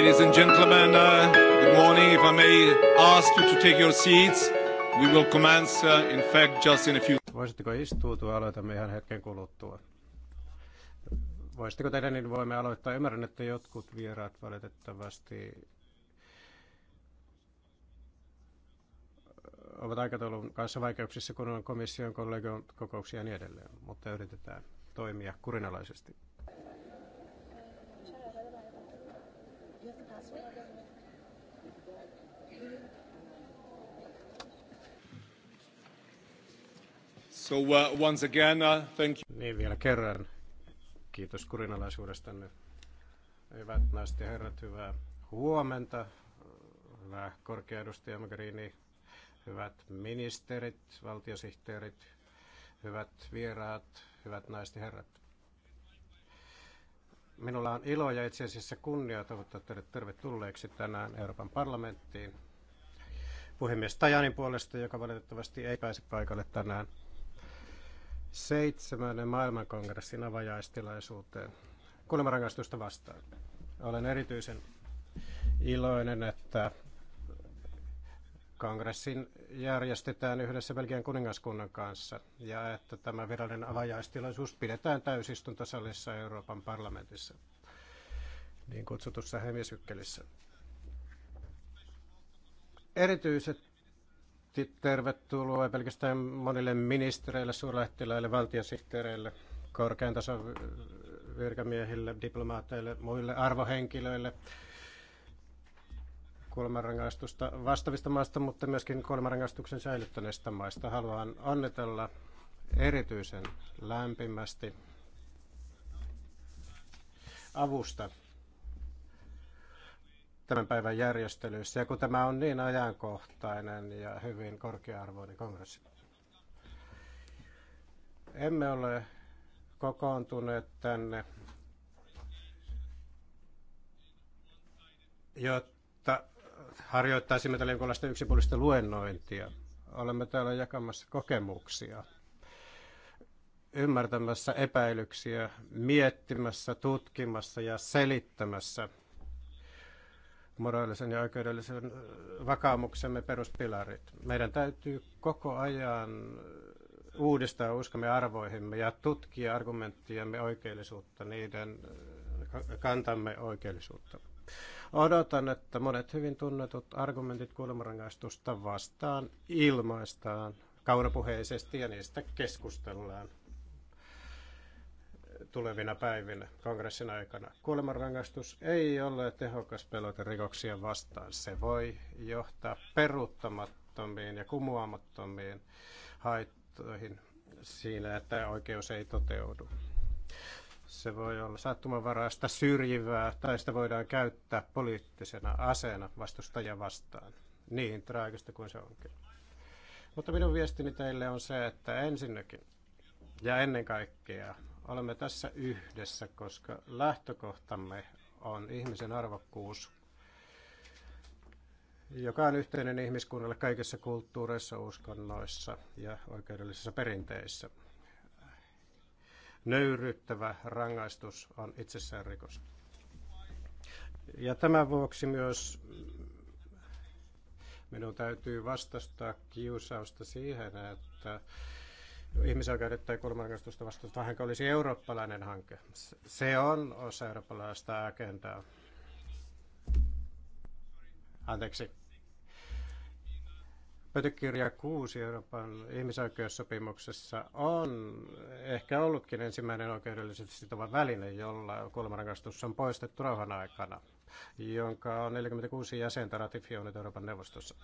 Ladies and gentlemen, uh, good morning. If I may ask you to take your seats, we will commence uh, in fact just in a few... Voisitteko istuutua? Aloitamme ihan hetken kuluttua. Voisitteko tehdä, niin voimme aloittaa. Ymmärrän, että jotkut vieraat valitettavasti ovat aikataulun kanssa vaikeuksissa, kun on komission kollegion kokouksia ja niin edelleen, mutta yritetään toimia kurinalaisesti. So uh, once again, uh, thank you. Niin vielä kerran. Kiitos kurinalaisuudestanne. Hyvät naiset ja herrat, hyvää huomenta. Hyvä korkea edustaja hyvät ministerit, valtiosihteerit, hyvät vieraat, hyvät naiset ja herrat. Minulla on ilo ja itse asiassa kunnia toivottaa teidät tervetulleeksi tänään Euroopan parlamenttiin. Puhemies Tajanin puolesta, joka valitettavasti ei pääse paikalle tänään seitsemännen maailmankongressin avajaistilaisuuteen kuolemanrangaistusta vastaan. Olen erityisen iloinen, että kongressin järjestetään yhdessä Belgian kuningaskunnan kanssa ja että tämä virallinen avajaistilaisuus pidetään täysistuntosalissa Euroopan parlamentissa, niin kutsutussa hemisykkelissä. Erityiset tervetuloa pelkästään monille ministereille, suurlähettiläille, valtiosihteereille, korkean tason virkamiehille, diplomaateille, muille arvohenkilöille kuolemanrangaistusta vastaavista maista, mutta myöskin kuolemanrangaistuksen säilyttäneistä maista. Haluan onnitella erityisen lämpimästi avusta, tämän päivän järjestelyissä, ja kun tämä on niin ajankohtainen ja hyvin korkea-arvoinen kongressi. Emme ole kokoontuneet tänne, jotta harjoittaisimme tällä jonkinlaista yksipuolista luennointia. Olemme täällä jakamassa kokemuksia, ymmärtämässä epäilyksiä, miettimässä, tutkimassa ja selittämässä – moraalisen ja oikeudellisen vakaumuksemme peruspilarit. Meidän täytyy koko ajan uudistaa uskomme arvoihimme ja tutkia argumenttiemme oikeellisuutta, niiden kantamme oikeellisuutta. Odotan, että monet hyvin tunnetut argumentit kuolemanrangaistusta vastaan ilmaistaan kaunopuheisesti ja niistä keskustellaan tulevina päivinä kongressin aikana. Kuolemanrangaistus ei ole tehokas pelote rikoksia vastaan. Se voi johtaa peruuttamattomiin ja kumoamattomiin haittoihin siinä, että oikeus ei toteudu. Se voi olla sattumanvaraista syrjivää tai sitä voidaan käyttää poliittisena aseena vastustajia vastaan. Niin traagista kuin se onkin. Mutta minun viestini teille on se, että ensinnäkin ja ennen kaikkea olemme tässä yhdessä, koska lähtökohtamme on ihmisen arvokkuus, joka on yhteinen ihmiskunnalle kaikissa kulttuureissa, uskonnoissa ja oikeudellisissa perinteissä. Nöyryttävä rangaistus on itsessään rikos. Ja tämän vuoksi myös minun täytyy vastastaa kiusausta siihen, että ihmisoikeudet tai kuolemanrangaistusta vastaan, vaikka olisi eurooppalainen hanke. Se on osa eurooppalaista agendaa. Anteeksi. Pöytäkirja 6 Euroopan ihmisoikeussopimuksessa on ehkä ollutkin ensimmäinen oikeudellisesti sitova väline, jolla kuolemanrangaistus on poistettu rauhan aikana, jonka on 46 jäsentä ratifioinut Euroopan neuvostossa.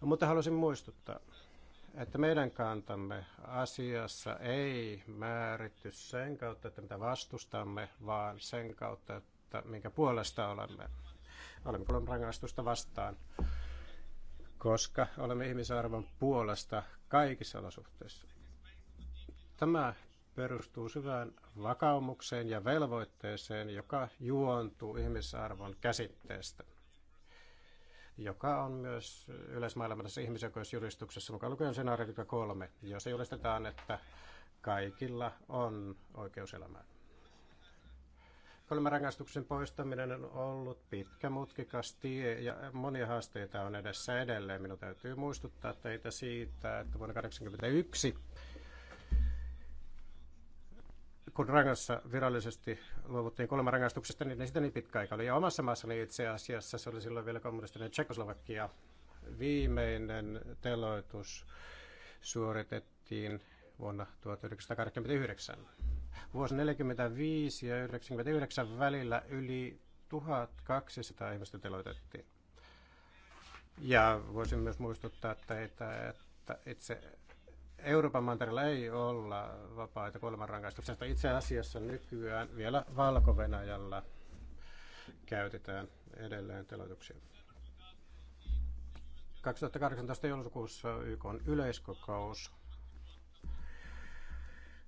Mutta halusin muistuttaa, että meidän kantamme asiassa ei määritty sen kautta, että mitä vastustamme, vaan sen kautta, että minkä puolesta olemme. Olemme rangaistusta vastaan, koska olemme ihmisarvon puolesta kaikissa olosuhteissa. Tämä perustuu syvään vakaumukseen ja velvoitteeseen, joka juontuu ihmisarvon käsitteestä joka on myös yleismaailmassa ihmisoikeusjuristuksessa mukaan lukien sen artikla 3, jossa julistetaan, että kaikilla on oikeus elämään. Kolmarangaistuksen poistaminen on ollut pitkä, mutkikas tie ja monia haasteita on edessä edelleen. Minun täytyy muistuttaa teitä siitä, että vuonna 1981 kun rangassa virallisesti luovuttiin kolme rangaistuksesta, niin sitä niin pitkä aika oli. Ja omassa maassani itse asiassa, se oli silloin vielä kommunistinen Tsekoslovakia, viimeinen teloitus suoritettiin vuonna 1989. Vuosi 1945 ja 1999 välillä yli 1200 ihmistä teloitettiin. Ja voisin myös muistuttaa teitä, että itse Euroopan mantereella ei olla vapaita kuolemanrangaistuksesta. Itse asiassa nykyään vielä valko käytetään edelleen teloituksia. 2018 joulukuussa YK on yleiskokous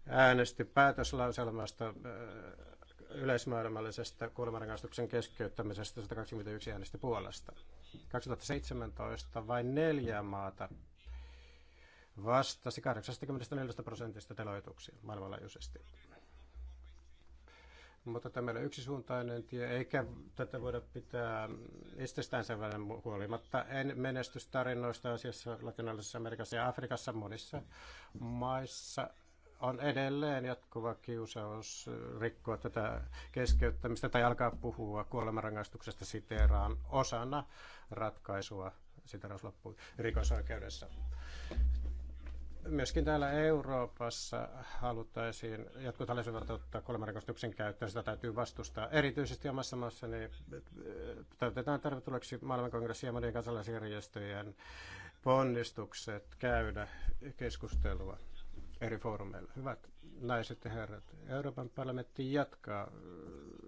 äänesti päätöslauselmasta äh, yleismaailmallisesta kuolemanrangaistuksen keskeyttämisestä 121 äänesti puolesta. 2017 vain neljä maata vastasi 84 prosentista teloituksia maailmanlaajuisesti. Mutta tämä on yksisuuntainen tie, eikä tätä voida pitää itsestäänselvänä huolimatta. En menestystarinoista asiassa latinalaisessa Amerikassa ja Afrikassa monissa maissa on edelleen jatkuva kiusaus rikkoa tätä keskeyttämistä tai alkaa puhua kuolemanrangaistuksesta siteeraan osana ratkaisua siteeraus loppuu rikosoikeudessa myöskin täällä Euroopassa haluttaisiin, jotkut haluaisivat ottaa kolmarikostuksen käyttöön, sitä täytyy vastustaa. Erityisesti omassa niin eh, täytetään tervetulleeksi maailmankongressi ja monien kansalaisjärjestöjen ponnistukset käydä keskustelua eri foorumeilla. Hyvät naiset ja herrat, Euroopan parlamentti jatkaa äh,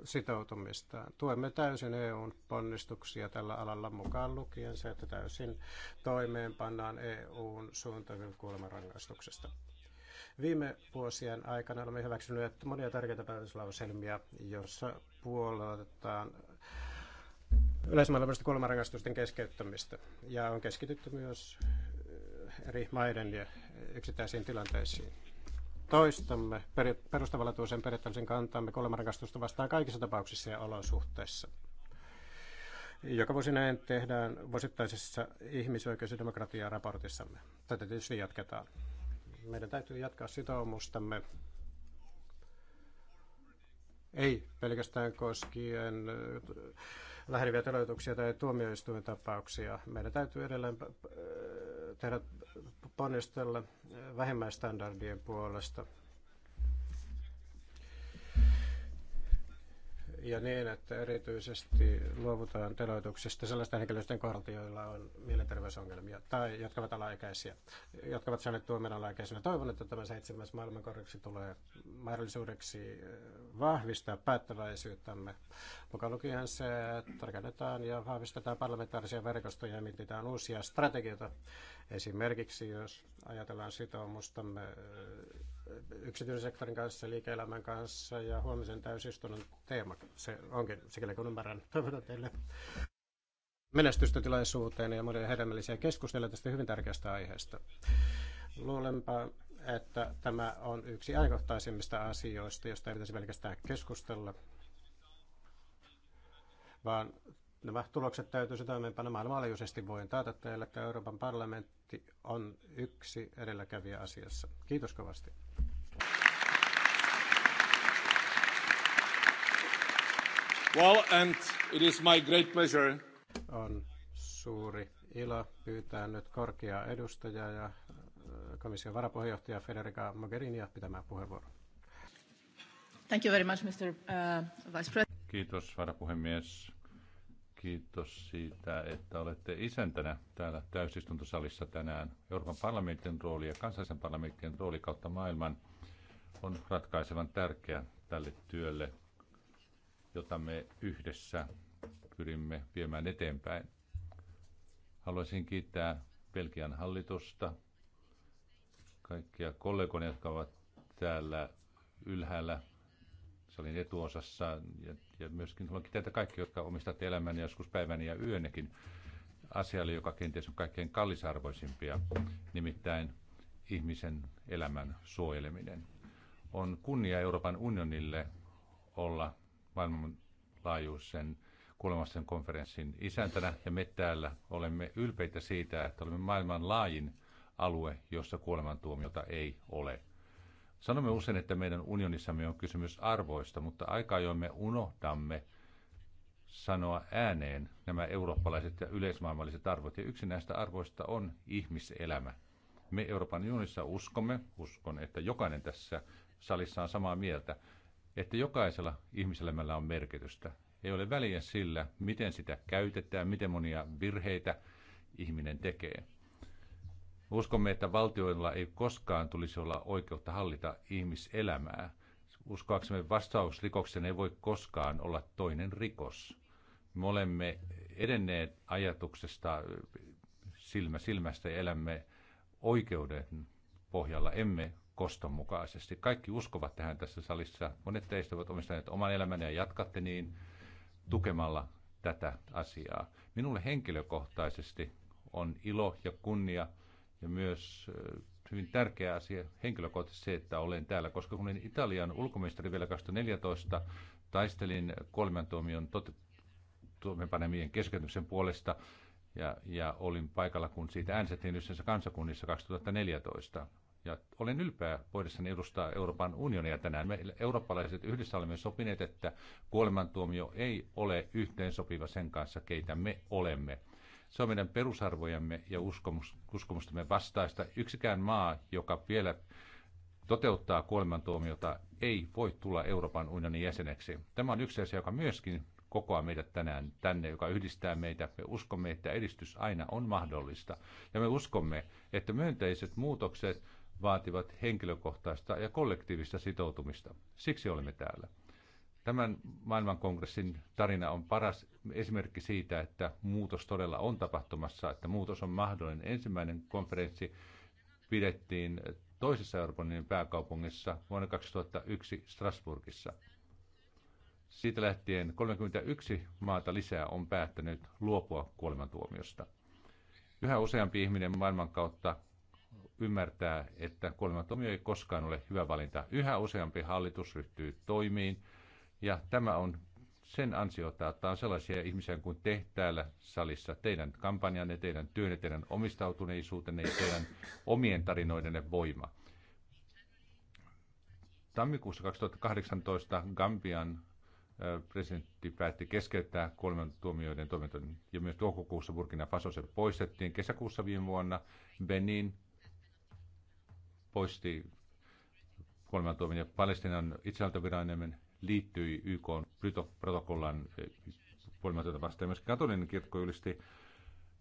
sitoutumistaan. Tuemme täysin EUn ponnistuksia tällä alalla mukaan lukien se, että täysin toimeenpannaan EUn suuntaviin kuolemanrangaistuksesta. Viime vuosien aikana olemme hyväksyneet monia tärkeitä päätöslauselmia, joissa puolotetaan yleismaailmallisesti kuolemanrangaistusten keskeyttämistä ja on keskitytty myös äh, eri maiden ja yksittäisiin tilanteisiin. Toistamme perustavanlaatuisen periaatteellisen kantamme kuolemanrakastusta vastaan kaikissa tapauksissa ja olosuhteissa. Joka vuosi näin tehdään vuosittaisessa ihmisoikeus- ja demokratiaraportissamme. Tätä tietysti jatketaan. Meidän täytyy jatkaa sitoumustamme ei pelkästään koskien äh, lähdeviä teloituksia tai tuomioistuimen tapauksia. Meidän täytyy edelleen äh, tehdä ponnistella vähimmäistandardien puolesta ja niin, että erityisesti luovutaan teloituksesta sellaisten henkilöiden kohdalta, joilla on mielenterveysongelmia tai jotka ovat alaikäisiä, jotka ovat saaneet tuomion alaikäisenä. Toivon, että tämä seitsemäs maailmankorjaksi tulee mahdollisuudeksi eh, vahvistaa päättäväisyyttämme. Mukaan lukihan se, että rakennetaan ja vahvistetaan parlamentaarisia verkostoja ja mietitään uusia strategioita. Esimerkiksi jos ajatellaan sitoumustamme eh, yksityissektorin kanssa liike-elämän kanssa ja huomisen täysistunnon teema. Se onkin, sikäli kun ymmärrän, toivotan teille menestystä tilaisuuteen ja muiden hedelmällisiä keskusteluja tästä hyvin tärkeästä aiheesta. Luulenpa, että tämä on yksi ajankohtaisimmista asioista, josta ei pitäisi pelkästään keskustella, vaan nämä tulokset täytyisi toimeenpanna maailmanlaajuisesti. Voin taata teille, että Euroopan parlamentti parlamentti on yksi edelläkävijä asiassa. Kiitos kovasti. Well, and it is my great pleasure. On suuri ilo pyytää nyt korkeaa edustajaa ja äh, komission varapuheenjohtaja Federica Mogherinia pitämään puheenvuoron. Thank you very much, Mr. Uh, äh, Vice President. Kiitos, varapuhemies. Kiitos siitä, että olette isäntänä täällä täysistuntosalissa tänään. Euroopan parlamentin rooli ja kansallisen parlamentin rooli kautta maailman on ratkaisevan tärkeä tälle työlle, jota me yhdessä pyrimme viemään eteenpäin. Haluaisin kiittää Belgian hallitusta, kaikkia kollegoja, jotka ovat täällä ylhäällä jossa olin etuosassa ja, ja myöskin onkin teitä kaikki, jotka omistatte elämäni joskus päiväni ja yönekin asialle, joka kenties on kaikkein kallisarvoisimpia, nimittäin ihmisen elämän suojeleminen. On kunnia Euroopan unionille olla maailmanlaajuisen kuolemasten konferenssin isäntänä, ja me täällä olemme ylpeitä siitä, että olemme maailman laajin alue, jossa kuolemantuomiota ei ole. Sanomme usein, että meidän unionissamme on kysymys arvoista, mutta aika ajoin me unohdamme sanoa ääneen nämä eurooppalaiset ja yleismaailmalliset arvot. Ja yksi näistä arvoista on ihmiselämä. Me Euroopan unionissa uskomme, uskon, että jokainen tässä salissa on samaa mieltä, että jokaisella ihmiselämällä on merkitystä. Ei ole väliä sillä, miten sitä käytetään, miten monia virheitä ihminen tekee. Uskomme, että valtioilla ei koskaan tulisi olla oikeutta hallita ihmiselämää. Uskoaksemme vastaus rikoksen ei voi koskaan olla toinen rikos. Me olemme edenneet ajatuksesta silmä silmästä ja elämme oikeuden pohjalla, emme koston mukaisesti. Kaikki uskovat tähän tässä salissa. Monet teistä ovat omistaneet oman elämän ja jatkatte niin tukemalla tätä asiaa. Minulle henkilökohtaisesti on ilo ja kunnia ja myös hyvin tärkeä asia henkilökohtaisesti se, että olen täällä, koska kun olin Italian ulkoministeri vielä 2014, taistelin kolmentuomion toimeenpanemien keskeytyksen puolesta ja, ja olin paikalla, kun siitä äänestettiin yhdessä kansakunnissa 2014. Ja olen ylpeä voidessani edustaa Euroopan unionia tänään. Me eurooppalaiset yhdessä olemme sopineet, että kuolemantuomio ei ole yhteensopiva sen kanssa, keitä me olemme. Se on meidän perusarvojemme ja uskomus, uskomustemme vastaista. Yksikään maa, joka vielä toteuttaa kuolemantuomiota, ei voi tulla Euroopan unionin jäseneksi. Tämä on yksi asia, joka myöskin kokoaa meidät tänään tänne, joka yhdistää meitä. Me uskomme, että edistys aina on mahdollista. Ja me uskomme, että myönteiset muutokset vaativat henkilökohtaista ja kollektiivista sitoutumista. Siksi olemme täällä. Tämän maailmankongressin tarina on paras esimerkki siitä, että muutos todella on tapahtumassa, että muutos on mahdollinen. Ensimmäinen konferenssi pidettiin toisessa Euroopan pääkaupungissa vuonna 2001 Strasbourgissa. Siitä lähtien 31 maata lisää on päättänyt luopua kuolemantuomiosta. Yhä useampi ihminen maailman kautta ymmärtää, että kuolemantuomio ei koskaan ole hyvä valinta. Yhä useampi hallitus ryhtyy toimiin – ja tämä on sen ansiota, että on sellaisia ihmisiä kuin te täällä salissa, teidän kampanjanne, teidän työnne, teidän omistautuneisuutenne ja teidän omien tarinoidenne voima. Tammikuussa 2018 Gambian presidentti päätti keskeyttää kolmen tuomioiden toiminton ja myös toukokuussa Burkina Faso se poistettiin. Kesäkuussa viime vuonna Benin poisti kolmen tuomion ja Palestinan itsehaltoviranomainen liittyi YK protokollan kuolemantonta eh, vastaan. Myös katolinen kirkko julisti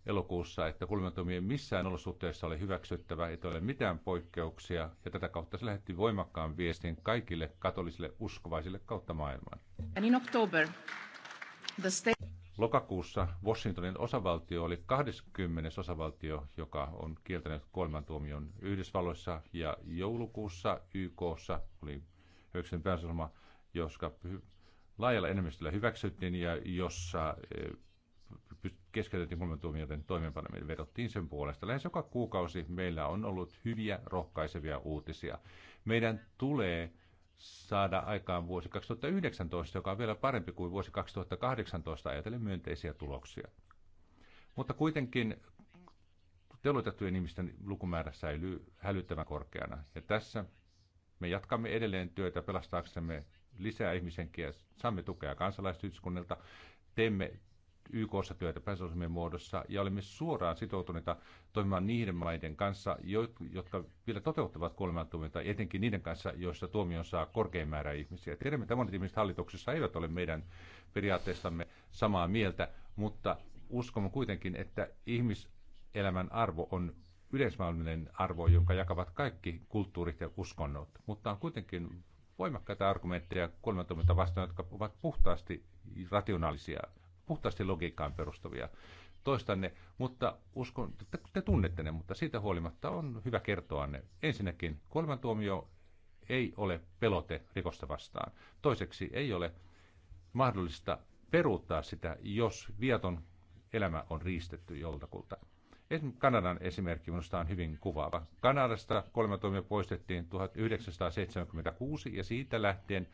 elokuussa, että kuolemantomien missään olosuhteissa oli hyväksyttävä, että ole mitään poikkeuksia, ja tätä kautta se lähetti voimakkaan viestin kaikille katolisille uskovaisille kautta maailman. And in October, the state... Lokakuussa Washingtonin osavaltio oli 20. osavaltio, joka on kieltänyt kuolemantuomion Yhdysvalloissa, ja joulukuussa YKssa oli 9. pääsosoma joska laajalla enemmistöllä hyväksyttiin ja jossa eh, keskeytettiin kuolemantuomioiden toimeenpaneminen vedottiin sen puolesta. Lähes joka kuukausi meillä on ollut hyviä, rohkaisevia uutisia. Meidän tulee saada aikaan vuosi 2019, joka on vielä parempi kuin vuosi 2018 ajatellen myönteisiä tuloksia. Mutta kuitenkin teloitettujen ihmisten lukumäärä säilyy hälyttävän korkeana. Ja tässä me jatkamme edelleen työtä pelastaaksemme lisää ihmisenkiä, saamme tukea kansalaisyhteiskunnilta, teemme YKssa työtä pääsosumien muodossa ja olemme suoraan sitoutuneita toimimaan niiden maiden kanssa, jotka vielä toteuttavat kuolemantuomioita, etenkin niiden kanssa, joissa tuomion saa korkein määrä ihmisiä. Tiedämme, että monet ihmiset hallituksessa eivät ole meidän periaatteessamme samaa mieltä, mutta uskomme kuitenkin, että ihmiselämän arvo on yleismaailmallinen arvo, jonka jakavat kaikki kulttuurit ja uskonnot. Mutta on kuitenkin voimakkaita argumentteja 30 vastaan, jotka ovat puhtaasti rationaalisia, puhtaasti logiikkaan perustuvia toistanne, mutta uskon, että te tunnette ne, mutta siitä huolimatta on hyvä kertoa ne. Ensinnäkin kuolemantuomio ei ole pelote rikosta vastaan. Toiseksi ei ole mahdollista peruuttaa sitä, jos vieton elämä on riistetty joltakulta. Esimerkiksi Kanadan esimerkki minusta on hyvin kuvaava. Kanadasta kolmatoimia poistettiin 1976 ja siitä lähtien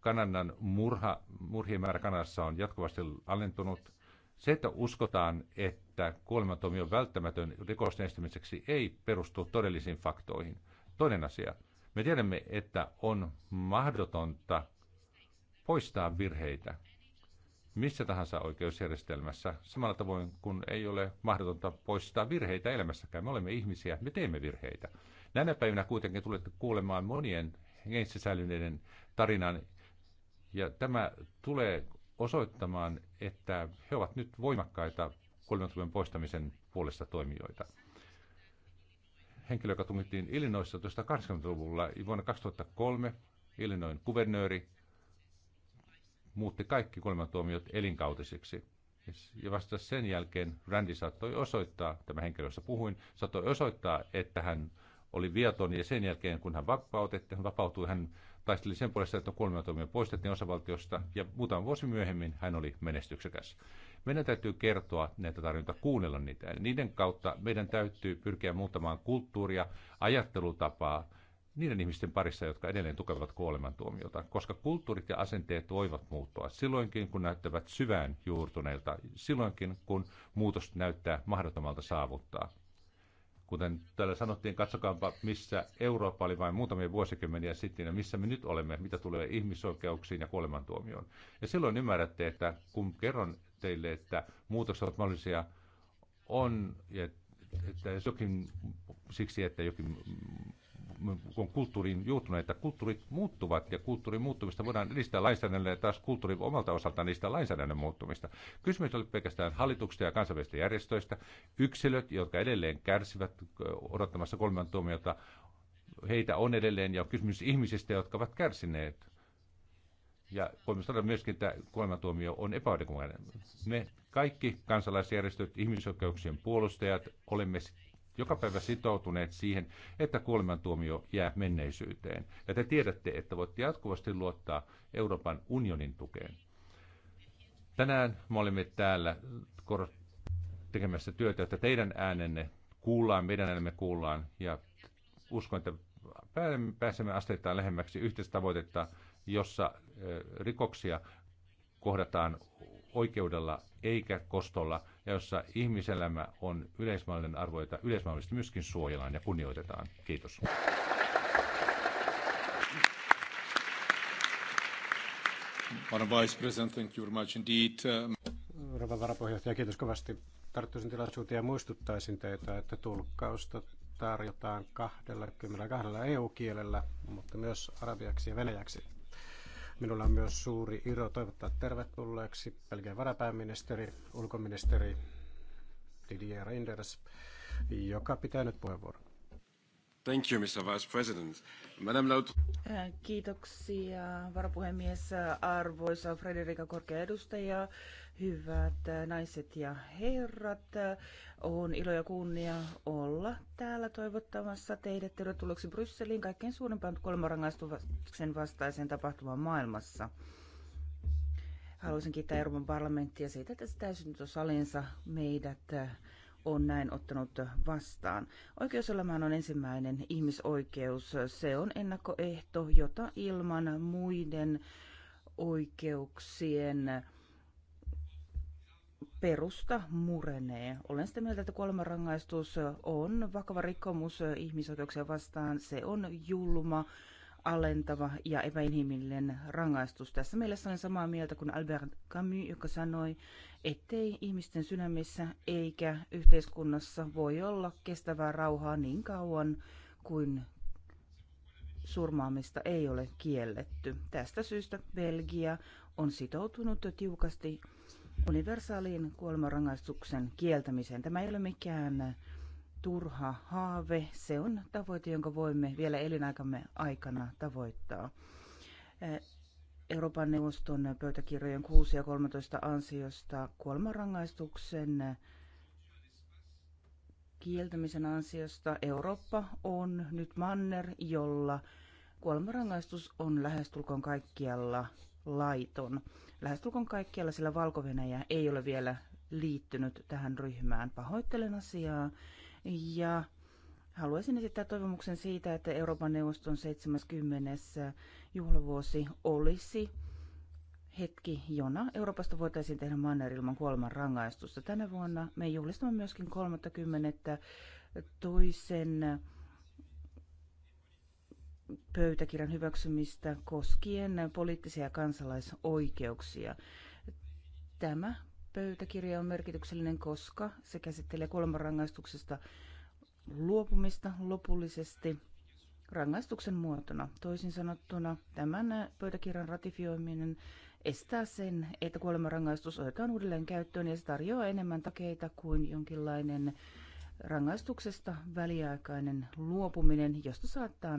Kanadan murha, murhien määrä Kanadassa on jatkuvasti alentunut. Se, että uskotaan, että kuolematoimi on välttämätön rikosten estämiseksi, ei perustu todellisiin faktoihin. Toinen asia. Me tiedämme, että on mahdotonta poistaa virheitä missä tahansa oikeusjärjestelmässä, samalla tavoin kun ei ole mahdotonta poistaa virheitä elämässäkään. Me olemme ihmisiä, me teemme virheitä. Näinä päivinä kuitenkin tulette kuulemaan monien hengen tarinan, ja tämä tulee osoittamaan, että he ovat nyt voimakkaita kuolemantulojen poistamisen puolesta toimijoita. Henkilö, joka tunnettiin Illinoisissa 1980-luvulla, vuonna 2003 Illinoin kuvernööri muutti kaikki kuolemantuomiot elinkautisiksi. Ja vasta sen jälkeen Randy saattoi osoittaa, tämä henkilö, jossa puhuin, saattoi osoittaa, että hän oli viaton ja sen jälkeen, kun hän vapautettiin, hän vapautui, hän taisteli sen puolesta, että kuolemantuomio poistettiin osavaltiosta ja muutama vuosi myöhemmin hän oli menestyksekäs. Meidän täytyy kertoa näitä tarinoita, kuunnella niitä. Niiden kautta meidän täytyy pyrkiä muuttamaan kulttuuria, ajattelutapaa, niiden ihmisten parissa, jotka edelleen tukevat kuolemantuomiota, koska kulttuurit ja asenteet voivat muuttua silloinkin, kun näyttävät syvään juurtuneilta, silloinkin, kun muutos näyttää mahdottomalta saavuttaa. Kuten täällä sanottiin, katsokaanpa, missä Eurooppa oli vain muutamia vuosikymmeniä sitten ja missä me nyt olemme, mitä tulee ihmisoikeuksiin ja kuolemantuomioon. Ja silloin ymmärrätte, että kun kerron teille, että muutokset ovat mahdollisia, on, että jokin, siksi, että jokin kun kulttuuriin juuttuneita, kulttuurit muuttuvat ja kulttuurin muuttumista voidaan edistää lainsäädännöllä ja taas kulttuuri omalta osaltaan edistää lainsäädännön muuttumista. Kysymys oli pelkästään hallituksista ja kansainvälisistä järjestöistä. Yksilöt, jotka edelleen kärsivät odottamassa kolmen tuomiota, heitä on edelleen ja on kysymys ihmisistä, jotka ovat kärsineet. Ja voimme sanoa myöskin, että kuolemantuomio on epäoikeudenmukainen. Me kaikki kansalaisjärjestöt, ihmisoikeuksien puolustajat olemme joka päivä sitoutuneet siihen, että kuolemantuomio jää menneisyyteen. Ja te tiedätte, että voitte jatkuvasti luottaa Euroopan unionin tukeen. Tänään me olemme täällä tekemässä työtä, että teidän äänenne kuullaan, meidän äänemme kuullaan ja uskon, että pääsemme asteittain lähemmäksi yhteistä tavoitetta, jossa rikoksia kohdataan oikeudella eikä kostolla ja jossa ihmiselämä on yleismallinen arvo, jota yleismallisesti myöskin suojellaan ja kunnioitetaan. Kiitos. Madam Vice President, thank you very much indeed. Rouva varapuheenjohtaja, kiitos kovasti. Tarttuisin tilaisuuteen ja muistuttaisin teitä, että tulkkausta tarjotaan 22 EU-kielellä, mutta myös arabiaksi ja venäjäksi. Minulla on myös suuri ilo toivottaa tervetulleeksi Belgian varapääministeri, ulkoministeri Didier Reinders, joka pitää nyt puheenvuoron. Thank you, Mr. Vice President. Madam Laut- äh, Kiitoksia, varapuhemies, arvoisa Frederika korkea edustaja, Hyvät äh, naiset ja herrat, äh, on ilo ja kunnia olla täällä toivottamassa teidät tervetulleeksi Brysseliin kaikkein suurimpaan kolmarangaistuksen vastaiseen tapahtumaan maailmassa. Haluaisin kiittää Euroopan parlamenttia siitä, että se täysyntösalinsa meidät äh, on näin ottanut vastaan. Oikeuselämään on ensimmäinen ihmisoikeus. Se on ennakkoehto, jota ilman muiden oikeuksien perusta murenee. Olen sitä mieltä, että kuolemanrangaistus on vakava rikkomus ihmisoikeuksia vastaan. Se on julma, alentava ja epäinhimillinen rangaistus. Tässä mielessä olen samaa mieltä kuin Albert Camus, joka sanoi, ettei ihmisten sydämissä eikä yhteiskunnassa voi olla kestävää rauhaa niin kauan kuin surmaamista ei ole kielletty. Tästä syystä Belgia on sitoutunut tiukasti universaaliin kuolemanrangaistuksen kieltämiseen. Tämä ei ole mikään turha haave. Se on tavoite, jonka voimme vielä elinaikamme aikana tavoittaa. Euroopan neuvoston pöytäkirjojen 6 ja 13 ansiosta kuolemanrangaistuksen kieltämisen ansiosta Eurooppa on nyt manner, jolla kuolemanrangaistus on lähestulkoon kaikkialla laiton. Lähestulkoon kaikkialla, sillä valko ei ole vielä liittynyt tähän ryhmään. Pahoittelen asiaa ja haluaisin esittää toivomuksen siitä, että Euroopan neuvoston 70. juhlavuosi olisi hetki, jona Euroopasta voitaisiin tehdä manner ilman kuoleman rangaistusta. Tänä vuonna me juhlistamme myöskin 30. toisen pöytäkirjan hyväksymistä koskien poliittisia kansalaisoikeuksia. Tämä pöytäkirja on merkityksellinen, koska se käsittelee kuolemanrangaistuksesta luopumista lopullisesti rangaistuksen muotona. Toisin sanottuna tämän pöytäkirjan ratifioiminen estää sen, että kuolemanrangaistus otetaan uudelleen käyttöön ja se tarjoaa enemmän takeita kuin jonkinlainen rangaistuksesta väliaikainen luopuminen, josta saattaa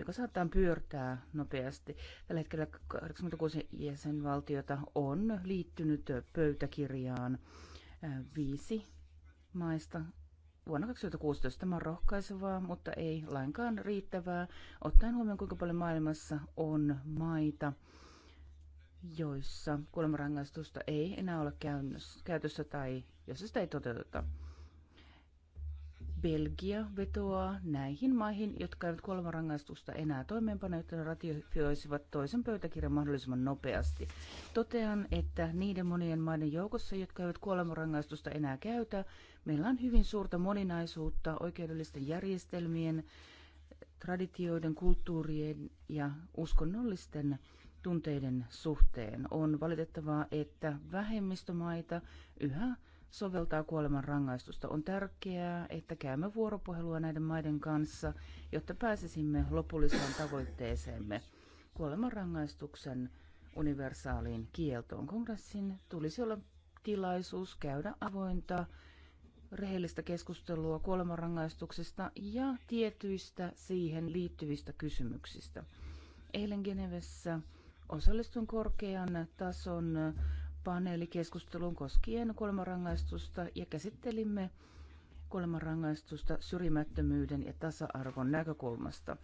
joka saattaa pyörtää nopeasti. Tällä hetkellä 86 jäsenvaltiota on liittynyt pöytäkirjaan äh, viisi maista vuonna 2016. Tämä on rohkaisevaa, mutta ei lainkaan riittävää, ottaen huomioon kuinka paljon maailmassa on maita, joissa kuolemanrangaistusta ei enää ole käytössä tai jossa sitä ei toteuteta. Belgia vetoaa näihin maihin, jotka eivät kuolemanrangaistusta enää toimeenpane, jotta ratifioisivat toisen pöytäkirjan mahdollisimman nopeasti. Totean, että niiden monien maiden joukossa, jotka eivät kuolemanrangaistusta enää käytä, meillä on hyvin suurta moninaisuutta oikeudellisten järjestelmien, traditioiden, kulttuurien ja uskonnollisten tunteiden suhteen. On valitettavaa, että vähemmistömaita yhä soveltaa kuoleman rangaistusta. On tärkeää, että käymme vuoropuhelua näiden maiden kanssa, jotta pääsisimme lopulliseen tavoitteeseemme kuoleman rangaistuksen universaaliin kieltoon. Kongressin tulisi olla tilaisuus käydä avointa rehellistä keskustelua kuolemanrangaistuksesta ja tietyistä siihen liittyvistä kysymyksistä. Eilen Genevessä osallistun korkean tason paneelikeskustelun koskien kuolemanrangaistusta ja käsittelimme kuolemanrangaistusta syrjimättömyyden ja tasa-arvon näkökulmasta.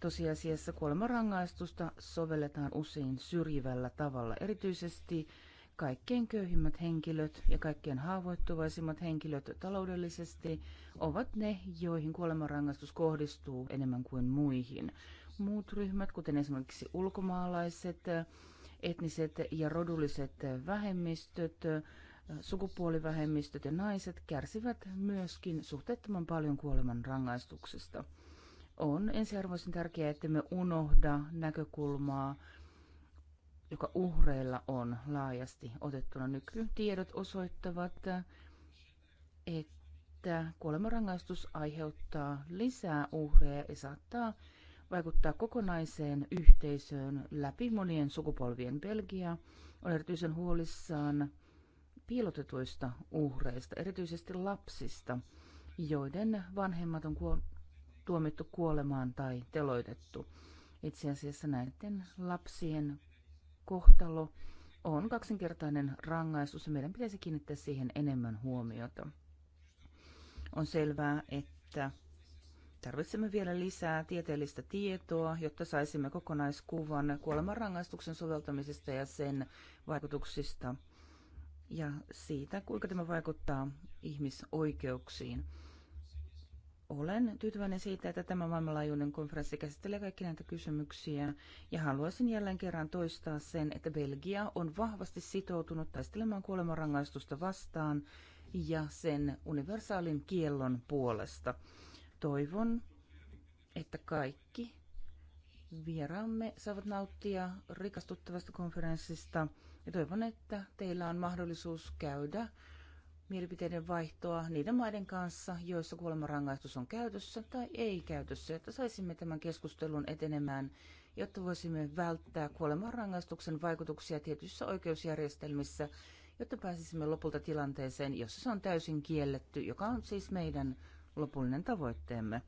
Tosiasiassa kuolemanrangaistusta sovelletaan usein syrjivällä tavalla, erityisesti kaikkein köyhimmät henkilöt ja kaikkein haavoittuvaisimmat henkilöt taloudellisesti ovat ne, joihin kuolemanrangaistus kohdistuu enemmän kuin muihin. Muut ryhmät, kuten esimerkiksi ulkomaalaiset, etniset ja rodulliset vähemmistöt, sukupuolivähemmistöt ja naiset kärsivät myöskin suhteettoman paljon kuoleman rangaistuksesta. On ensiarvoisen tärkeää, että me unohda näkökulmaa, joka uhreilla on laajasti otettuna. Nykytiedot osoittavat, että kuolemanrangaistus aiheuttaa lisää uhreja ja saattaa vaikuttaa kokonaiseen yhteisöön läpi monien sukupolvien Belgia. On erityisen huolissaan piilotetuista uhreista, erityisesti lapsista, joiden vanhemmat on kuol- tuomittu kuolemaan tai teloitettu. Itse asiassa näiden lapsien kohtalo on kaksinkertainen rangaistus ja meidän pitäisi kiinnittää siihen enemmän huomiota. On selvää, että Tarvitsemme vielä lisää tieteellistä tietoa, jotta saisimme kokonaiskuvan kuolemanrangaistuksen soveltamisesta ja sen vaikutuksista ja siitä, kuinka tämä vaikuttaa ihmisoikeuksiin. Olen tyytyväinen siitä, että tämä maailmanlaajuinen konferenssi käsittelee kaikki näitä kysymyksiä ja haluaisin jälleen kerran toistaa sen, että Belgia on vahvasti sitoutunut taistelemaan kuolemanrangaistusta vastaan ja sen universaalin kiellon puolesta. Toivon, että kaikki vieraamme saavat nauttia rikastuttavasta konferenssista ja toivon, että teillä on mahdollisuus käydä mielipiteiden vaihtoa niiden maiden kanssa, joissa kuolemanrangaistus on käytössä tai ei käytössä, että saisimme tämän keskustelun etenemään, jotta voisimme välttää kuolemanrangaistuksen vaikutuksia tietyissä oikeusjärjestelmissä, jotta pääsisimme lopulta tilanteeseen, jossa se on täysin kielletty, joka on siis meidän lopullinen tavoitteemme.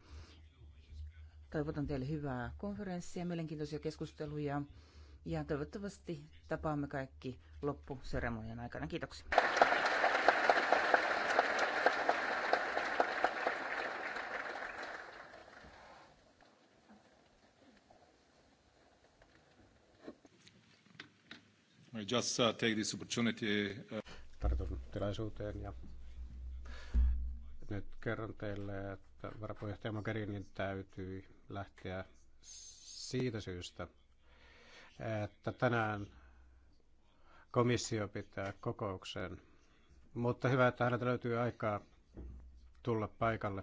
Toivotan teille hyvää konferenssia, mielenkiintoisia keskusteluja ja toivottavasti tapaamme kaikki loppuseremonian aikana. Kiitoksia. just uh, take this opportunity. Uh, Tartun tilaisuuteen ja nyt kerron teille, että varapuheenjohtaja Mogherinin täytyy lähteä siitä syystä, että tänään komissio pitää kokouksen. Mutta hyvä, että häneltä löytyy aikaa tulla paikalle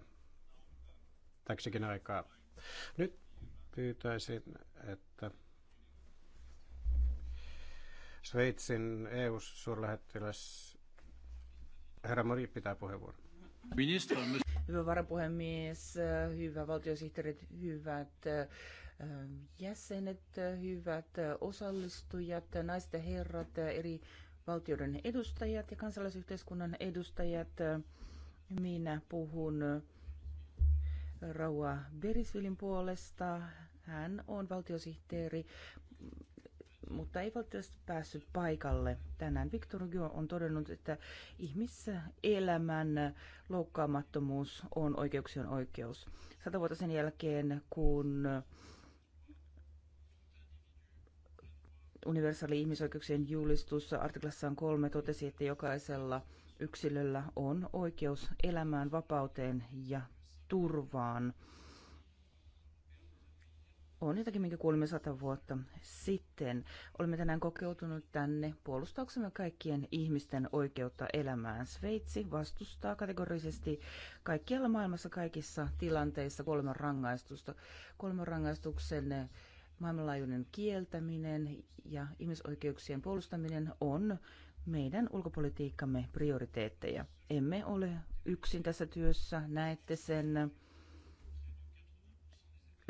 täksikin aikaa. Nyt pyytäisin, että Sveitsin EU-suurlähettiläs herra Mori pitää puheenvuoron hyvä varapuhemies, hyvä valtiosihteerit, hyvät jäsenet, hyvät osallistujat, naiset ja herrat, eri valtioiden edustajat ja kansalaisyhteiskunnan edustajat. Minä puhun Raua Berisvilin puolesta. Hän on valtiosihteeri mutta ei valitettavasti päässyt paikalle tänään. Victor Hugo on todennut, että ihmiselämän loukkaamattomuus on oikeuksien oikeus. Sata vuotta sen jälkeen, kun universaali ihmisoikeuksien julistus artiklassaan kolme totesi, että jokaisella yksilöllä on oikeus elämään, vapauteen ja turvaan on jotakin, minkä kuulimme sata vuotta sitten. Olemme tänään kokeutunut tänne puolustaaksemme kaikkien ihmisten oikeutta elämään. Sveitsi vastustaa kategorisesti kaikkialla maailmassa kaikissa tilanteissa kolman rangaistusta. Kolman rangaistuksen maailmanlaajuinen kieltäminen ja ihmisoikeuksien puolustaminen on meidän ulkopolitiikkamme prioriteetteja. Emme ole yksin tässä työssä, näette sen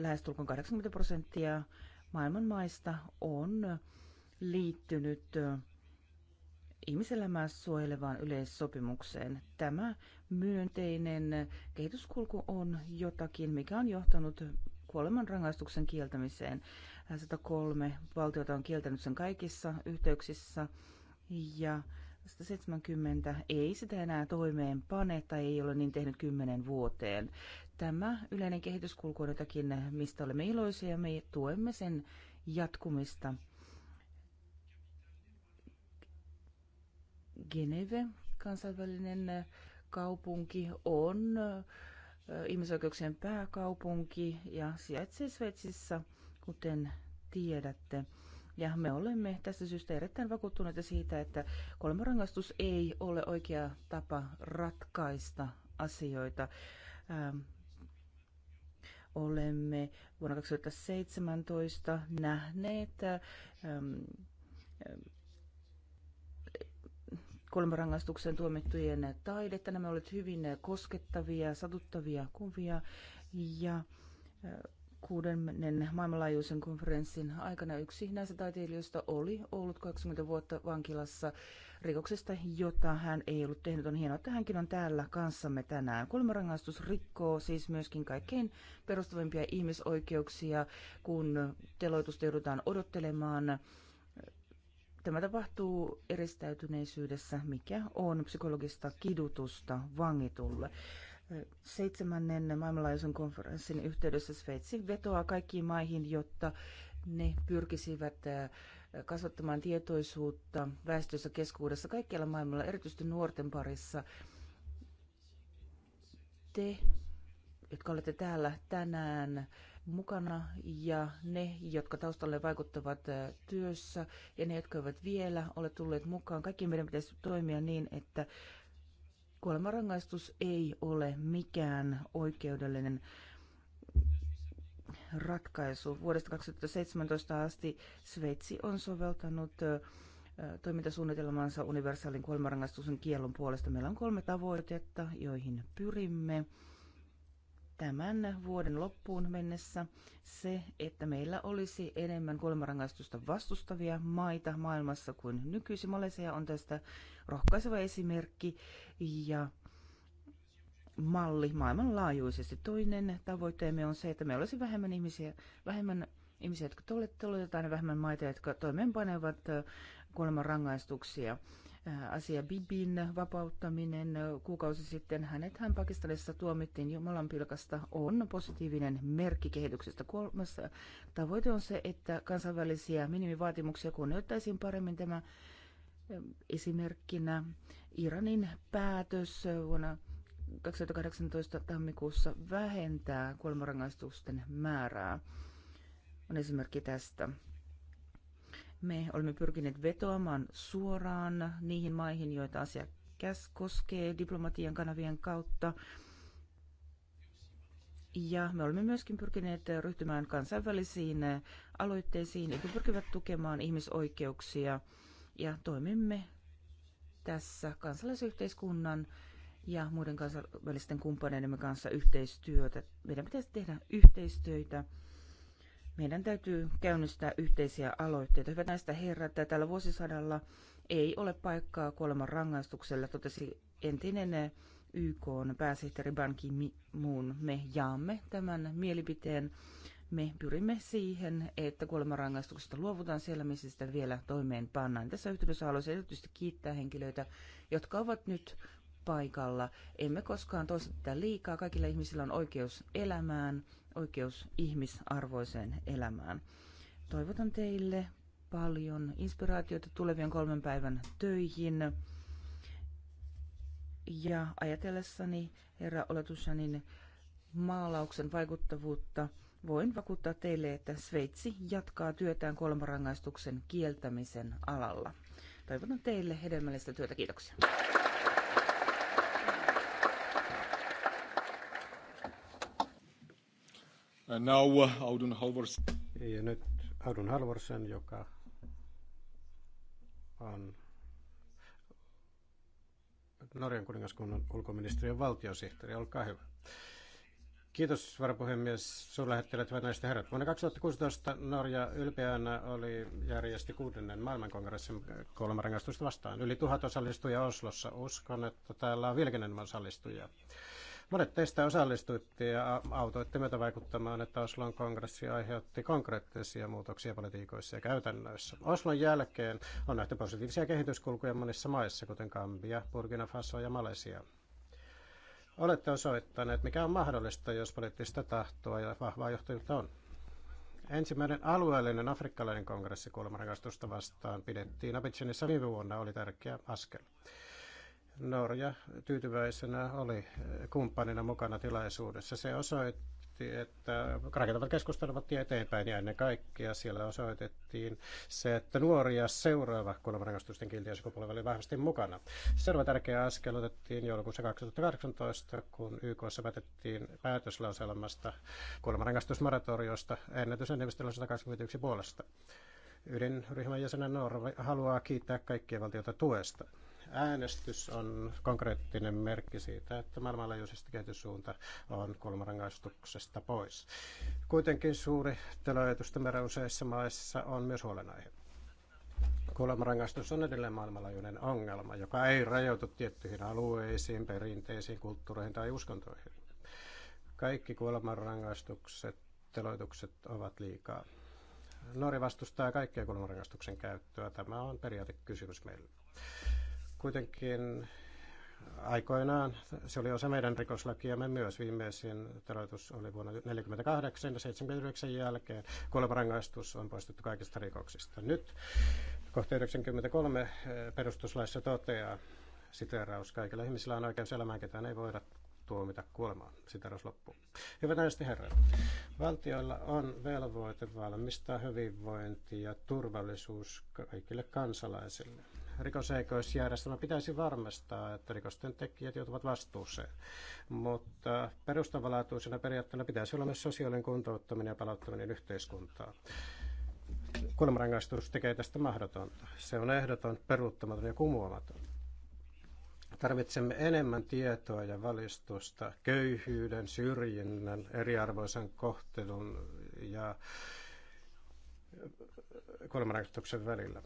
lähestulkoon 80 prosenttia maailman maista on liittynyt ihmiselämää suojelevaan yleissopimukseen. Tämä myönteinen kehityskulku on jotakin, mikä on johtanut kuolemanrangaistuksen kieltämiseen. 103 valtiota on kieltänyt sen kaikissa yhteyksissä ja 170 ei sitä enää toimeenpane tai ei ole niin tehnyt 10 vuoteen. Tämä yleinen kehityskulku on jotakin, mistä olemme iloisia ja me tuemme sen jatkumista. Geneve, kansainvälinen kaupunki, on ihmisoikeuksien pääkaupunki ja sijaitsee Sveitsissä, kuten tiedätte. Ja me olemme tästä syystä erittäin vakuuttuneita siitä, että kolmarangaistus ei ole oikea tapa ratkaista asioita olemme vuonna 2017 nähneet ähm, ähm kuolemanrangaistukseen tuomittujen taidetta. Nämä olivat hyvin koskettavia, satuttavia kuvia ja äh, kuudennen maailmanlaajuisen konferenssin aikana yksi näistä taiteilijoista oli ollut 20 vuotta vankilassa rikoksesta, jota hän ei ollut tehnyt. On hienoa, että hänkin on täällä kanssamme tänään. Kuolemanrangaistus rikkoo siis myöskin kaikkein perustavimpia ihmisoikeuksia, kun teloitusta joudutaan odottelemaan. Tämä tapahtuu eristäytyneisyydessä, mikä on psykologista kidutusta vangitulle. Seitsemännen maailmanlaajuisen konferenssin yhteydessä Sveitsi vetoaa kaikkiin maihin, jotta ne pyrkisivät kasvattamaan tietoisuutta väestössä keskuudessa kaikkialla maailmalla, erityisesti nuorten parissa. Te, jotka olette täällä tänään mukana ja ne, jotka taustalle vaikuttavat työssä ja ne, jotka eivät vielä ole tulleet mukaan, kaikki meidän pitäisi toimia niin, että kuolemanrangaistus ei ole mikään oikeudellinen äh, ratkaisu. Vuodesta 2017 asti Sveitsi on soveltanut toimintasuunnitelmansa universaalin kuolemanrangaistuksen kiellon puolesta. Meillä on kolme tavoitetta, joihin pyrimme tämän vuoden loppuun mennessä se, että meillä olisi enemmän kuolemanrangaistusta vastustavia maita maailmassa kuin nykyisin. Malesia on tästä rohkaiseva esimerkki ja malli maailmanlaajuisesti. Toinen tavoitteemme on se, että meillä olisi vähemmän ihmisiä, vähemmän ihmisiä, jotka tolletetaan ja vähemmän maita, jotka toimeenpanevat kuoleman rangaistuksia. Asia Bibin vapauttaminen kuukausi sitten, hänet hän Pakistanissa tuomittiin pilkasta, on positiivinen merkki kehityksestä. Kolmas tavoite on se, että kansainvälisiä minimivaatimuksia kunnioittaisiin paremmin tämä esimerkkinä Iranin päätös vuonna 2018 tammikuussa vähentää kuolemanrangaistusten määrää. On esimerkki tästä. Me olemme pyrkineet vetoamaan suoraan niihin maihin, joita asia koskee diplomatian kanavien kautta. Ja me olemme myöskin pyrkineet ryhtymään kansainvälisiin aloitteisiin, jotka pyrkivät tukemaan ihmisoikeuksia. Ja toimimme tässä kansalaisyhteiskunnan ja muiden kansainvälisten kumppaneidemme kanssa yhteistyötä. Meidän pitäisi tehdä yhteistyötä. Meidän täytyy käynnistää yhteisiä aloitteita. Hyvä näistä että tällä vuosisadalla ei ole paikkaa kuoleman rangaistukselle, totesi entinen YK pääsihteeri Ban Ki-moon. Me jaamme tämän mielipiteen. Me pyrimme siihen, että kuolemanrangaistuksesta luovutaan siellä, missä sitä vielä toimeen pannaan. Tässä yhteydessä haluaisin erityisesti kiittää henkilöitä, jotka ovat nyt paikalla. Emme koskaan toista tätä liikaa. Kaikilla ihmisillä on oikeus elämään, oikeus ihmisarvoiseen elämään. Toivotan teille paljon inspiraatiota tulevien kolmen päivän töihin. Ja ajatellessani herra Oletushanin maalauksen vaikuttavuutta, voin vakuuttaa teille, että Sveitsi jatkaa työtään kolmarangaistuksen kieltämisen alalla. Toivotan teille hedelmällistä työtä. Kiitoksia. Now, eh, Audun Halvorsen. Ja nyt Audun Halvorsen, joka on Norjan kuningaskunnan ulkoministeriön valtiosihteeri. Olkaa hyvä. Kiitos varapuhemies, suurlähettiläät, hyvät näistä ja herrat. Vuonna 2016 Norja ylpeänä oli järjesti kuudennen maailmankongressin kuolemanrangaistusta vastaan. Yli tuhat osallistujaa Oslossa. Uskon, että täällä on enemmän osallistujia. Monet teistä osallistuitte ja autoitte meitä vaikuttamaan, että Oslon kongressi aiheutti konkreettisia muutoksia politiikoissa ja käytännöissä. Oslon jälkeen on nähty positiivisia kehityskulkuja monissa maissa, kuten Kambia, Burkina Faso ja Malesia. Olette osoittaneet, mikä on mahdollista, jos poliittista tahtoa ja vahvaa johtajuutta on. Ensimmäinen alueellinen afrikkalainen kongressi kuolemanrangaistusta vastaan pidettiin Abidjanissa viime vuonna oli tärkeä askel. Norja tyytyväisenä oli kumppanina mukana tilaisuudessa. Se osoitti, että rakentavat keskustelevat eteenpäin ja ennen kaikkea siellä osoitettiin se, että nuoria seuraava kuolemanrangaistusten kiltiä sukupolvi oli vahvasti mukana. Seuraava tärkeä askel otettiin joulukuussa 2018, kun YKssa päätettiin päätöslauselmasta kuolemanrangaistusmaratoriosta ennätysenemmistöllä 121 puolesta. Ydinryhmän jäsenen Norja haluaa kiittää kaikkia valtiota tuesta äänestys on konkreettinen merkki siitä, että maailmanlaajuisesti kehityssuunta on kuolemanrangaistuksesta pois. Kuitenkin suuri teloajatusten määrä useissa maissa on myös huolenaihe. Kuolemarangaistus on edelleen maailmanlaajuinen ongelma, joka ei rajoitu tiettyihin alueisiin, perinteisiin, kulttuureihin tai uskontoihin. Kaikki kuolemanrangaistukset, teloitukset ovat liikaa. Nori vastustaa kaikkea kuolemanrangaistuksen käyttöä. Tämä on periaatekysymys meille. Kuitenkin aikoinaan se oli osa meidän rikoslakiamme myös. Viimeisin teroitus oli vuonna 1948 ja 79 jälkeen. Kuolemarangaistus on poistettu kaikista rikoksista. Nyt kohta 93 eh, perustuslaissa toteaa siteraus. Kaikilla ihmisillä on oikeus elämään, ketään ei voida tuomita kuolemaan. Siteraus loppuu. Hyvät näistä herrat, valtioilla on velvoite valmistaa hyvinvointi ja turvallisuus kaikille kansalaisille rikoseikoisjärjestelmä pitäisi varmistaa, että rikosten tekijät joutuvat vastuuseen. Mutta perustavanlaatuisena periaatteena pitäisi olla myös sosiaalinen kuntouttaminen ja palauttaminen yhteiskuntaan. Kuolemanrangaistus tekee tästä mahdotonta. Se on ehdoton, peruuttamaton ja kumoamaton. Tarvitsemme enemmän tietoa ja valistusta köyhyyden, syrjinnän, eriarvoisen kohtelun ja kuolemanrangaistuksen välillä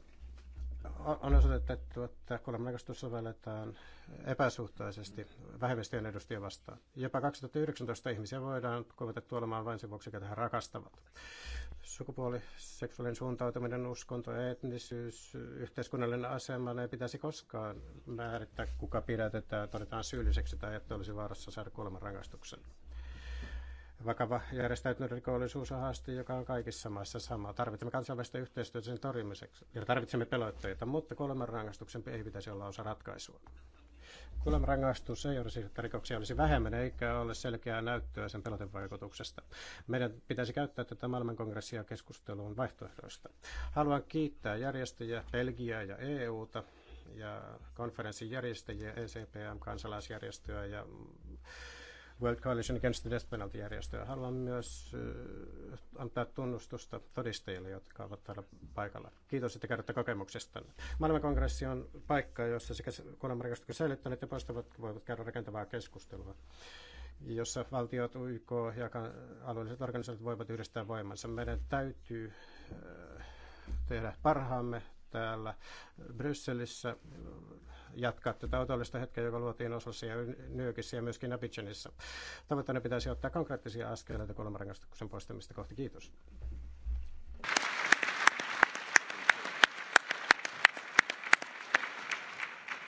on osoitettu, että tuota, kuolemanrangaistusta sovelletaan epäsuhtaisesti vähemmistöjen edustajia vastaan. Jopa 2019 ihmisiä voidaan koulutettu olemaan vain sen vuoksi, että he rakastavat. Sukupuoli, seksuaalinen suuntautuminen, uskonto, etnisyys, yhteiskunnallinen asema, ne ei pitäisi koskaan määrittää, kuka pidätetään, todetaan syylliseksi tai että olisi vaarassa saada rangaistuksen vakava järjestäytynyt rikollisuus on haaste, joka on kaikissa maissa sama. Tarvitsemme kansainvälistä yhteistyötä sen torjumiseksi ja tarvitsemme pelotteita, mutta kuolemanrangaistuksen ei pitäisi olla osa ratkaisua. Kuolemanrangaistus ei ole siis, että rikoksia olisi vähemmän eikä ole selkeää näyttöä sen pelotevaikutuksesta. Meidän pitäisi käyttää tätä maailmankongressia keskusteluun vaihtoehdoista. Haluan kiittää järjestäjiä Belgiaa ja EUta ja konferenssin järjestäjiä, ECPM, kansalaisjärjestöä ja World Coalition Against the Death Penalty järjestöä. Haluan myös äh, antaa tunnustusta todistajille, jotka ovat täällä paikalla. Kiitos, että kerrotte kokemuksesta. Maailmankongressi on paikka, jossa sekä kuolemanrikostukset säilyttäneet ja poistavat voivat käydä rakentavaa keskustelua jossa valtiot, YK ja alueelliset organisaatiot voivat yhdistää voimansa. Meidän täytyy äh, tehdä parhaamme täällä Brysselissä jatkaa tätä otollista hetkeä, joka luotiin Oslossa ja Nyökissä ja myöskin Abidjanissa. Tavoitteena pitäisi ottaa konkreettisia askeleita kolmarangastuksen poistamista kohti. Kiitos.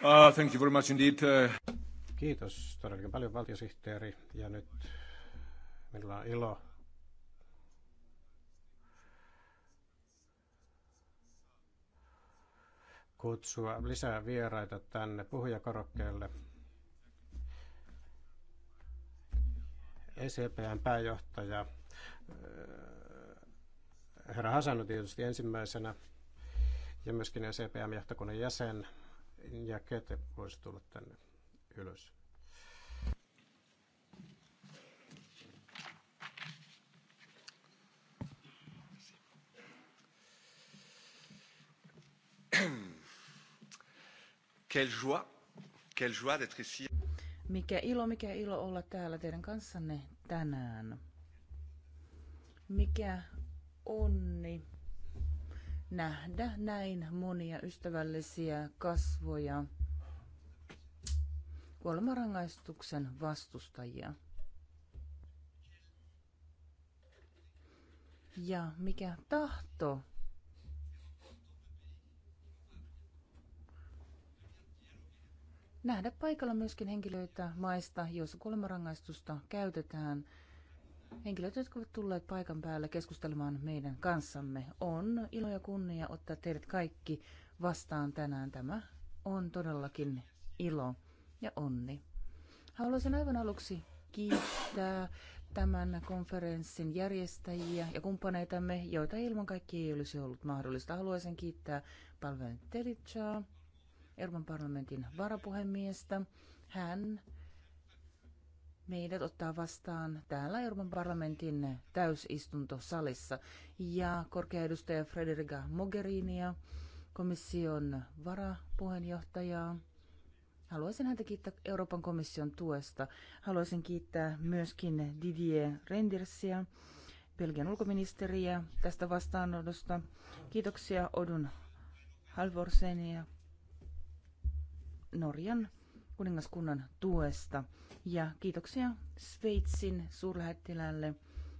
Uh, thank you very much indeed. Uh. Kiitos todellakin paljon valtiosihteeri ja nyt minulla on ilo kutsua lisää vieraita tänne puhujakorokkeelle. ECPn pääjohtaja äh, herra Hasan tietysti ensimmäisenä ja myöskin ECPM-johtokunnan jäsen. Ja Kete voisi tulla tänne ylös. Quelle joie, quelle joie d'être ici. Mikä ilo, mikä ilo olla täällä teidän kanssanne tänään. Mikä onni nähdä näin monia ystävällisiä kasvoja kuolemanrangaistuksen vastustajia. Ja mikä tahto nähdä paikalla myöskin henkilöitä maista, joissa kuolemarangaistusta käytetään. Henkilöt, jotka ovat tulleet paikan päälle keskustelemaan meidän kanssamme, on ilo ja kunnia ottaa teidät kaikki vastaan tänään. Tämä on todellakin ilo ja onni. Haluaisin aivan aluksi kiittää tämän konferenssin järjestäjiä ja kumppaneitamme, joita ilman kaikki ei olisi ollut mahdollista. Haluaisin kiittää Palvelen Telitsaa, Euroopan parlamentin varapuhemiestä. Hän meidät ottaa vastaan täällä Euroopan parlamentin täysistuntosalissa ja korkea edustaja Frederica Mogherinia, komission varapuheenjohtajaa. Haluaisin häntä kiittää Euroopan komission tuesta. Haluaisin kiittää myöskin Didier Rendersia, Belgian ulkoministeriä, tästä vastaanotosta. Kiitoksia Odun Halvorsenia Norjan kuningaskunnan tuesta. Ja kiitoksia Sveitsin suurlähettilälle,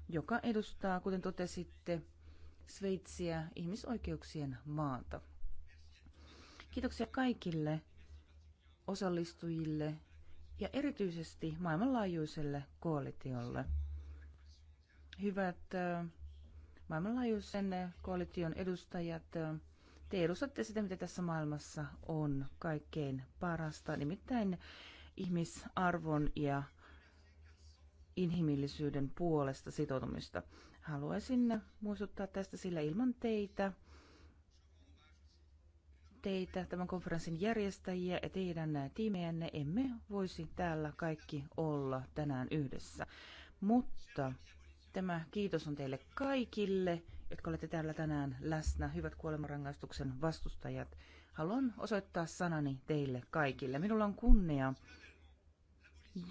joka edustaa, kuten totesitte, Sveitsiä ihmisoikeuksien maata. Kiitoksia kaikille osallistujille ja erityisesti maailmanlaajuiselle koalitiolle. Hyvät äh, maailmanlaajuisen koalition edustajat, äh, te edustatte sitä, mitä tässä maailmassa on kaikkein parasta, nimittäin ihmisarvon ja inhimillisyyden puolesta sitoutumista. Haluaisin muistuttaa tästä, sillä ilman teitä, teitä, tämän konferenssin järjestäjiä ja teidän tiimejänne emme voisi täällä kaikki olla tänään yhdessä. Mutta tämä kiitos on teille kaikille jotka olette täällä tänään läsnä, hyvät kuolemanrangaistuksen vastustajat. Haluan osoittaa sanani teille kaikille. Minulla on kunnia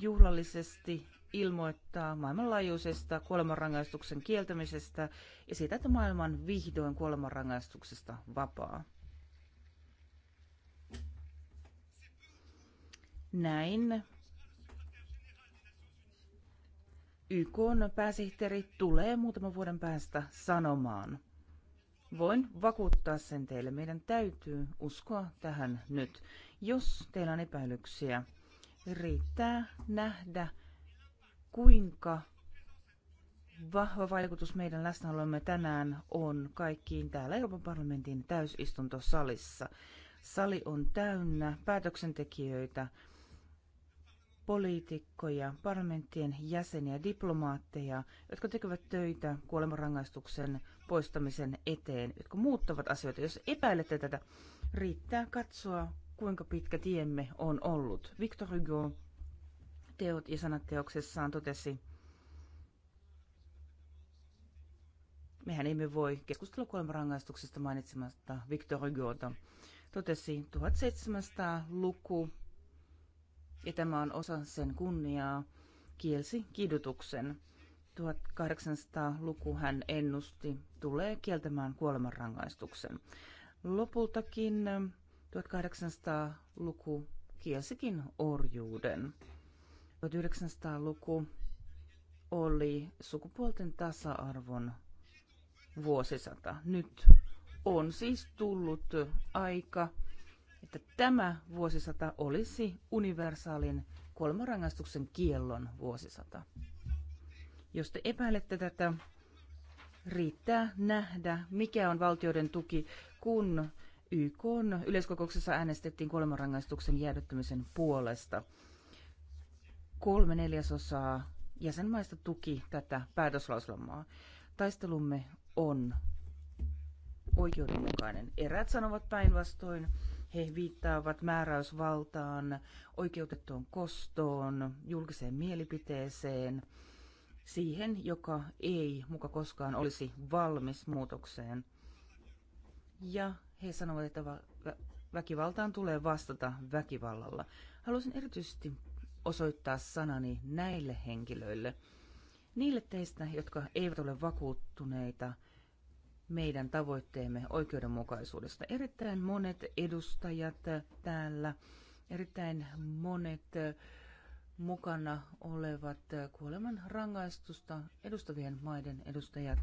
juhlallisesti ilmoittaa maailmanlaajuisesta kuolemanrangaistuksen kieltämisestä ja siitä, että maailman vihdoin kuolemanrangaistuksesta vapaa. Näin YK pääsihteeri tulee muutaman vuoden päästä sanomaan. Voin vakuuttaa sen teille. Meidän täytyy uskoa tähän nyt. Jos teillä on epäilyksiä, riittää nähdä, kuinka vahva vaikutus meidän läsnäolomme tänään on kaikkiin täällä Euroopan parlamentin täysistuntosalissa. Sali on täynnä päätöksentekijöitä, poliitikkoja, parlamenttien jäseniä, diplomaatteja, jotka tekevät töitä kuolemanrangaistuksen poistamisen eteen, jotka muuttavat asioita. Jos epäilette tätä, riittää katsoa, kuinka pitkä tiemme on ollut. Victor Hugo teot ja sanat teoksessaan totesi, mehän emme voi keskustella kuolemanrangaistuksesta mainitsematta Victor Hugota, totesi 1700-luku ja tämä on osa sen kunniaa, kielsi kidutuksen. 1800-luku hän ennusti tulee kieltämään kuolemanrangaistuksen. Lopultakin 1800-luku kielsikin orjuuden. 1900-luku oli sukupuolten tasa-arvon vuosisata. Nyt on siis tullut aika että tämä vuosisata olisi universaalin kuolemanrangaistuksen kiellon vuosisata. Jos te epäilette tätä, riittää nähdä, mikä on valtioiden tuki, kun YK yleiskokouksessa äänestettiin kuolemanrangaistuksen jäädyttämisen puolesta. Kolme neljäsosaa jäsenmaista tuki tätä päätöslauslomaa. Taistelumme on oikeudenmukainen. Erät sanovat päinvastoin, he viittaavat määräysvaltaan, oikeutettuun kostoon, julkiseen mielipiteeseen, siihen, joka ei muka koskaan olisi valmis muutokseen. Ja he sanovat, että väkivaltaan tulee vastata väkivallalla. Haluaisin erityisesti osoittaa sanani näille henkilöille, niille teistä, jotka eivät ole vakuuttuneita – meidän tavoitteemme oikeudenmukaisuudesta. Erittäin monet edustajat täällä, erittäin monet mukana olevat kuoleman rangaistusta edustavien maiden edustajat,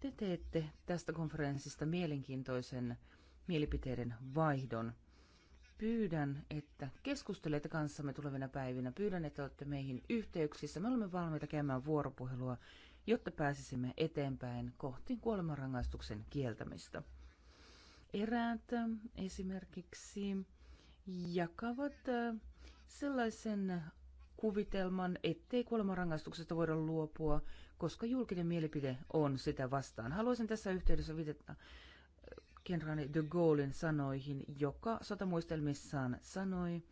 te teette tästä konferenssista mielenkiintoisen mielipiteiden vaihdon. Pyydän, että keskustelette kanssamme tulevina päivinä. Pyydän, että olette meihin yhteyksissä. Me olemme valmiita käymään vuoropuhelua jotta pääsisimme eteenpäin kohti kuolemanrangaistuksen kieltämistä. Eräät äh, esimerkiksi jakavat äh, sellaisen kuvitelman, ettei kuolemanrangaistuksesta voida luopua, koska julkinen mielipide on sitä vastaan. Haluaisin tässä yhteydessä viitata äh, kenraali de Gaullein sanoihin, joka sotamuistelmissaan sanoi,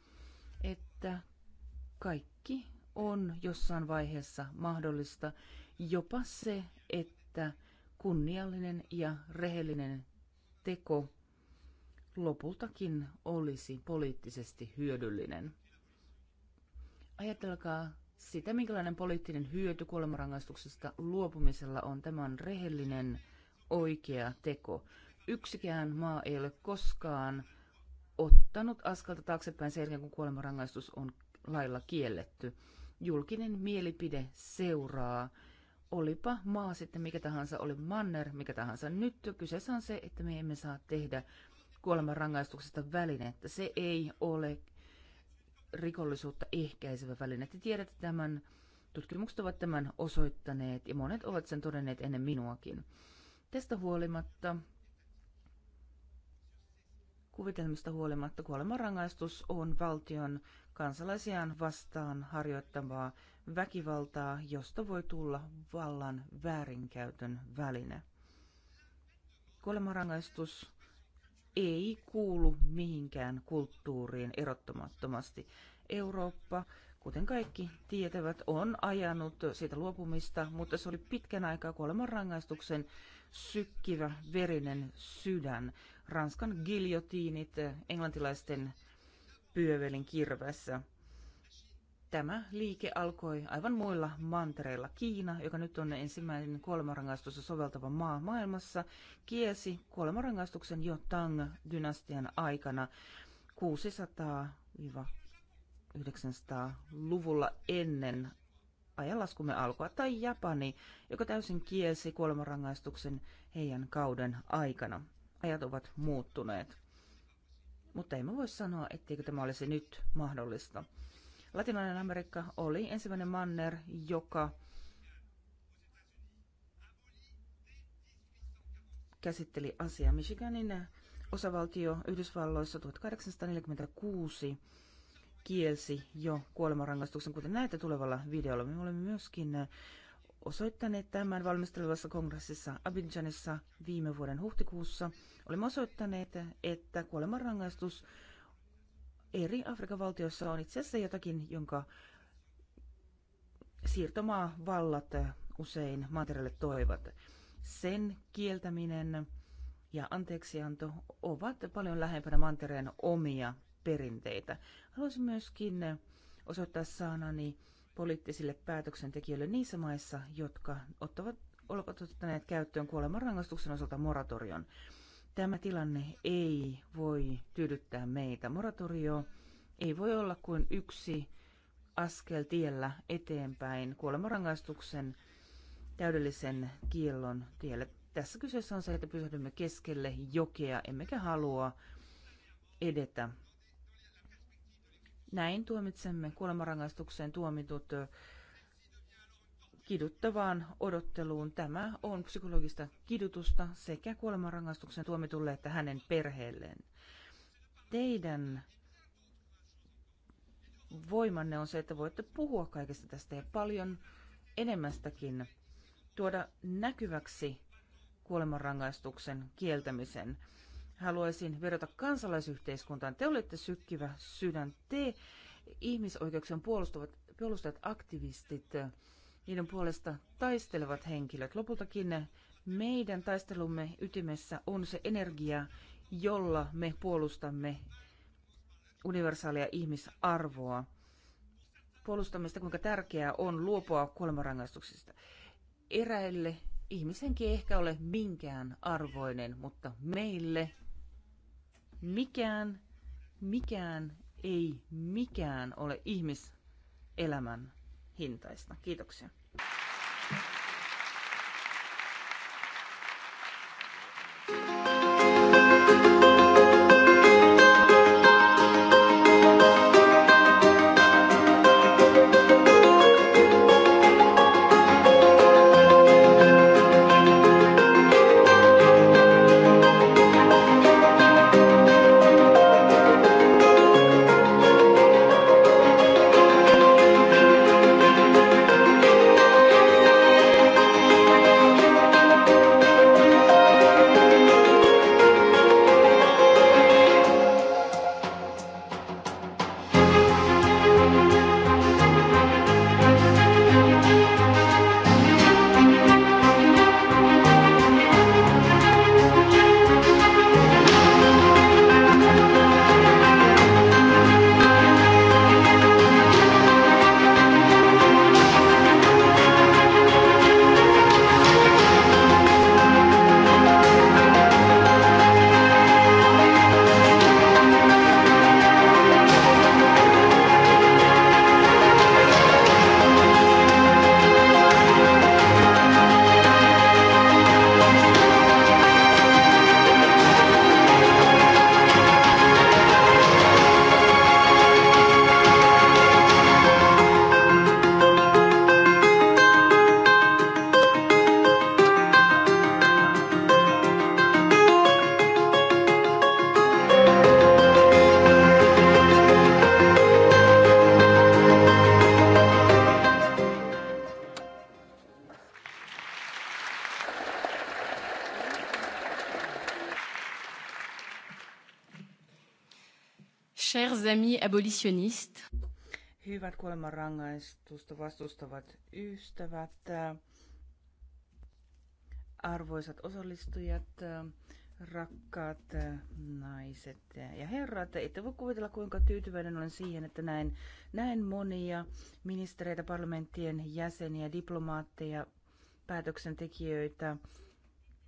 että kaikki on jossain vaiheessa mahdollista Jopa se, että kunniallinen ja rehellinen teko lopultakin olisi poliittisesti hyödyllinen. Ajatelkaa sitä, minkälainen poliittinen hyöty kuolemanrangaistuksesta luopumisella on. Tämä on rehellinen, oikea teko. Yksikään maa ei ole koskaan ottanut askelta taaksepäin sen jälkeen, kun kuolemanrangaistus on lailla kielletty. Julkinen mielipide seuraa olipa maa sitten mikä tahansa, oli manner mikä tahansa. Nyt kyseessä on se, että me emme saa tehdä kuolemanrangaistuksesta välinettä. Se ei ole rikollisuutta ehkäisevä väline. Te tiedätte tämän, tutkimukset ovat tämän osoittaneet ja monet ovat sen todenneet ennen minuakin. Tästä huolimatta, kuvitelmista huolimatta, kuolemanrangaistus on valtion kansalaisiaan vastaan harjoittamaa väkivaltaa, josta voi tulla vallan väärinkäytön väline. Kuolemarangaistus ei kuulu mihinkään kulttuuriin erottamattomasti. Eurooppa, kuten kaikki tietävät, on ajanut siitä luopumista, mutta se oli pitkän aikaa kuolemanrangaistuksen sykkivä verinen sydän. Ranskan giljotiinit, englantilaisten pyövelin kirvessä. Tämä liike alkoi aivan muilla mantereilla. Kiina, joka nyt on ensimmäinen kuolemanrangaistus soveltava maa maailmassa, kiesi kuolemanrangaistuksen jo Tang-dynastian aikana 600-900-luvulla ennen ajanlaskumme alkoa, tai Japani, joka täysin kielsi kuolemanrangaistuksen heidän kauden aikana. Ajat ovat muuttuneet mutta emme voi sanoa, etteikö tämä olisi nyt mahdollista. Latinalainen Amerikka oli ensimmäinen manner, joka käsitteli asiaa Michiganin osavaltio Yhdysvalloissa 1846 kielsi jo kuolemanrangaistuksen, kuten näette tulevalla videolla. Me olemme myöskin osoittaneet tämän valmistelevassa kongressissa Abidjanissa viime vuoden huhtikuussa – Olemme osoittaneet, että kuolemanrangaistus eri Afrikan valtioissa on itse asiassa jotakin, jonka siirtomaa vallat usein materiaalille toivat. Sen kieltäminen ja anteeksianto ovat paljon lähempänä mantereen omia perinteitä. Haluaisin myöskin osoittaa sanani poliittisille päätöksentekijöille niissä maissa, jotka ottavat, ovat ottaneet käyttöön kuolemanrangaistuksen osalta moratorion. Tämä tilanne ei voi tyydyttää meitä. Moratorio ei voi olla kuin yksi askel tiellä eteenpäin kuolemanrangaistuksen täydellisen kiellon tielle. Tässä kyseessä on se, että pysähdymme keskelle jokea, emmekä halua edetä. Näin tuomitsemme kuolemanrangaistukseen tuomitut kiduttavaan odotteluun. Tämä on psykologista kidutusta sekä kuolemanrangaistuksen tuomitulle että hänen perheelleen. Teidän voimanne on se, että voitte puhua kaikesta tästä ja paljon enemmästäkin tuoda näkyväksi kuolemanrangaistuksen kieltämisen. Haluaisin vedota kansalaisyhteiskuntaan. Te olette sykkivä sydän. Te ihmisoikeuksien puolustavat, puolustajat, aktivistit, niiden puolesta taistelevat henkilöt. Lopultakin meidän taistelumme ytimessä on se energia, jolla me puolustamme universaalia ihmisarvoa. Puolustamme sitä, kuinka tärkeää on luopua kuolemanrangaistuksista. Eräille ihmisenkin ehkä ole minkään arvoinen, mutta meille mikään, mikään ei mikään ole ihmiselämän hintaista. Kiitoksia. abolitionniste. Hyvät kuolemanrangaistusta vastustavat ystävät, arvoisat osallistujat, rakkaat naiset ja herrat, ette voi kuvitella kuinka tyytyväinen olen siihen, että näin, näin monia ministereitä, parlamenttien jäseniä, diplomaatteja, päätöksentekijöitä,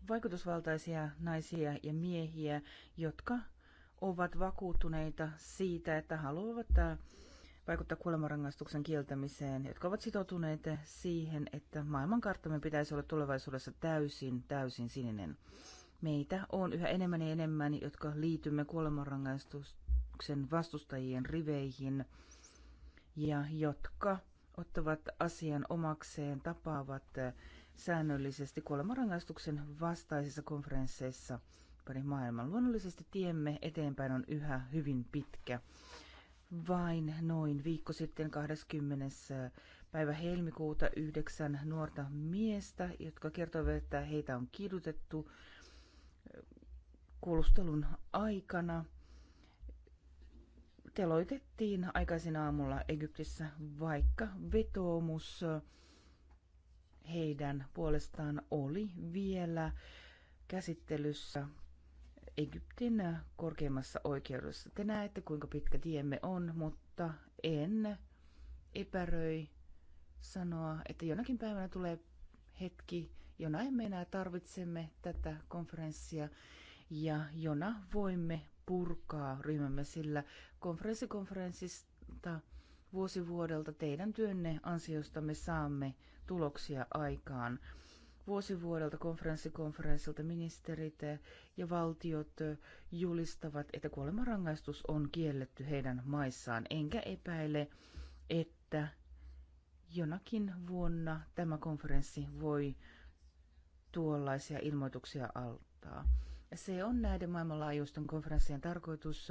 vaikutusvaltaisia naisia ja miehiä, jotka ovat vakuuttuneita siitä, että haluavat äh, vaikuttaa kuolemanrangaistuksen kieltämiseen, jotka ovat sitoutuneet siihen, että maailmankarttamme pitäisi olla tulevaisuudessa täysin, täysin sininen. Meitä on yhä enemmän ja enemmän, jotka liitymme kuolemanrangaistuksen vastustajien riveihin ja jotka ottavat asian omakseen, tapaavat äh, säännöllisesti kuolemanrangaistuksen vastaisissa konferensseissa – maailman Luonnollisesti tiemme eteenpäin on yhä hyvin pitkä. Vain noin viikko sitten 20. Äh, päivä helmikuuta yhdeksän nuorta miestä, jotka kertoivat, että heitä on kidutettu äh, kuulustelun aikana. Teloitettiin aikaisin aamulla Egyptissä, vaikka vetoomus äh, heidän puolestaan oli vielä käsittelyssä Egyptin korkeimmassa oikeudessa. Te näette, kuinka pitkä tiemme on, mutta en epäröi sanoa, että jonakin päivänä tulee hetki, jona emme enää tarvitsemme tätä konferenssia ja jona voimme purkaa ryhmämme, sillä konferenssikonferenssista vuosi vuodelta teidän työnne ansiosta me saamme tuloksia aikaan vuosi vuodelta konferenssi konferenssilta ministerit ja valtiot julistavat, että kuolemanrangaistus on kielletty heidän maissaan, enkä epäile, että jonakin vuonna tämä konferenssi voi tuollaisia ilmoituksia altaa. Se on näiden maailmanlaajuisten konferenssien tarkoitus.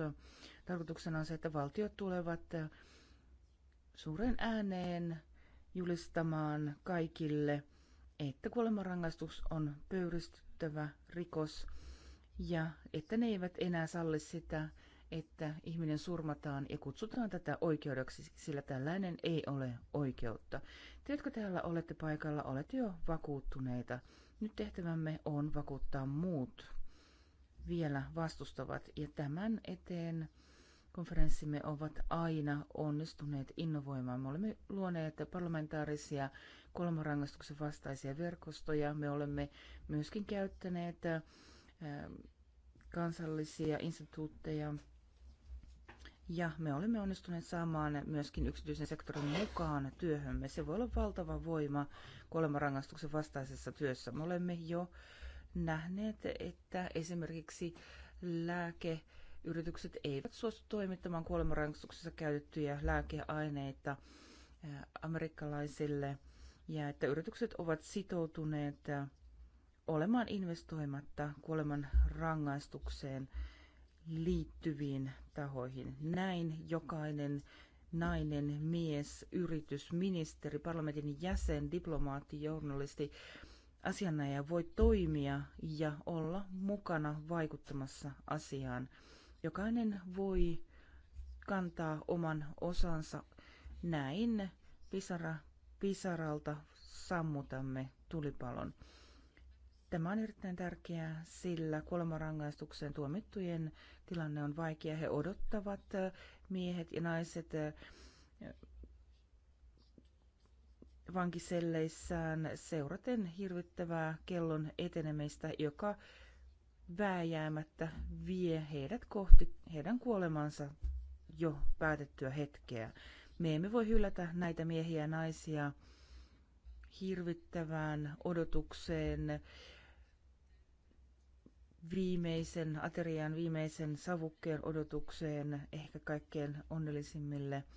Tarkoituksena on se, että valtiot tulevat suuren ääneen julistamaan kaikille – että kuolemanrangaistus on pöyristyttävä rikos ja että ne eivät enää salli sitä, että ihminen surmataan ja kutsutaan tätä oikeudeksi, sillä tällainen ei ole oikeutta. Te, jotka täällä olette paikalla, olette jo vakuuttuneita. Nyt tehtävämme on vakuuttaa muut vielä vastustavat ja tämän eteen konferenssimme ovat aina onnistuneet innovoimaan. Me olemme luoneet parlamentaarisia kolmarangaistuksen vastaisia verkostoja. Me olemme myöskin käyttäneet kansallisia instituutteja ja me olemme onnistuneet saamaan myöskin yksityisen sektorin mukaan työhömme. Se voi olla valtava voima kuolemanrangaistuksen vastaisessa työssä. Me olemme jo nähneet, että esimerkiksi lääke yritykset eivät suostu toimittamaan kuolemanrangaistuksessa käytettyjä lääkeaineita amerikkalaisille ja että yritykset ovat sitoutuneet olemaan investoimatta kuolemanrangaistukseen liittyviin tahoihin. Näin jokainen nainen, mies, yritys, ministeri, parlamentin jäsen, diplomaatti, journalisti, asianajaja voi toimia ja olla mukana vaikuttamassa asiaan. Jokainen voi kantaa oman osansa. Näin pisara pisaralta sammutamme tulipalon. Tämä on erittäin tärkeää, sillä kuolemanrangaistukseen tuomittujen tilanne on vaikea. He odottavat äh, miehet ja naiset äh, vankiselleissään seuraten hirvittävää kellon etenemistä, joka vääjäämättä vie heidät kohti heidän kuolemansa jo päätettyä hetkeä. Me emme voi hylätä näitä miehiä ja naisia hirvittävään odotukseen, viimeisen aterian, viimeisen savukkeen odotukseen, ehkä kaikkein onnellisimmille –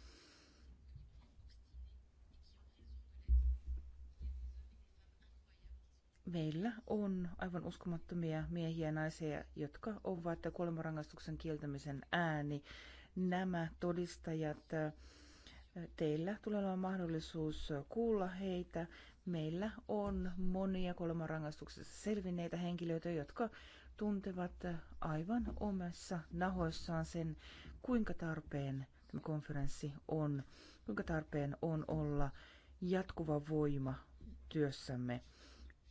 meillä on aivan uskomattomia miehiä ja naisia, jotka ovat kuolemanrangaistuksen kieltämisen ääni. Nämä todistajat, teillä tulee olemaan mahdollisuus kuulla heitä. Meillä on monia kuolemanrangaistuksessa selvinneitä henkilöitä, jotka tuntevat aivan omassa nahoissaan sen, kuinka tarpeen tämä konferenssi on, kuinka tarpeen on olla jatkuva voima työssämme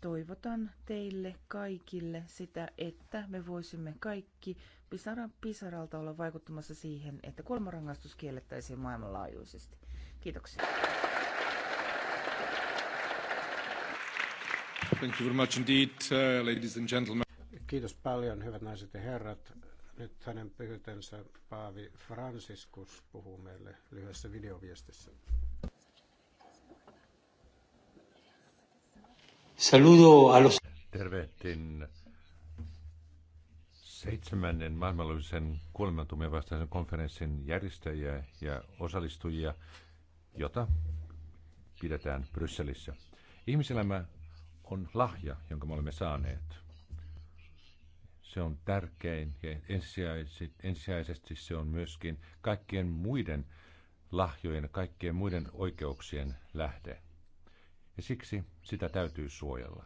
toivotan teille kaikille sitä, että me voisimme kaikki pisara pisaralta olla vaikuttamassa siihen, että kuolemanrangaistus kiellettäisiin maailmanlaajuisesti. Kiitoksia. Thank you very much indeed, uh, ladies and gentlemen. Kiitos paljon, hyvät naiset ja herrat. Nyt hänen pyhytensä Paavi Franciscus puhuu meille lyhyessä videoviestissä. Saludo a los... Tervehtin seitsemännen maailmanlaajuisen kuolemantumien vastaisen konferenssin järjestäjiä ja osallistujia, jota pidetään Brysselissä. Ihmiselämä on lahja, jonka me olemme saaneet. Se on tärkein ja ensisijaisesti se on myöskin kaikkien muiden lahjojen, kaikkien muiden oikeuksien lähde ja siksi sitä täytyy suojella.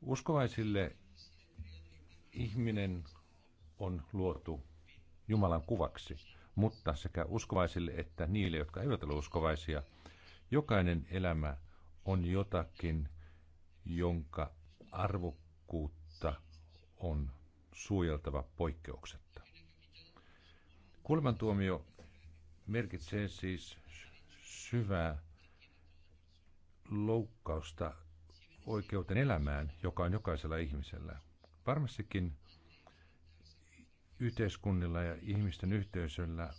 Uskovaisille ihminen on luotu Jumalan kuvaksi, mutta sekä uskovaisille että niille, jotka eivät ole uskovaisia, jokainen elämä on jotakin, jonka arvokkuutta on suojeltava poikkeuksetta. Kuolemantuomio merkitsee siis syvää loukkausta oikeuteen elämään, joka on jokaisella ihmisellä. Varmastikin yhteiskunnilla ja ihmisten yhteisöllä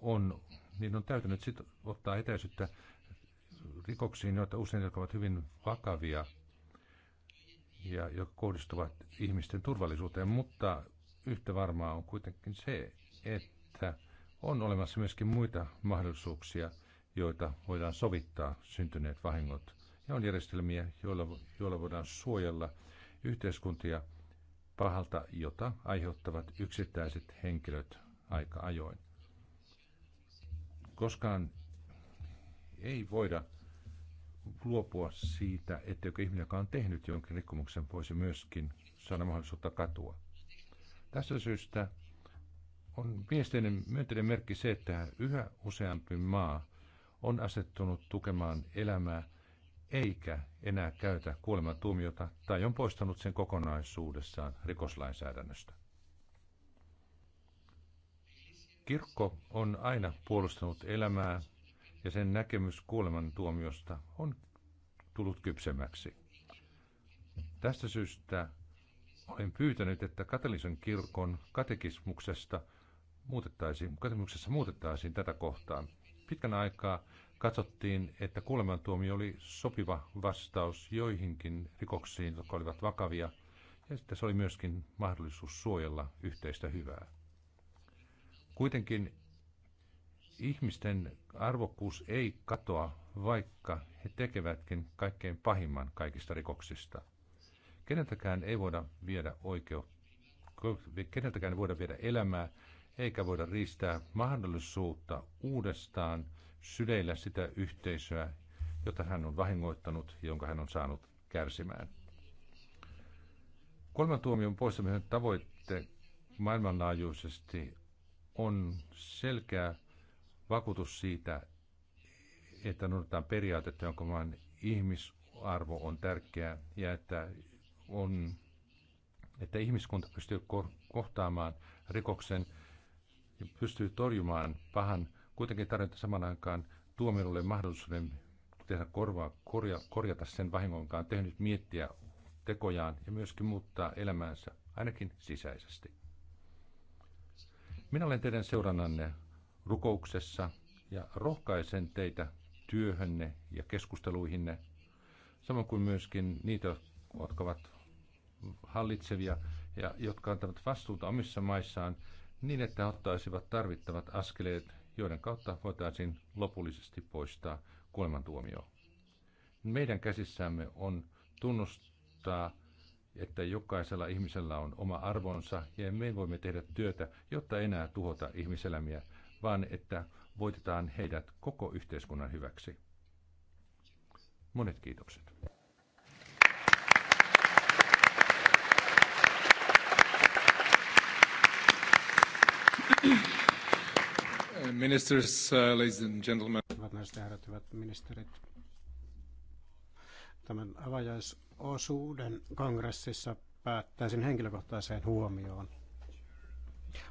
on, niin on täytynyt sit ottaa etäisyyttä rikoksiin, joita usein jotka ovat hyvin vakavia ja jotka kohdistuvat ihmisten turvallisuuteen, mutta yhtä varmaa on kuitenkin se, että on olemassa myöskin muita mahdollisuuksia – joita voidaan sovittaa syntyneet vahingot. Ja on järjestelmiä, joilla, joilla voidaan suojella yhteiskuntia pahalta, jota aiheuttavat yksittäiset henkilöt aika ajoin. Koskaan ei voida luopua siitä, joku ihminen, joka on tehnyt jonkin rikkomuksen, voisi myöskin saada mahdollisuutta katua. Tässä syystä on viesteinen myönteinen merkki se, että yhä useampi maa on asettunut tukemaan elämää eikä enää käytä kuolematuomiota tai on poistanut sen kokonaisuudessaan rikoslainsäädännöstä. Kirkko on aina puolustanut elämää ja sen näkemys kuolemantuomiosta on tullut kypsemmäksi. Tästä syystä olen pyytänyt, että katolisen kirkon katekismuksesta muutettaisiin, katekismuksessa muutettaisiin tätä kohtaa pitkän aikaa katsottiin, että kuolemantuomio oli sopiva vastaus joihinkin rikoksiin, jotka olivat vakavia, ja sitten se oli myöskin mahdollisuus suojella yhteistä hyvää. Kuitenkin ihmisten arvokkuus ei katoa, vaikka he tekevätkin kaikkein pahimman kaikista rikoksista. Keneltäkään ei voida viedä oikeutta, keneltäkään ei voida viedä elämää, eikä voida riistää mahdollisuutta uudestaan syleillä sitä yhteisöä, jota hän on vahingoittanut ja jonka hän on saanut kärsimään. Kolman tuomion poistamisen tavoitte maailmanlaajuisesti on selkeä vakuutus siitä, että noudatetaan periaatetta, jonka vain ihmisarvo on tärkeä ja että, on, että ihmiskunta pystyy kohtaamaan rikoksen – ja pystyy torjumaan pahan, kuitenkin tarjota saman aikaan tuomiolle mahdollisuuden tehdä korvaa, korja, korjata sen vahingonkaan tehnyt, miettiä tekojaan ja myöskin muuttaa elämäänsä, ainakin sisäisesti. Minä olen teidän seurannanne rukouksessa ja rohkaisen teitä työhönne ja keskusteluihinne, samoin kuin myöskin niitä, jotka ovat hallitsevia ja jotka antavat vastuuta omissa maissaan niin, että ottaisivat tarvittavat askeleet, joiden kautta voitaisiin lopullisesti poistaa kuolemantuomio. Meidän käsissämme on tunnustaa, että jokaisella ihmisellä on oma arvonsa ja me voimme tehdä työtä, jotta enää tuhota ihmiselämiä, vaan että voitetaan heidät koko yhteiskunnan hyväksi. Monet kiitokset. Ministers, uh, ladies and gentlemen. Hyvät naiset ja herrat, hyvät ministerit. Tämän avajaisosuuden kongressissa päättäisin henkilökohtaiseen huomioon.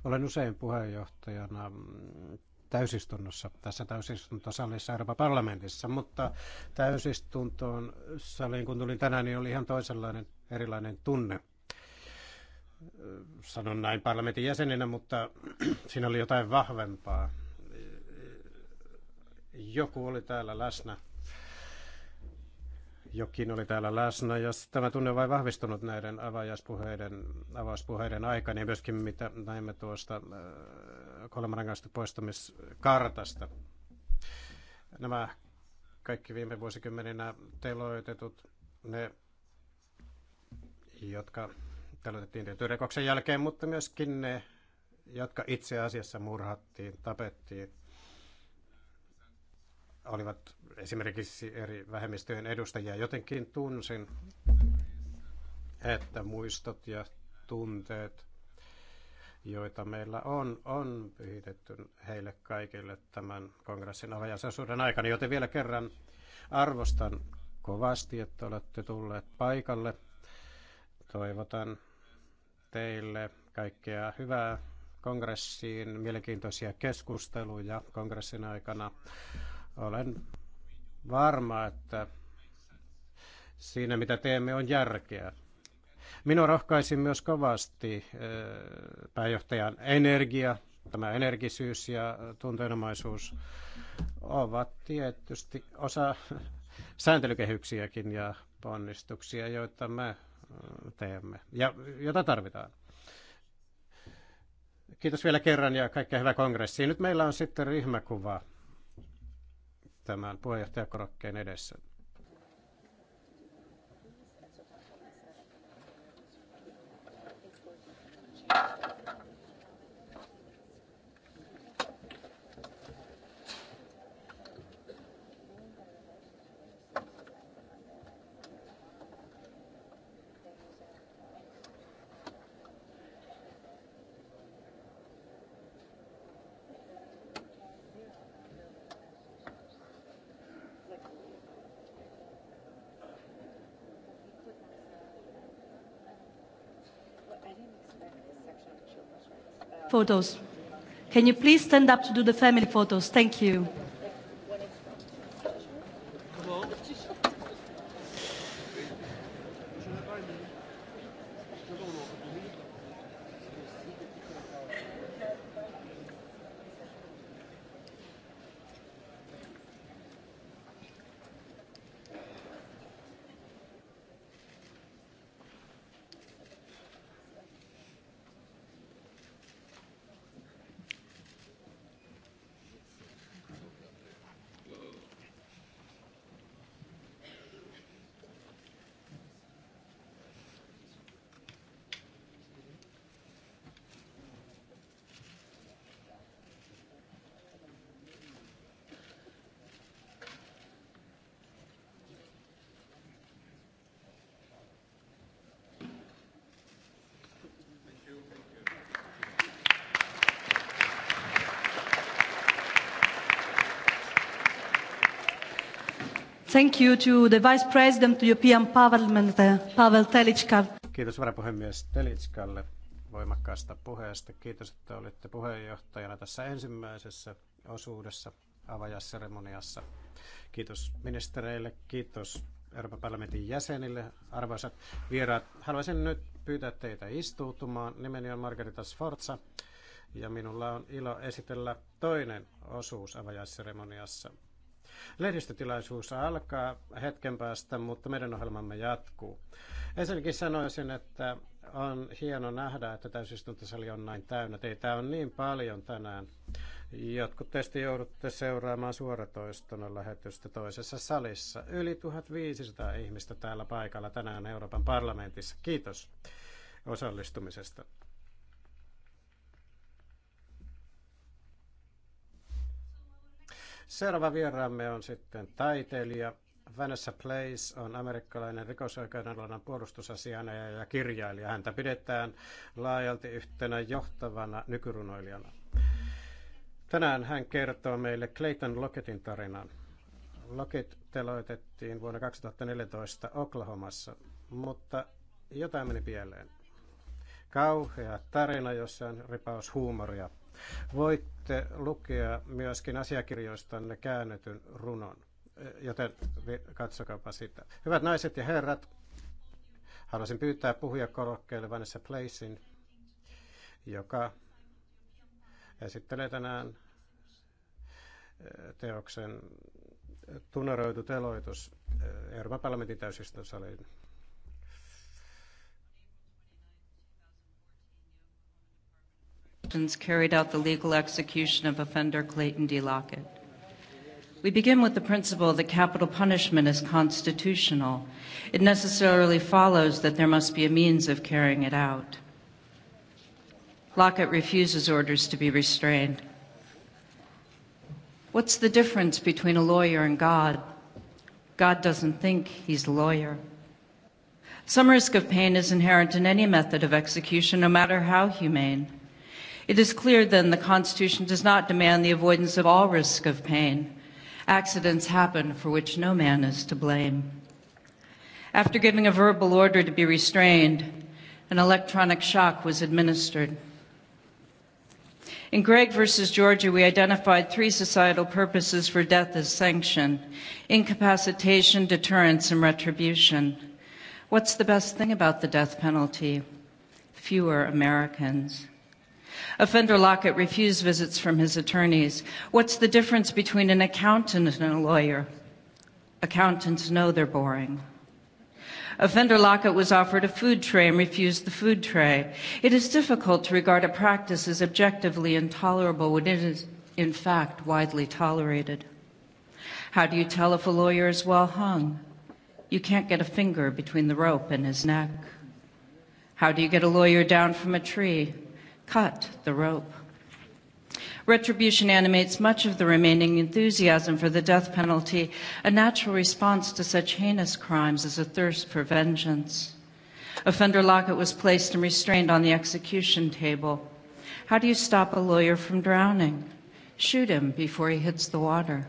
Olen usein puheenjohtajana mm, täysistunnossa, tässä täysistuntosalissa Euroopan parlamentissa, mutta täysistuntoon saliin kun tulin tänään, niin oli ihan toisenlainen erilainen tunne sanon näin parlamentin jäsenenä, mutta siinä oli jotain vahvempaa. Joku oli täällä läsnä. Jokin oli täällä läsnä. ja tämä tunne on vain vahvistunut näiden avajaispuheiden, avauspuheiden aikana ja niin myöskin mitä näimme tuosta äh, kolmarangaista poistumiskartasta. Nämä kaikki viime vuosikymmeninä teloitetut, ne, jotka telotettiin tietyn rikoksen jälkeen, mutta myöskin ne, jotka itse asiassa murhattiin, tapettiin, olivat esimerkiksi eri vähemmistöjen edustajia. Jotenkin tunsin, että muistot ja tunteet, joita meillä on, on pyhitetty heille kaikille tämän kongressin avajaisuuden aikana, joten vielä kerran arvostan kovasti, että olette tulleet paikalle. Toivotan teille kaikkea hyvää kongressiin, mielenkiintoisia keskusteluja kongressin aikana. Olen varma, että siinä mitä teemme on järkeä. Minua rohkaisin myös kovasti eh, pääjohtajan energia, tämä energisyys ja tunteenomaisuus ovat tietysti osa sääntelykehyksiäkin ja ponnistuksia, joita me teemme ja jota tarvitaan. Kiitos vielä kerran ja kaikkea hyvää kongressiin. Nyt meillä on sitten ryhmäkuva tämän puheenjohtajakorokkeen edessä. photos. Can you please stand up to do the family photos? Thank you. Thank you to the Vice President of European Parliament, Pavel Telitska. Kiitos varapuhemies Telitskalle voimakkaasta puheesta. Kiitos, että olitte puheenjohtajana tässä ensimmäisessä osuudessa avajaisseremoniassa. Kiitos ministereille, kiitos Euroopan parlamentin jäsenille, arvoisat vieraat. Haluaisin nyt pyytää teitä istuutumaan. Nimeni on Margarita Sforza ja minulla on ilo esitellä toinen osuus avajaisseremoniassa. Lehdistötilaisuus alkaa hetken päästä, mutta meidän ohjelmamme jatkuu. Ensinnäkin sanoisin, että on hieno nähdä, että täysistuntosali on näin täynnä. Teitä on niin paljon tänään. Jotkut teistä joudutte seuraamaan suoratoistona lähetystä toisessa salissa. Yli 1500 ihmistä täällä paikalla tänään Euroopan parlamentissa. Kiitos osallistumisesta. Seuraava vieraamme on sitten taiteilija. Vanessa Place on amerikkalainen rikosoikeudenalan puolustusasianajaja ja kirjailija. Häntä pidetään laajalti yhtenä johtavana nykyrunoilijana. Tänään hän kertoo meille Clayton Lockettin tarinan. Lockett teloitettiin vuonna 2014 Oklahomassa, mutta jotain meni pieleen. Kauhea tarina, jossa on ripaus huumoria Voitte lukea myöskin asiakirjoistanne käännetyn runon, joten katsokaapa sitä. Hyvät naiset ja herrat, haluaisin pyytää puhujakorokkeelle Vanessa Placein, joka esittelee tänään eh, teoksen Tunneroitu teloitus eh, Euroopan parlamentin täysistuntosalin Clifton's carried out the legal execution of offender Clayton D. Lockett. We begin with the principle that capital punishment is constitutional. It necessarily follows that there must be a means of carrying it out. Lockett refuses orders to be restrained. What's the difference between a lawyer and God? God doesn't think he's a lawyer. Some risk of pain is inherent in any method of execution, no matter how humane. It is clear then the Constitution does not demand the avoidance of all risk of pain. Accidents happen for which no man is to blame. After giving a verbal order to be restrained, an electronic shock was administered. In Gregg versus Georgia, we identified three societal purposes for death as sanction incapacitation, deterrence, and retribution. What's the best thing about the death penalty? Fewer Americans. Offender Lockett refused visits from his attorneys. What's the difference between an accountant and a lawyer? Accountants know they're boring. Offender Lockett was offered a food tray and refused the food tray. It is difficult to regard a practice as objectively intolerable when it is, in fact, widely tolerated. How do you tell if a lawyer is well hung? You can't get a finger between the rope and his neck. How do you get a lawyer down from a tree? Cut the rope. Retribution animates much of the remaining enthusiasm for the death penalty, a natural response to such heinous crimes as a thirst for vengeance. Offender Lockett was placed and restrained on the execution table. How do you stop a lawyer from drowning? Shoot him before he hits the water.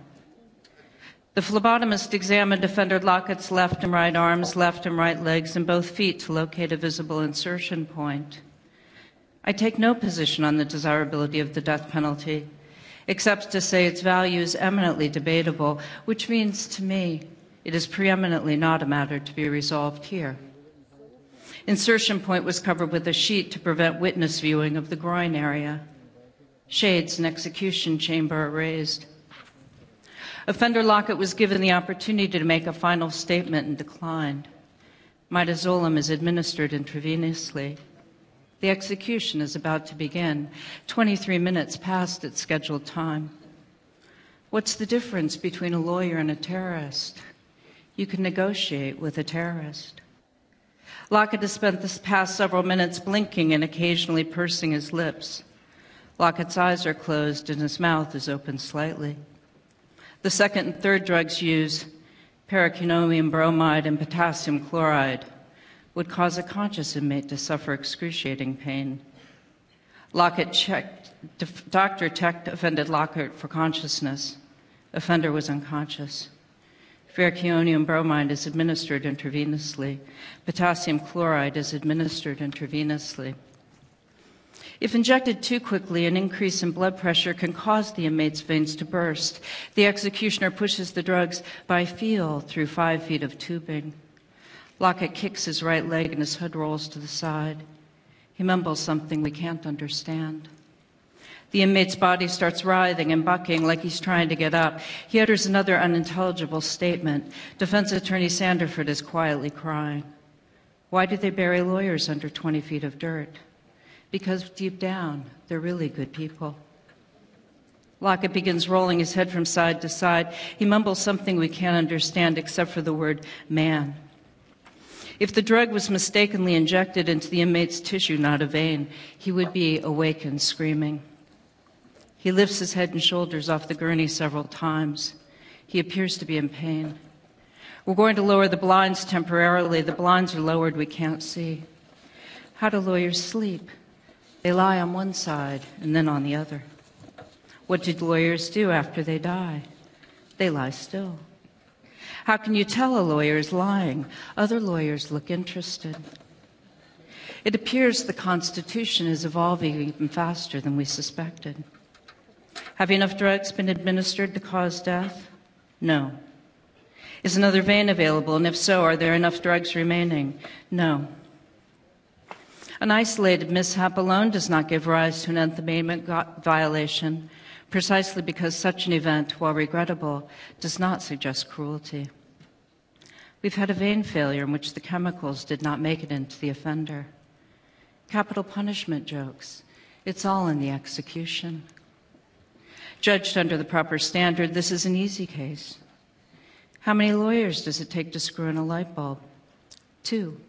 The phlebotomist examined offender Lockett's left and right arms, left and right legs, and both feet to locate a visible insertion point. I take no position on the desirability of the death penalty, except to say its value is eminently debatable, which means to me it is preeminently not a matter to be resolved here. Insertion point was covered with a sheet to prevent witness viewing of the groin area. Shades and execution chamber are raised. Offender Lockett was given the opportunity to make a final statement and declined. Midazolam is administered intravenously. The execution is about to begin, 23 minutes past its scheduled time. What's the difference between a lawyer and a terrorist? You can negotiate with a terrorist. Lockett has spent the past several minutes blinking and occasionally pursing his lips. Lockett's eyes are closed and his mouth is open slightly. The second and third drugs use paraquinomium bromide and potassium chloride, would cause a conscious inmate to suffer excruciating pain. Lockett checked, Dr. checked offended Lockhart for consciousness. Offender was unconscious. Ferrocheonium bromide is administered intravenously. Potassium chloride is administered intravenously. If injected too quickly, an increase in blood pressure can cause the inmate's veins to burst. The executioner pushes the drugs by feel through five feet of tubing. Lockett kicks his right leg and his hood rolls to the side. He mumbles something we can't understand. The inmate's body starts writhing and bucking like he's trying to get up. He utters another unintelligible statement. Defense attorney Sanderford is quietly crying. Why do they bury lawyers under 20 feet of dirt? Because deep down, they're really good people. Lockett begins rolling his head from side to side. He mumbles something we can't understand except for the word man. If the drug was mistakenly injected into the inmate's tissue, not a vein, he would be awakened screaming. He lifts his head and shoulders off the gurney several times. He appears to be in pain. We're going to lower the blinds temporarily. The blinds are lowered, we can't see. How do lawyers sleep? They lie on one side and then on the other. What do lawyers do after they die? They lie still. How can you tell a lawyer is lying? Other lawyers look interested. It appears the Constitution is evolving even faster than we suspected. Have enough drugs been administered to cause death? No. Is another vein available? And if so, are there enough drugs remaining? No. An isolated mishap alone does not give rise to an Nth Amendment violation precisely because such an event, while regrettable, does not suggest cruelty. We've had a vein failure in which the chemicals did not make it into the offender. Capital punishment jokes. It's all in the execution. Judged under the proper standard, this is an easy case. How many lawyers does it take to screw in a light bulb? Two.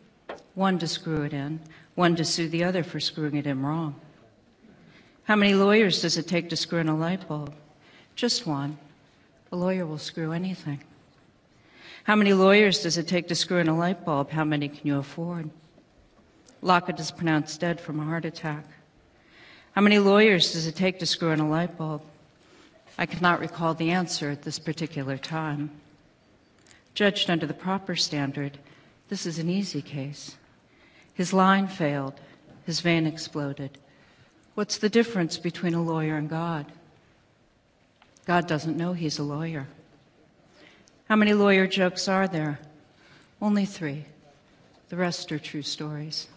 One to screw it in, one to sue the other for screwing it in wrong. How many lawyers does it take to screw in a light bulb? Just one. A lawyer will screw anything. How many lawyers does it take to screw in a light bulb? How many can you afford? Lockett is pronounced dead from a heart attack. How many lawyers does it take to screw in a light bulb? I cannot recall the answer at this particular time. Judged under the proper standard, this is an easy case. His line failed, his vein exploded, What's the difference between a lawyer and God? God doesn't know he's a lawyer. How many lawyer jokes are there? Only three. The rest are true stories.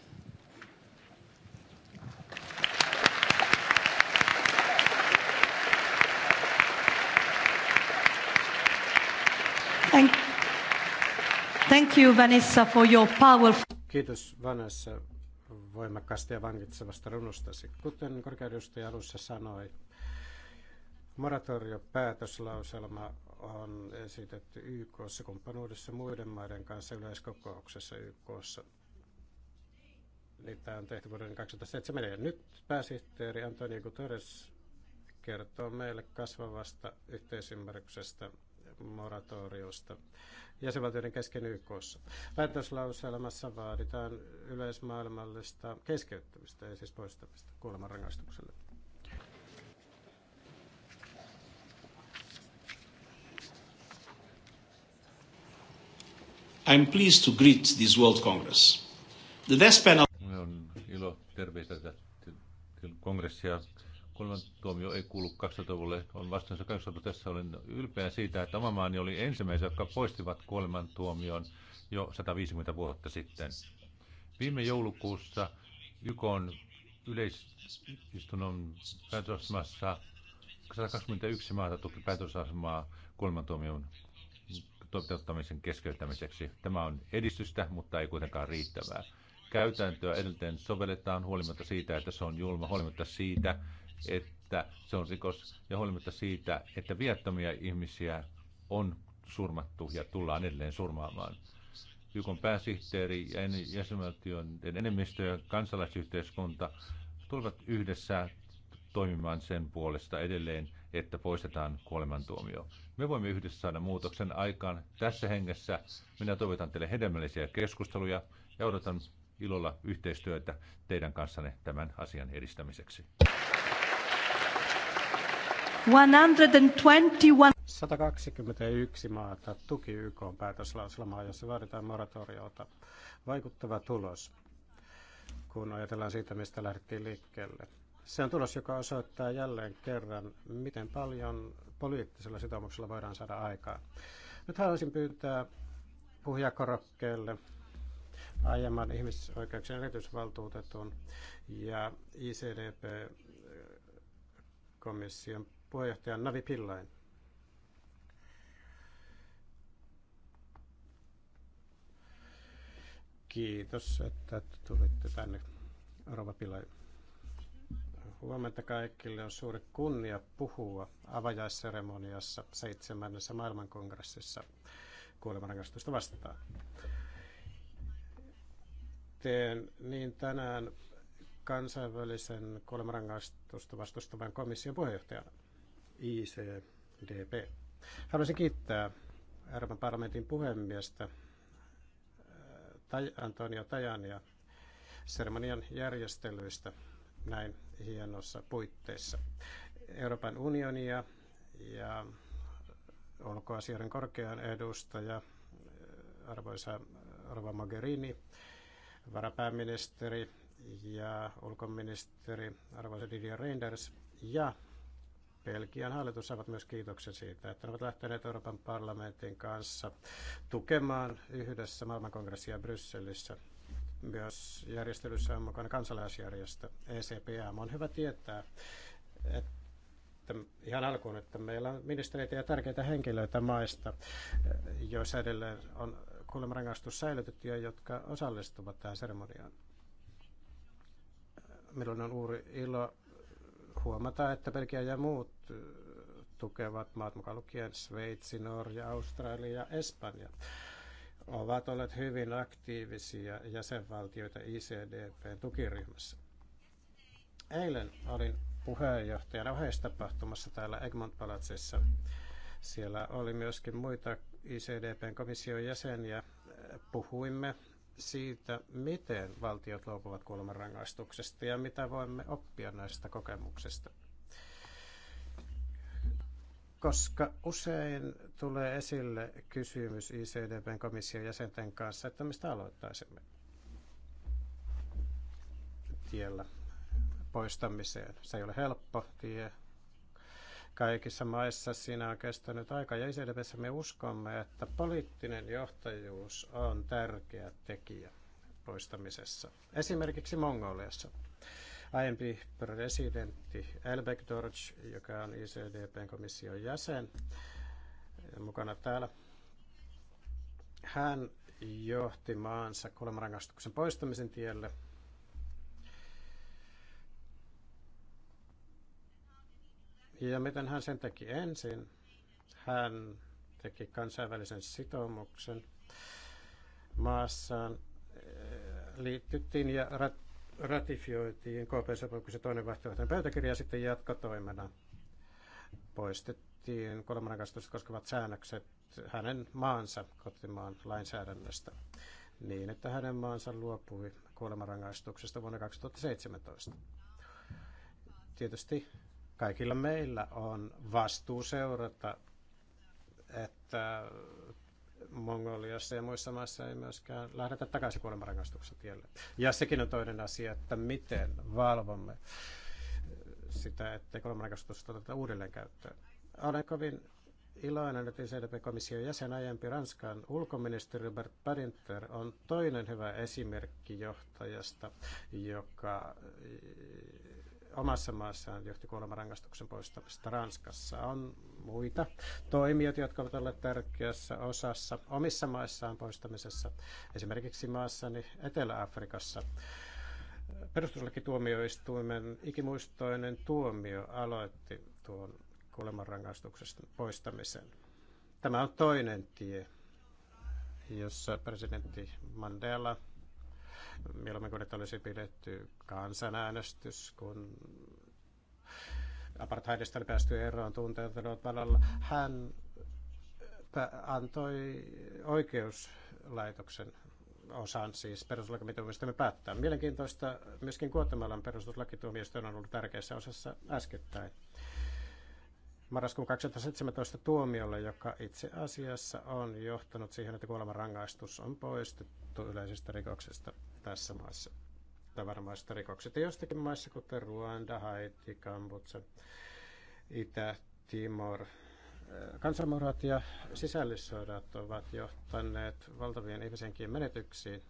Thank, you, Vanessa, for your powerful. Kiitos, Vanessa, voimakkaasta ja vangitsevasta runostasi. Kuten korkeudustaja alussa sanoi, moratoriopäätöslauselma on esitetty YKssa kumppanuudessa muiden maiden kanssa yleiskokouksessa YKssa. Niitä on tehty vuoden 2007 ja nyt pääsihteeri Antonio Guterres kertoo meille kasvavasta yhteisymmärryksestä moratoriosta jäsenvaltioiden kesken YKssa. Päätöslauselmassa vaaditaan yleismaailmallista keskeyttämistä, ei siis poistamista kuolemanrangaistukselle. I'm pleased to greet this World Congress. The death penalty... On ilo terveistä kongressia kuolemantuomio ei kuulu 2000-luvulle, on vastaansa 2000 Tässä olen ylpeä siitä, että oma maani oli ensimmäisiä, jotka poistivat kuolemantuomion jo 150 vuotta sitten. Viime joulukuussa YK on yleisistunnon päätösasemassa 121 maata tuki päätösasemaa kuolemantuomion toteuttamisen keskeyttämiseksi. Tämä on edistystä, mutta ei kuitenkaan riittävää. Käytäntöä edelleen sovelletaan huolimatta siitä, että se on julma, huolimatta siitä, että se on rikos ja huolimatta siitä, että viattomia ihmisiä on surmattu ja tullaan edelleen surmaamaan. YKn pääsihteeri ja jäsenvaltioiden enemmistö ja kansalaisyhteiskunta tulevat yhdessä toimimaan sen puolesta edelleen, että poistetaan kuolemantuomio. Me voimme yhdessä saada muutoksen aikaan. Tässä hengessä minä toivotan teille hedelmällisiä keskusteluja ja odotan ilolla yhteistyötä teidän kanssanne tämän asian edistämiseksi. 121 maata tuki YK päätöslauselmaa, jossa vaaditaan moratoriota. Vaikuttava tulos, kun ajatellaan siitä, mistä lähdettiin liikkeelle. Se on tulos, joka osoittaa jälleen kerran, miten paljon poliittisella sitoumuksella voidaan saada aikaa. Nyt haluaisin pyytää puhujakorokkeelle aiemman ihmisoikeuksien erityisvaltuutetun ja ICDP komission puheenjohtaja Navi Pillain. Kiitos, että tulitte tänne, Rova Pillain. Huomenta kaikille. On suuri kunnia puhua avajaisseremoniassa seitsemännessä maailmankongressissa kuolemanrangaistusta vastaan. Teen niin tänään kansainvälisen kuolemanrangaistusta vastustavan komission puheenjohtajana. ICDP. Haluaisin kiittää Euroopan parlamentin puhemiestä äh, Antonio Tajania seremonian järjestelyistä näin hienossa puitteissa. Euroopan unionia ja ulkoasioiden korkean edustaja, äh, arvoisa Rova Mogherini, varapääministeri ja ulkoministeri, arvoisa Didier Reinders ja Belgian hallitus saavat myös kiitoksen siitä, että ne ovat lähteneet Euroopan parlamentin kanssa tukemaan yhdessä maailmankongressia Brysselissä. Myös järjestelyssä on mukana kansalaisjärjestö ECPM. On hyvä tietää, että ihan alkuun, että meillä on ministereitä ja tärkeitä henkilöitä maista, joissa edelleen on kuulemarangaistus säilytetty ja jotka osallistuvat tähän seremoniaan. Milloin on uuri ilo huomata, että Belgia ja muut äh, tukevat maat, mukaan lukien Sveitsi, Norja, Australia ja Espanja, ovat olleet hyvin aktiivisia jäsenvaltioita ICDPn tukiryhmässä. Eilen olin puheenjohtajana oheistapahtumassa täällä Egmont Palatsissa. Siellä oli myöskin muita ICDPn komission jäseniä. Puhuimme siitä, miten valtiot luopuvat kuolemanrangaistuksesta ja mitä voimme oppia näistä kokemuksista. Koska usein tulee esille kysymys ICDPn komission jäsenten kanssa, että mistä aloittaisimme tiellä poistamiseen. Se ei ole helppo tie, kaikissa maissa siinä on kestänyt aika ja ICDPssä me uskomme, että poliittinen johtajuus on tärkeä tekijä poistamisessa. Esimerkiksi Mongoliassa. Aiempi presidentti Elbek Dorj, joka on ICDPn komission jäsen, mukana täällä, hän johti maansa kuolemanrangaistuksen poistamisen tielle – Ja miten hän sen teki ensin? Hän teki kansainvälisen sitoumuksen maassaan, eh, liityttiin ja ratifioitiin KP-sopimuksen toinen vaihtoehtoinen pöytäkirja ja sitten jatkotoimena poistettiin kolmannen kolmannenkasvatusta koskevat säännökset hänen maansa kotimaan lainsäädännöstä niin, että hänen maansa luopui kuolemanrangaistuksesta vuonna 2017. Tietysti Kaikilla meillä on vastuu seurata, että Mongoliassa ja muissa maissa ei myöskään lähdetä takaisin kuolemanrangaistuksen tielle. Ja sekin on toinen asia, että miten valvomme sitä, ettei kuolemanrangaistus oteta uudelleen käyttöön. Olen kovin iloinen, että ICDP-komission jäsen aiempi Ranskan ulkoministeri Robert Badinter on toinen hyvä esimerkki johtajasta, joka omassa maassaan johti kuolemanrangaistuksen poistamista Ranskassa. On muita toimijoita, jotka ovat olleet tärkeässä osassa omissa maissaan poistamisessa, esimerkiksi maassani Etelä-Afrikassa. Perustuslakituomioistuimen ikimuistoinen tuomio aloitti tuon kuolemanrangaistuksesta poistamisen. Tämä on toinen tie, jossa presidentti Mandela – mieluummin kuin että olisi pidetty kansanäänestys, kun apartheidista oli päästy eroon tunteutunut valolla. Hän antoi oikeuslaitoksen osan siis perustuslakituomioistuimen päättää. Mielenkiintoista myöskin Kuotamalan perustuslakituomioistuin on ollut tärkeässä osassa äskettäin. Marraskuun 2017 tuomiolle, joka itse asiassa on johtanut siihen, että kuolemanrangaistus on poistettu yleisestä rikoksesta tässä maassa tavaramaista rikokset. Ja jostakin maissa, kuten Ruanda, Haiti, Kambutsa, Itä, Timor, eh, kansanmurhat ja sisällissodat ovat johtaneet valtavien ihmisenkin menetyksiin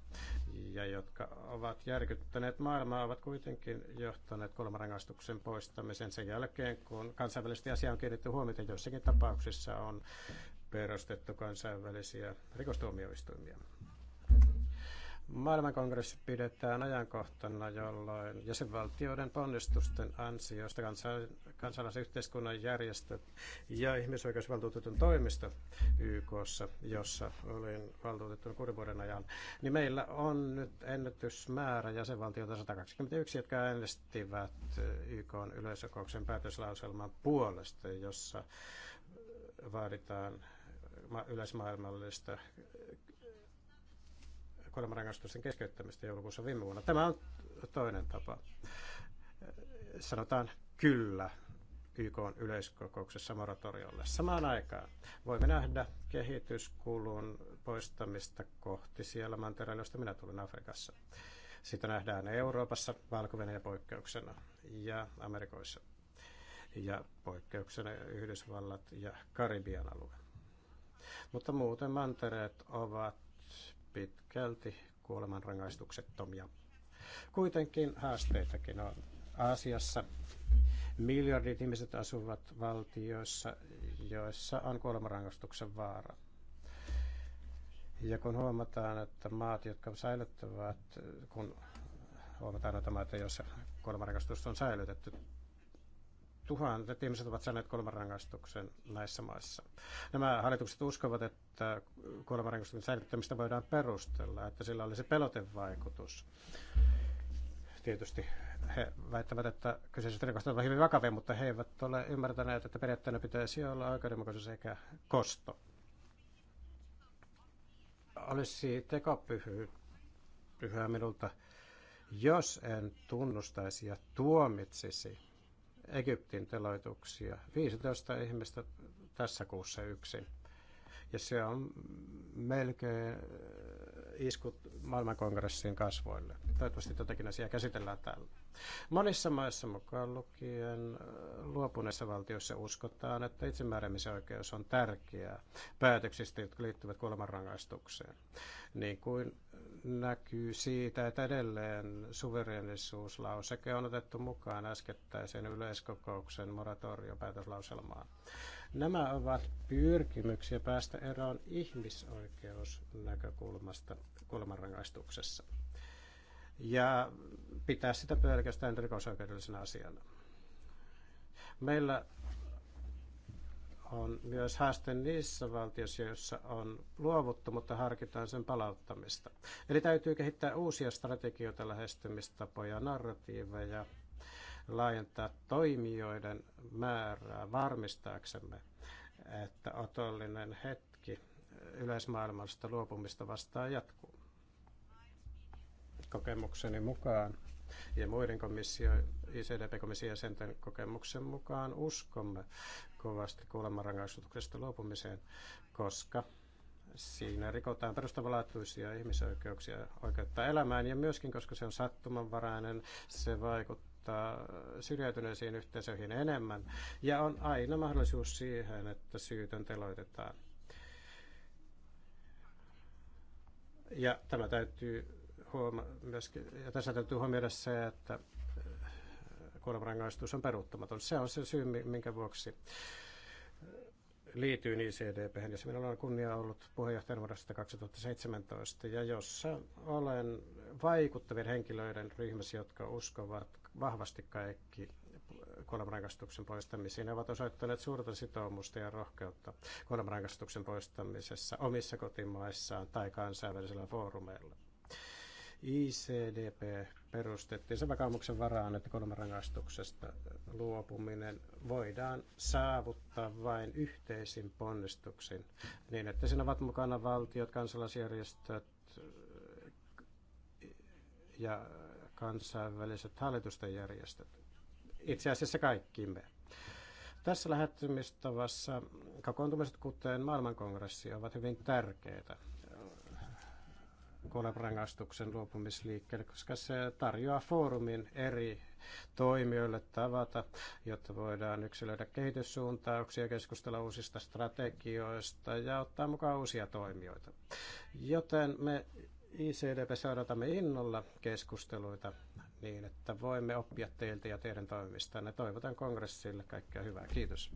ja jotka ovat järkyttäneet maailmaa, ovat kuitenkin johtaneet kolmarangaistuksen poistamisen sen jälkeen, kun kansainvälisesti asia on kiinnitetty huomiota. Joissakin tapauksissa on perustettu kansainvälisiä rikostuomioistuimia. Maailmankongressi pidetään ajankohtana, jolloin jäsenvaltioiden ponnistusten ansiosta kansalaisyhteiskunnan järjestöt ja ihmisoikeusvaltuutetun toimisto YKssa, jossa olin valtuutettu kuuden vuoden ajan, niin meillä on nyt ennätysmäärä jäsenvaltioita 121, jotka äänestivät YK yleiskokouksen päätöslauselman puolesta, jossa vaaditaan yleismaailmallista kuolemanrangaistusten keskeyttämistä joulukuussa viime vuonna. Tämä on toinen tapa. Sanotaan kyllä YK on yleiskokouksessa moratoriolle. Samaan aikaan voimme nähdä kehityskulun poistamista kohti siellä mantereella, josta minä tulin Afrikassa. Sitä nähdään Euroopassa, valko poikkeuksena ja Amerikoissa. Ja poikkeuksena Yhdysvallat ja Karibian alue. Mutta muuten mantereet ovat pitkälti kuolemanrangaistuksettomia. Kuitenkin haasteitakin on. Aasiassa miljardit ihmiset asuvat valtioissa, joissa on kuolemanrangaistuksen vaara. Ja kun huomataan, että maat, jotka säilyttävät, kun huomataan, että maat, joissa kuolemanrangaistus on säilytetty, tuhannet ihmiset ovat saaneet kolmarangaistuksen näissä maissa. Nämä hallitukset uskovat, että kolmarangaistuksen säilyttämistä voidaan perustella, että sillä olisi pelotevaikutus. Tietysti he väittävät, että kyseiset rikokset ovat hyvin vakavia, mutta he eivät ole ymmärtäneet, että periaatteena pitäisi olla oikeudenmukaisuus sekä kosto. Olisi tekopyhää minulta, jos en tunnustaisi ja tuomitsisi Egyptin teloituksia. 15 ihmistä tässä kuussa yksin. Ja se on melkein iskut maailmankongressin kasvoille. Toivottavasti tätäkin asiaa käsitellään täällä. Monissa maissa mukaan lukien luopuneissa valtioissa uskotaan, että itsemääräämisoikeus on tärkeää päätöksistä, jotka liittyvät kuolemanrangaistukseen. Niin kuin näkyy siitä, että edelleen suverenisuuslauseke on otettu mukaan äskettäisen yleiskokouksen moratoriopäätöslauselmaan. Nämä ovat pyrkimyksiä päästä eroon ihmisoikeusnäkökulmasta kuolemanrangaistuksessa ja pitää sitä pelkästään rikosoikeudellisena asiana. Meillä on myös haaste niissä valtioissa, joissa on luovuttu, mutta harkitaan sen palauttamista. Eli täytyy kehittää uusia strategioita, lähestymistapoja, narratiiveja, laajentaa toimijoiden määrää varmistaaksemme, että otollinen hetki yleismaailmasta luopumista vastaan jatkuu. Kokemukseni mukaan ja muiden komissio, ICDP-komission jäsenten kokemuksen mukaan uskomme kovasti kuolemanrangaistuksesta luopumiseen, koska siinä rikotaan perustavanlaatuisia ihmisoikeuksia oikeutta elämään ja myöskin, koska se on sattumanvarainen, se vaikuttaa syrjäytyneisiin yhteisöihin enemmän ja on aina mahdollisuus siihen, että syytön teloitetaan. Ja tämä täytyy huoma- myöskin, ja tässä täytyy huomioida se, että äh, kuolemanrangaistus on peruuttamaton. Se on se syy, minkä vuoksi liityin ICDP, jossa minulla on kunnia ollut puheenjohtajan vuodesta 2017, ja jossa olen vaikuttavien henkilöiden ryhmässä, jotka uskovat vahvasti kaikki kuolemanrangaistuksen poistamiseen. Ne ovat osoittaneet suurta sitoumusta ja rohkeutta kuolemanrangaistuksen poistamisessa omissa kotimaissaan tai kansainvälisillä foorumeilla. ICDP perustettiin sen vakaumuksen varaan, että kuolemanrangaistuksesta luopuminen voidaan saavuttaa vain yhteisin ponnistuksin, niin että siinä ovat mukana valtiot, kansalaisjärjestöt ja kansainväliset hallitusten järjestöt. Itse asiassa kaikki me. Tässä lähettymistavassa kokoontumiset, kuten maailmankongressi, ovat hyvin tärkeitä – kuolemanrangaistuksen luopumisliikkeelle, koska se tarjoaa foorumin eri toimijoille tavata, jotta voidaan yksilöidä kehityssuuntauksia, keskustella uusista strategioista ja ottaa mukaan uusia toimijoita. Joten me ICDP odotamme innolla keskusteluita niin, että voimme oppia teiltä ja teidän toimistanne. Toivotan kongressille kaikkea hyvää. Kiitos.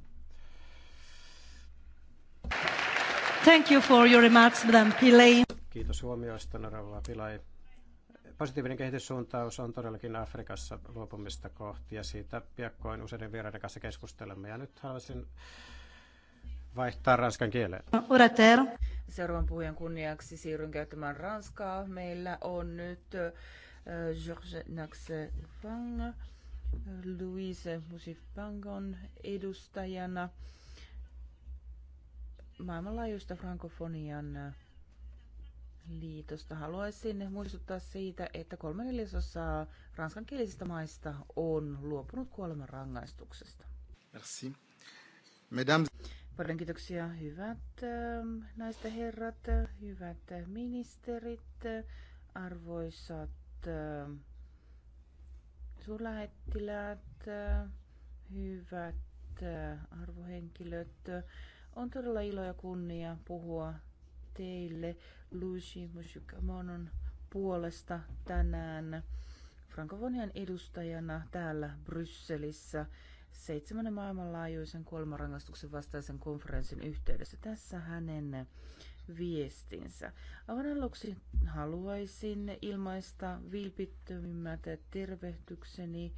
Thank you for your remarks, Madam Pillay. Kiitos huomioista, Norava Pilai. Positiivinen kehityssuuntaus on todellakin Afrikassa luopumista kohti ja siitä piakkoin useiden vieraiden kanssa keskustelemme. Ja nyt haluaisin vaihtaa ranskan kieleen. Orateur. Seuraavan puhujan kunniaksi siirryn käyttämään ranskaa. Meillä on nyt Georges Naxe Fang, Louise Musifangon edustajana maailmanlaajuista frankofonian liitosta. Haluaisin muistuttaa siitä, että kolme neljäsosaa ranskankielisistä maista on luopunut kuoleman rangaistuksesta. Merci. Mesdames... Paljon kiitoksia, hyvät ähm, naiset herrat, hyvät ministerit, arvoisat ähm, suurlähettiläät, hyvät äh, arvohenkilöt. On todella ilo ja kunnia puhua teille Luigi Mushukamonon puolesta tänään Frankofonian edustajana täällä Brysselissä seitsemännen maailmanlaajuisen kuolemanrangaistuksen vastaisen konferenssin yhteydessä. Tässä hänen viestinsä. Aivan aluksi haluaisin ilmaista vilpittömimmät tervehdykseni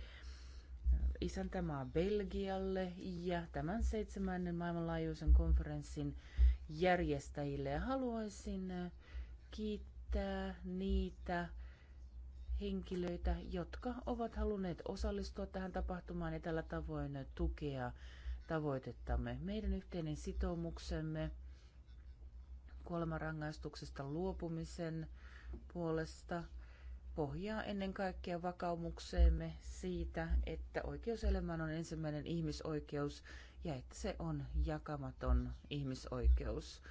isäntämaa Belgialle ja tämän seitsemännen maailmanlaajuisen konferenssin järjestäjille. Haluaisin kiittää niitä henkilöitä, jotka ovat halunneet osallistua tähän tapahtumaan ja tällä tavoin tukea tavoitettamme. Meidän yhteinen sitoumuksemme kuolemanrangaistuksesta luopumisen puolesta pohjaa ennen kaikkea vakaumukseemme siitä, että oikeuselämä on ensimmäinen ihmisoikeus ja että se on jakamaton ihmisoikeus.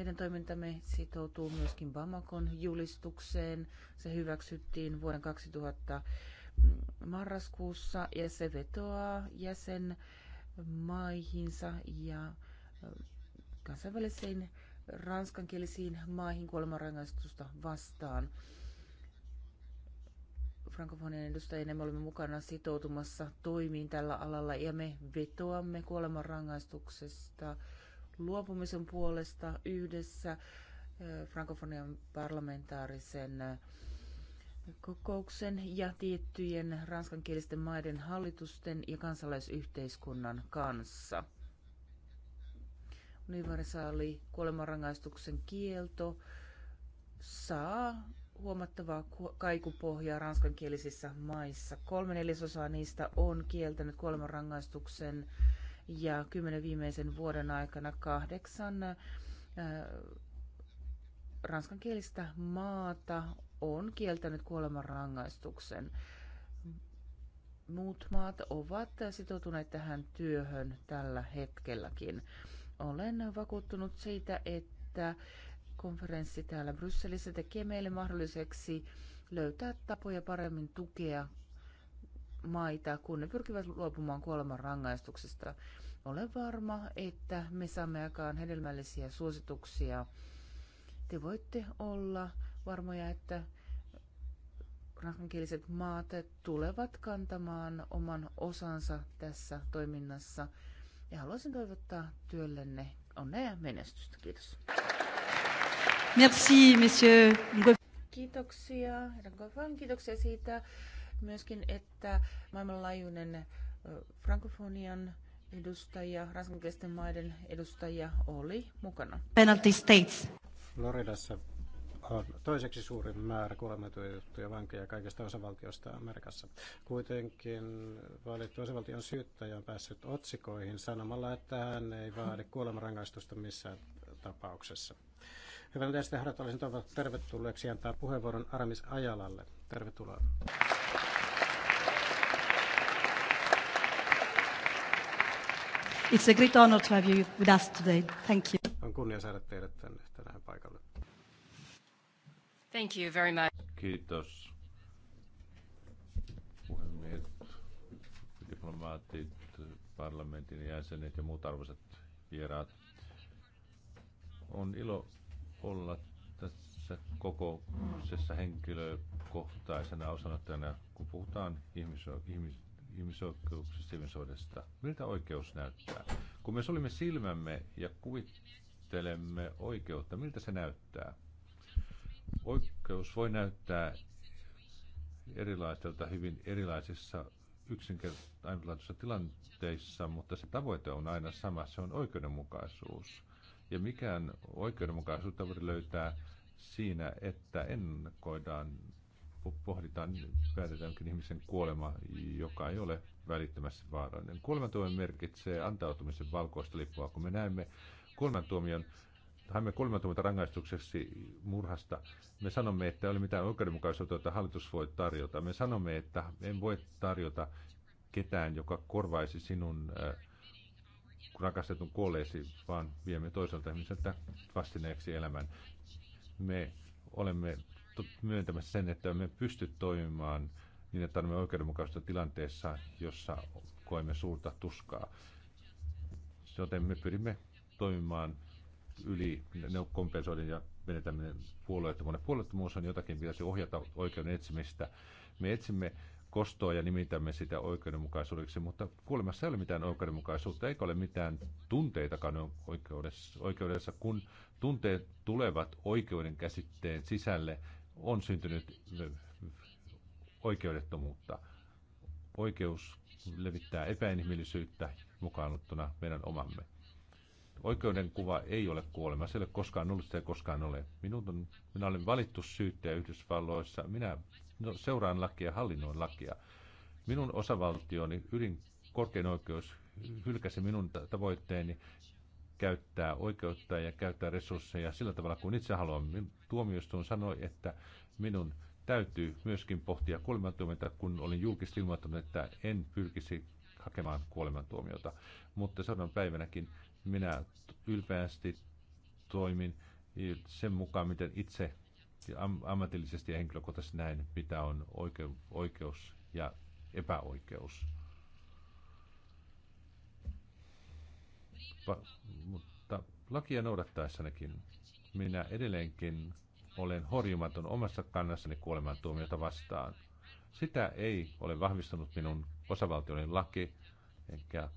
Meidän toimintamme sitoutuu myöskin Bamakon julistukseen. Se hyväksyttiin vuoden 2000 marraskuussa ja se vetoaa jäsenmaihinsa ja äh, kansainvälisiin ranskankielisiin maihin kuolemanrangaistusta vastaan. Frankofonian edustajina me olemme mukana sitoutumassa toimiin tällä alalla ja me vetoamme kuolemanrangaistuksesta rangaistuksesta luopumisen puolesta yhdessä Frankofonian parlamentaarisen kokouksen ja tiettyjen ranskankielisten maiden hallitusten ja kansalaisyhteiskunnan kanssa. Universaali kuolemanrangaistuksen kielto saa huomattavaa kaikupohjaa ranskankielisissä maissa. Kolme neljäsosaa niistä on kieltänyt kuolemanrangaistuksen ja kymmenen viimeisen vuoden aikana kahdeksan äh, ranskankielistä maata on kieltänyt kuolemanrangaistuksen. Muut maat ovat sitoutuneet tähän työhön tällä hetkelläkin. Olen vakuuttunut siitä, että konferenssi täällä Brysselissä tekee meille mahdolliseksi löytää tapoja paremmin tukea maita, kun ne pyrkivät luopumaan kuoleman rangaistuksesta. Ole varma, että me saamme aikaan hedelmällisiä suosituksia. Te voitte olla varmoja, että ranskankieliset maat tulevat kantamaan oman osansa tässä toiminnassa. Ja haluaisin toivottaa työllenne onnea ja menestystä. Kiitos. Merci, monsieur. Kiitoksia, Rankovan. Kiitoksia siitä myöskin, että maailmanlaajuinen frankofonian edustajia, ranskankielisten maiden edustajia oli mukana. Penalty States. Floridassa on toiseksi suurin määrä kuolematuotettuja vankeja kaikista osavaltiosta Amerikassa. Kuitenkin valittu osavaltion syyttäjä on päässyt otsikoihin sanomalla, että hän ei vaadi kuolemanrangaistusta missään tapauksessa. Hyvän tästä herrat, olisin toivottanut tervetulleeksi antaa puheenvuoron Aramis Ajalalle. Tervetuloa. It's a great honor to have you with us today. Thank you. On kunnia saada teidät tänne tänään paikalle. Thank you very much. Kiitos. Puhemiehet, diplomaatit, parlamentin jäsenet ja muut arvoisat vieraat. On ilo olla tässä kokouksessa henkilökohtaisena osanottajana, kun puhutaan ihmisoikeuksista ihmisoikeuksista, ihmisoikeudesta. Miltä oikeus näyttää? Kun me solimme silmämme ja kuvittelemme oikeutta, miltä se näyttää? Oikeus voi näyttää erilaiselta hyvin erilaisissa yksinkertaisissa tilanteissa, mutta se tavoite on aina sama, se on oikeudenmukaisuus. Ja mikään oikeudenmukaisuutta voi löytää siinä, että ennakoidaan pohditaan, päätetäänkin ihmisen kuolema, joka ei ole välittömässä vaarallinen. Kuolemantuomio merkitsee antautumisen valkoista lippua, kun me näemme kuolemantuomion haemme kolmantuomioita rangaistukseksi murhasta. Me sanomme, että ei ole mitään oikeudenmukaisuutta, jota hallitus voi tarjota. Me sanomme, että en voi tarjota ketään, joka korvaisi sinun äh, rakastetun kuolleesi, vaan viemme toiselta ihmiseltä vastineeksi elämän. Me olemme myöntämässä sen, että me pysty toimimaan niin, että olemme oikeudenmukaisessa tilanteessa, jossa koemme suurta tuskaa. Joten me pyrimme toimimaan yli kompensoiden ja menetäminen puolueettomuuden. Puolueettomuus on jotakin, se ohjata oikeuden etsimistä. Me etsimme kostoa ja nimitämme sitä oikeudenmukaisuudeksi, mutta kuulemassa ei ole mitään oikeudenmukaisuutta, eikä ole mitään tunteitakaan oikeudessa, oikeudessa kun tunteet tulevat oikeuden käsitteen sisälle, on syntynyt oikeudettomuutta. Oikeus levittää epäinhimillisyyttä mukaanottuna meidän omamme. Oikeuden kuva ei ole kuolema, se ei ole koskaan ollut, se ei koskaan ole. Minut on, minä olen valittu syyttäjä Yhdysvalloissa, minä no, seuraan lakia, hallinnoin lakia. Minun osavaltioni ydin korkein oikeus hylkäsi minun tavoitteeni käyttää oikeutta ja käyttää resursseja sillä tavalla kuin itse haluan. Tuomioistuin sanoi, että minun täytyy myöskin pohtia kuolemantuomiota, kun olin julkisesti ilmoittanut, että en pyrkisi hakemaan kuolemantuomiota. Mutta seuraavan päivänäkin minä ylpeästi toimin sen mukaan, miten itse am- ammatillisesti ja henkilökohtaisesti näin, mitä on oikeus ja epäoikeus. mutta lakia noudattaessanikin minä edelleenkin olen horjumaton omassa kannassani kuolemantuomiota vastaan. Sitä ei ole vahvistanut minun osavaltioiden laki, enkä,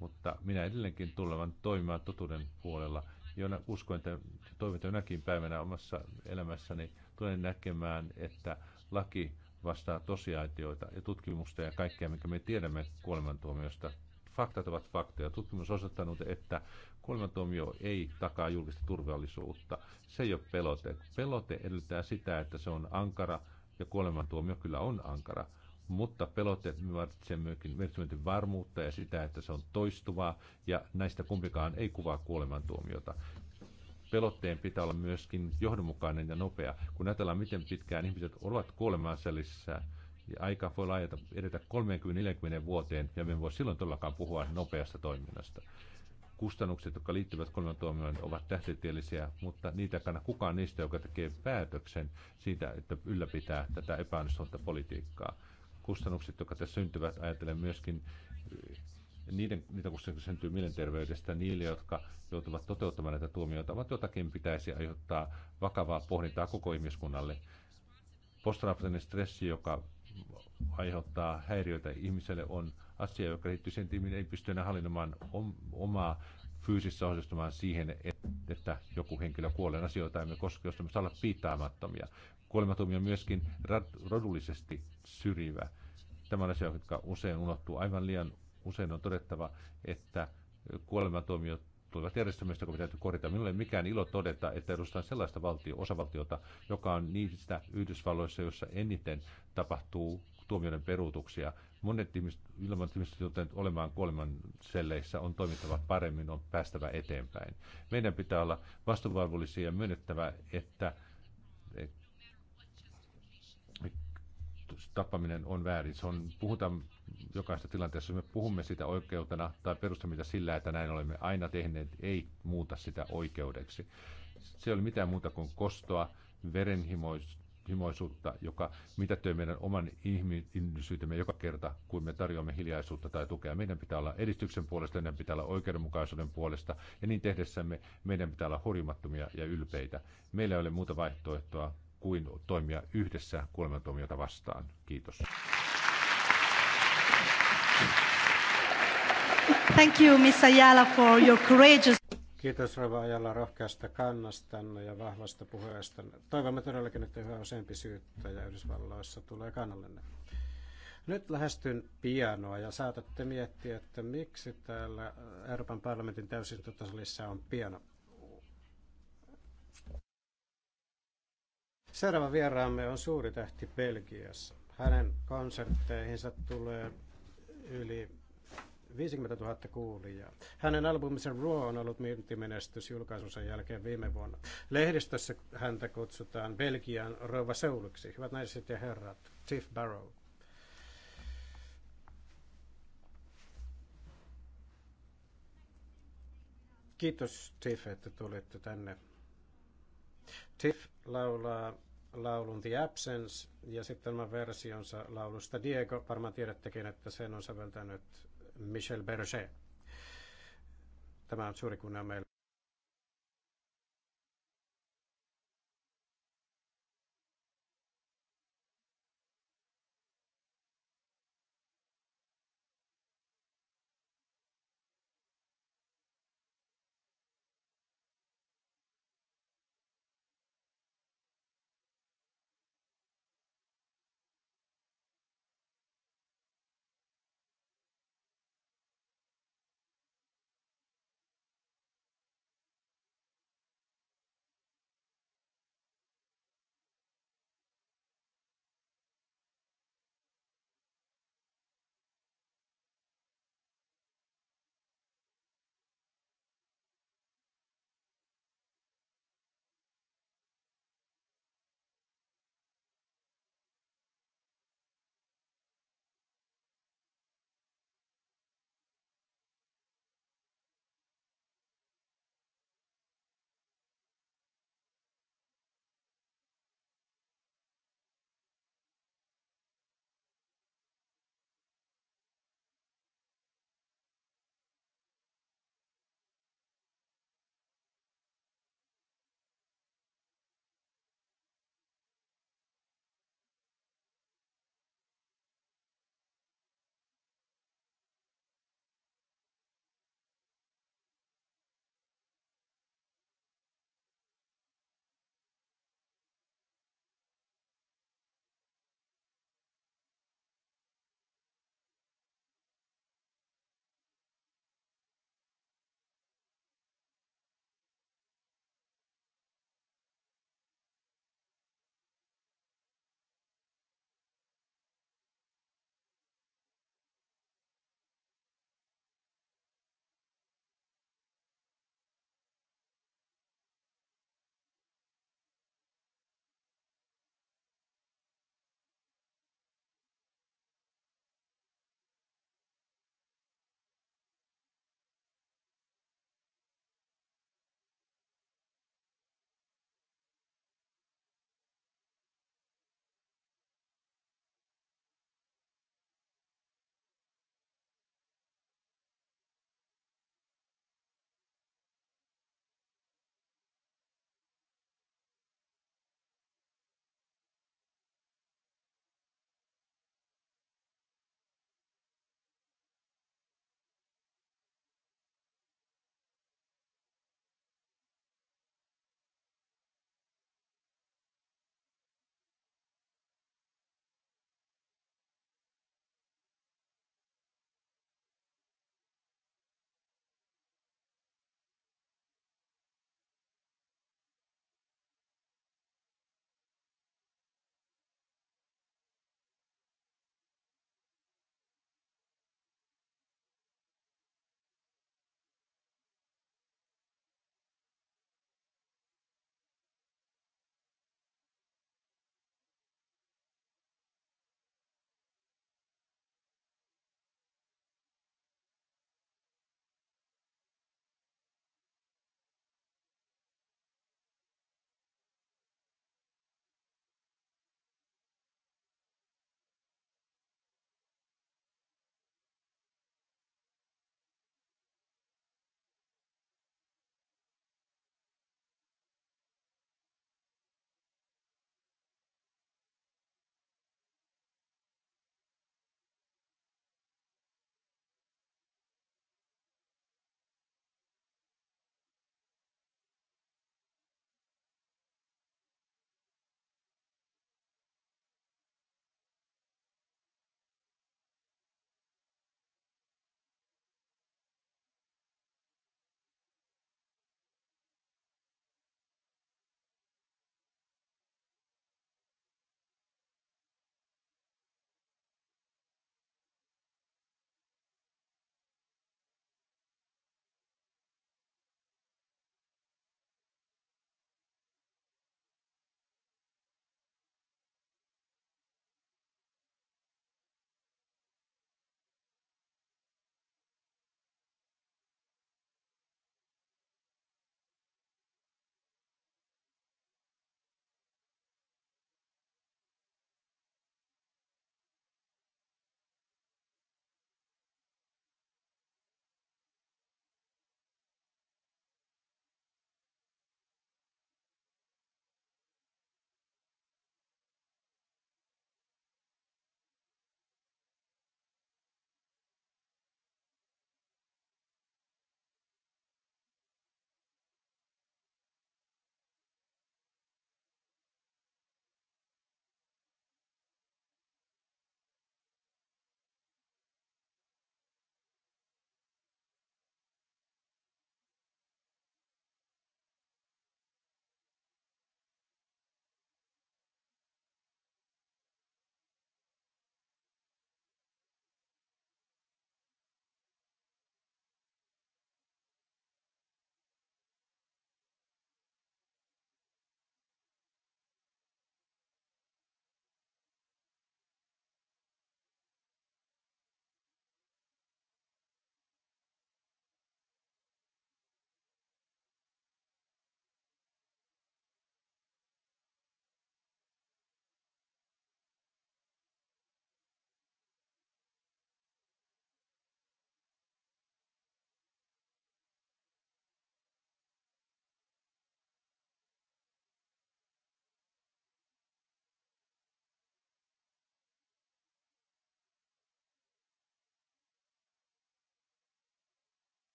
mutta minä edelleenkin tulevan toimimaan totuuden puolella, jona uskon, että toivon, että päivänä omassa elämässäni tulen näkemään, että laki vastaa tosiaitioita ja tutkimusta ja kaikkea, mikä me tiedämme kuolemantuomiosta faktat ovat faktoja. Tutkimus on osoittanut, että kuolemantuomio ei takaa julkista turvallisuutta. Se ei ole pelote. Pelote edellyttää sitä, että se on ankara, ja kuolemantuomio kyllä on ankara. Mutta pelote merkitsee myöskin varmuutta ja sitä, että se on toistuvaa, ja näistä kumpikaan ei kuvaa kuolemantuomiota pelotteen pitää olla myöskin johdonmukainen ja nopea. Kun ajatellaan, miten pitkään ihmiset ovat kuolemansa aika voi laajata edetä 30-40 vuoteen, ja me voi silloin todellakaan puhua nopeasta toiminnasta. Kustannukset, jotka liittyvät kolmen toimijoiden, ovat tähtitieellisiä, mutta niitä kannata kukaan niistä, joka tekee päätöksen siitä, että ylläpitää tätä epäonnistunutta politiikkaa. Kustannukset, jotka tässä syntyvät, ajatellen myöskin eh, niiden, niitä kustannuksia syntyy mielenterveydestä, niille, jotka joutuvat toteuttamaan näitä tuomioita, ovat jotakin pitäisi aiheuttaa vakavaa pohdintaa koko ihmiskunnalle posttraumaattinen stressi, joka aiheuttaa häiriöitä ihmiselle, on asia, joka liittyy sen tiimiin, ei pysty enää hallinnomaan omaa fyysistä osallistumaan siihen, että joku henkilö kuolee asioita, emme koske, jos olla piittaamattomia. Kuolemattomia on myöskin rodullisesti syrjivä. Tämä on asia, joka usein unohtuu. Aivan liian usein on todettava, että kuolematomiot tulevat järjestelmistä, joka pitää korjata. Minulle ei mikään ilo todeta, että edustan sellaista valtio, osavaltiota, joka on niistä Yhdysvalloissa, jossa eniten tapahtuu tuomioiden peruutuksia. Monet ihmiset, ilman ihmiset joutuneet olemaan kuoleman selleissä, on toimittava paremmin, on päästävä eteenpäin. Meidän pitää olla vastuunvalvollisia ja myönnettävä, että tappaminen on väärin. Se on, puhutaan jokaisessa tilanteessa, jos me puhumme sitä oikeutena tai perustamme sillä, että näin olemme aina tehneet, ei muuta sitä oikeudeksi. Se oli mitään muuta kuin kostoa, verenhimoisuutta, joka mitätöi meidän oman ihmisyytemme joka kerta, kun me tarjoamme hiljaisuutta tai tukea. Meidän pitää olla edistyksen puolesta, meidän pitää olla oikeudenmukaisuuden puolesta, ja niin tehdessämme meidän pitää olla horjumattomia ja ylpeitä. Meillä ei ole muuta vaihtoehtoa kuin toimia yhdessä kuolemantuomiota vastaan. Kiitos. Thank you, Miss Ayala, for your courageous... Kiitos Rova Ajalla rohkeasta kannasta ja vahvasta puheesta. Toivomme todellakin, että yhä useampi syyttäjä Yhdysvalloissa tulee kannallenne. Nyt lähestyn pianoa ja saatatte miettiä, että miksi täällä Euroopan parlamentin täysistuntosalissa on piano. Seuraava vieraamme on suuri tähti Belgiassa. Hänen konsertteihinsa tulee yli 50 000 kuulijaa. Hänen albuminsa Raw on ollut myyntimenestys julkaisunsa jälkeen viime vuonna. Lehdistössä häntä kutsutaan Belgian rouva seuluksi. Hyvät naiset ja herrat, Tiff Barrow. Kiitos Tiff, että tulitte tänne. Tiff laulaa laulun The Absence ja sitten tämän versionsa laulusta Diego. Varmaan tiedättekin, että sen on säveltänyt Michel Berger. Tämä on suuri kunnia meille.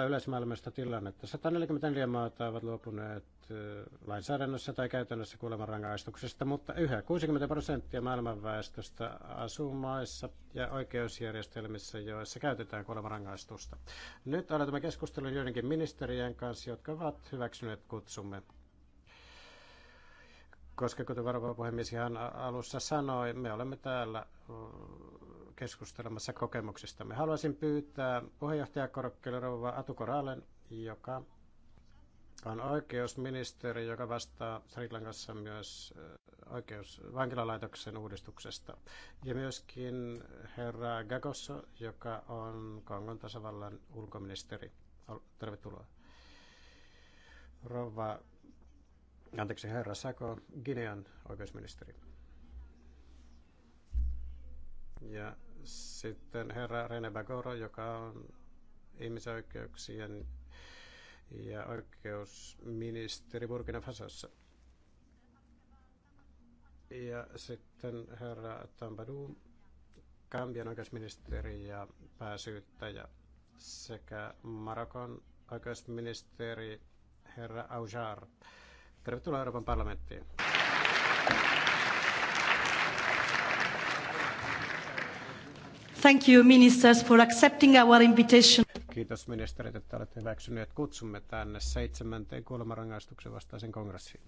yleismaailmasta tilannetta. 144 maata ovat luopuneet lainsäädännössä tai käytännössä kuolemanrangaistuksesta, mutta yhä 60 prosenttia maailmanväestöstä asuu maissa ja oikeusjärjestelmissä, joissa käytetään kuolemanrangaistusta. Nyt aloitamme keskustelun joidenkin ministerien kanssa, jotka ovat hyväksyneet kutsumme. Koska kuten varapuhemies ihan alussa sanoi, me olemme täällä keskustelemassa me Haluaisin pyytää puheenjohtajakorokkeelle rouva Atu Koralen, joka on oikeusministeri, joka vastaa Sri Lankassa myös äh, oikeus, vankilalaitoksen uudistuksesta. Ja myöskin herra Gagosso, joka on Kongon tasavallan ulkoministeri. Tervetuloa. Rouva, anteeksi, herra Sako, Ginean oikeusministeri. Ja sitten herra René Bagoro, joka on ihmisoikeuksien ja oikeusministeri Burkina Fasossa. Ja sitten herra Tambadu, Kambian oikeusministeri ja pääsyyttäjä sekä Marokon oikeusministeri herra Aujar. Tervetuloa Euroopan parlamenttiin. Thank you, ministers, for accepting our invitation. Kiitos ministerit, että olette hyväksyneet kutsumme tänne seitsemänteen kuolemanrangaistuksen vastaisen kongressiin.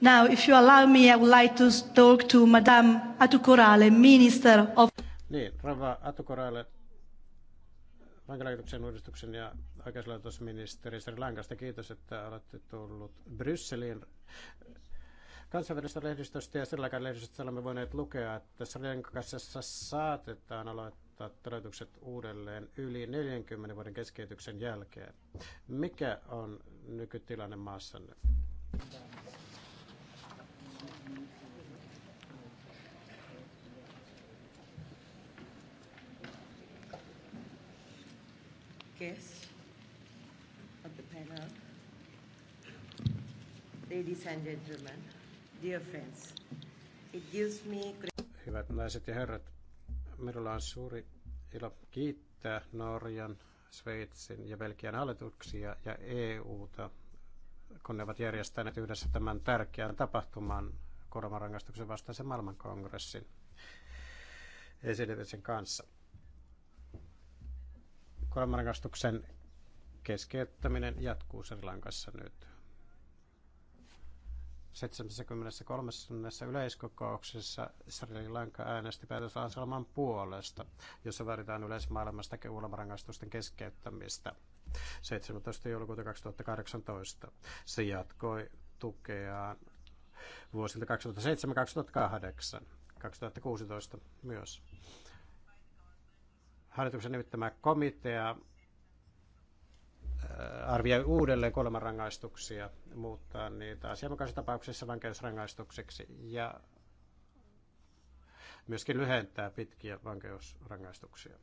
Now, if you allow me, I would like to talk to Madame Atukorale, Minister of... Niin, Rava Atukorale, vankilaitoksen uudistuksen ja oikeuslaitosministeri Sri Lankasta. Kiitos, että olette tullut Brysseliin kansainvälisestä lehdistöstä ja silläkään lehdistöstä olemme voineet lukea, että Sri Lankassa saatetaan aloittaa todetukset uudelleen yli 40 vuoden keskeytyksen jälkeen. Mikä on nykytilanne maassanne? guests of the panel, ladies and gentlemen. Hyvät naiset ja herrat, minulla on suuri ilo kiittää Norjan, Sveitsin ja Belgian hallituksia ja EUta, kun ne ovat järjestäneet yhdessä tämän tärkeän tapahtuman koronarangaistuksen vastaisen maailmankongressin esitetisen kanssa. Koronarangaistuksen keskeyttäminen jatkuu Sri Lankassa nyt. 73. yleiskokouksessa Sri Lanka äänesti päätöslauselman puolesta, jossa vaaditaan yleismaailmasta kuolemanrangaistusten keskeyttämistä. 17. joulukuuta 2018 se jatkoi tukeaan vuosilta 2007-2008, 2016 myös. Hallituksen nimittämä komitea Äh, arvioi uudelleen kuolemanrangaistuksia, muuttaa niitä asianmukaisessa tapauksessa vankeusrangaistukseksi ja myöskin lyhentää pitkiä vankeusrangaistuksia.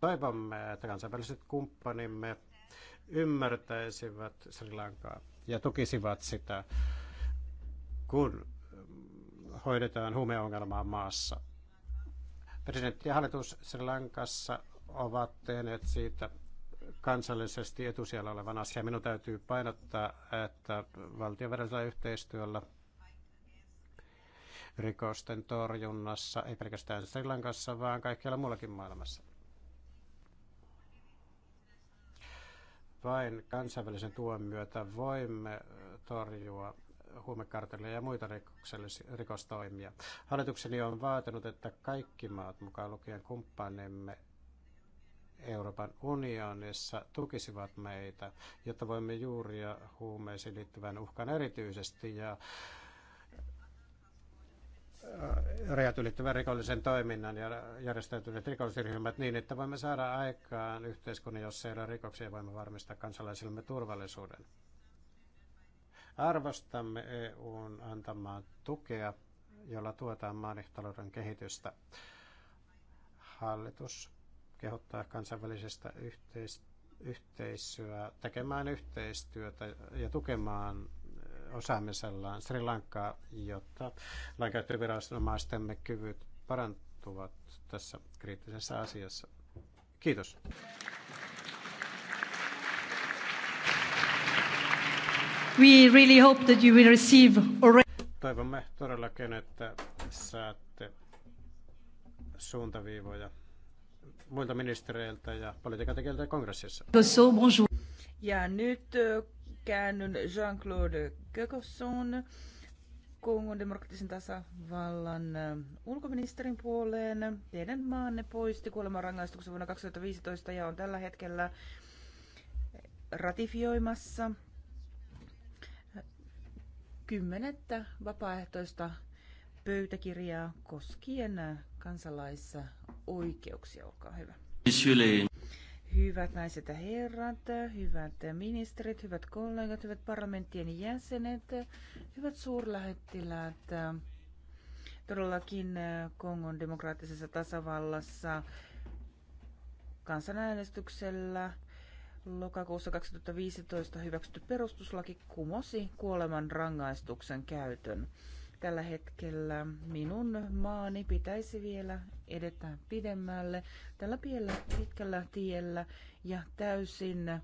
Toivomme, että kansainväliset kumppanimme ymmärtäisivät Sri Lankaa ja tukisivat sitä, kun hoidetaan huumeongelmaa maassa. Presidentti ja hallitus Sri Lankassa ovat tehneet siitä kansallisesti etusijalla olevan asia. Minun täytyy painottaa, että valtion yhteistyöllä rikosten torjunnassa, ei pelkästään Sri Lankassa, vaan kaikkialla muullakin maailmassa. Vain kansainvälisen tuen myötä voimme torjua huumekartelleja ja muita rikostoimia. Hallitukseni on vaatinut, että kaikki maat, mukaan lukien kumppanemme, Euroopan unionissa tukisivat meitä, jotta voimme juuria huumeisiin liittyvän uhkan erityisesti ja rajat ylittävän rikollisen toiminnan ja järjestäytyneet rikollisryhmät niin, että voimme saada aikaan yhteiskunnan, jossa ei ole rikoksia, voimme varmistaa kansalaisillemme turvallisuuden. Arvostamme EUn antamaa tukea, jolla tuetaan maanihtalodon kehitystä. Hallitus kehottaa kansainvälisestä yhteistyöstä yhteisöä tekemään yhteistyötä ja tukemaan osaamisellaan Sri Lankaa, jotta lainkäyttöviranomaistemme kyvyt parantuvat tässä kriittisessä asiassa. Kiitos. We really hope that you will receive already... Toivomme todellakin, että saatte suuntaviivoja muilta ministereiltä ja politiikan tekijöiltä kongressissa. Bonjour. Ja nyt käännyn Jean-Claude Gagosson Kongon demokraattisen tasavallan ulkoministerin puoleen. Teidän maanne poisti kuolemanrangaistuksen vuonna 2015 ja on tällä hetkellä ratifioimassa kymmenettä vapaaehtoista pöytäkirjaa koskien kansalaissa oikeuksia. Olkaa hyvä. Hyvät naiset ja herrat, hyvät ministerit, hyvät kollegat, hyvät parlamenttien jäsenet, hyvät suurlähettiläät. Todellakin Kongon demokraattisessa tasavallassa kansanäänestyksellä lokakuussa 2015 hyväksytty perustuslaki kumosi kuoleman rangaistuksen käytön. Tällä hetkellä minun maani pitäisi vielä edetä pidemmälle tällä piellä, pitkällä tiellä ja täysin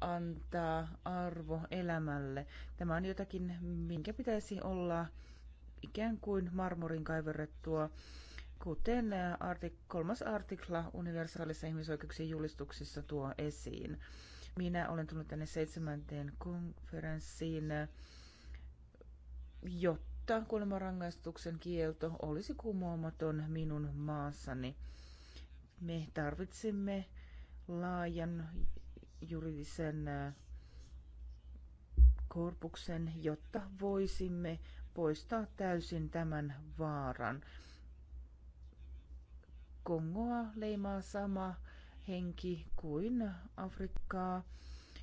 antaa arvo elämälle. Tämä on jotakin, minkä pitäisi olla ikään kuin marmorin kaiverrettua, kuten artik- kolmas artikla universaalissa ihmisoikeuksien julistuksissa tuo esiin. Minä olen tullut tänne seitsemänteen konferenssiin, jotta mutta kuolemanrangaistuksen kielto olisi kumoamaton minun maassani. Me tarvitsemme laajan juridisen äh, korpuksen, jotta voisimme poistaa täysin tämän vaaran. Kongoa leimaa sama henki kuin Afrikkaa,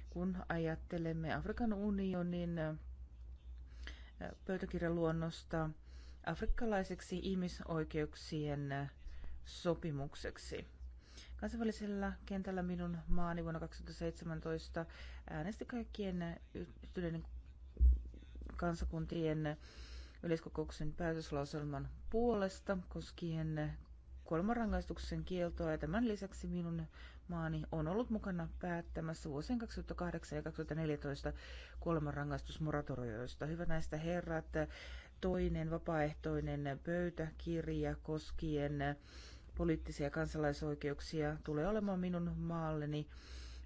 kun ajattelemme Afrikan unionin äh, pöytäkirjaluonnosta afrikkalaiseksi ihmisoikeuksien sopimukseksi. Kansainvälisellä kentällä minun maani vuonna 2017 äänesti kaikkien yhtyneiden kansakuntien yleiskokouksen päätöslauselman puolesta koskien kuolemanrangaistuksen kieltoa ja tämän lisäksi minun maani on ollut mukana päättämässä vuosien 2008 ja 2014 kuolemanrangaistusmoratorioista. Hyvä näistä herrat, toinen vapaaehtoinen pöytäkirja koskien poliittisia kansalaisoikeuksia tulee olemaan minun maalleni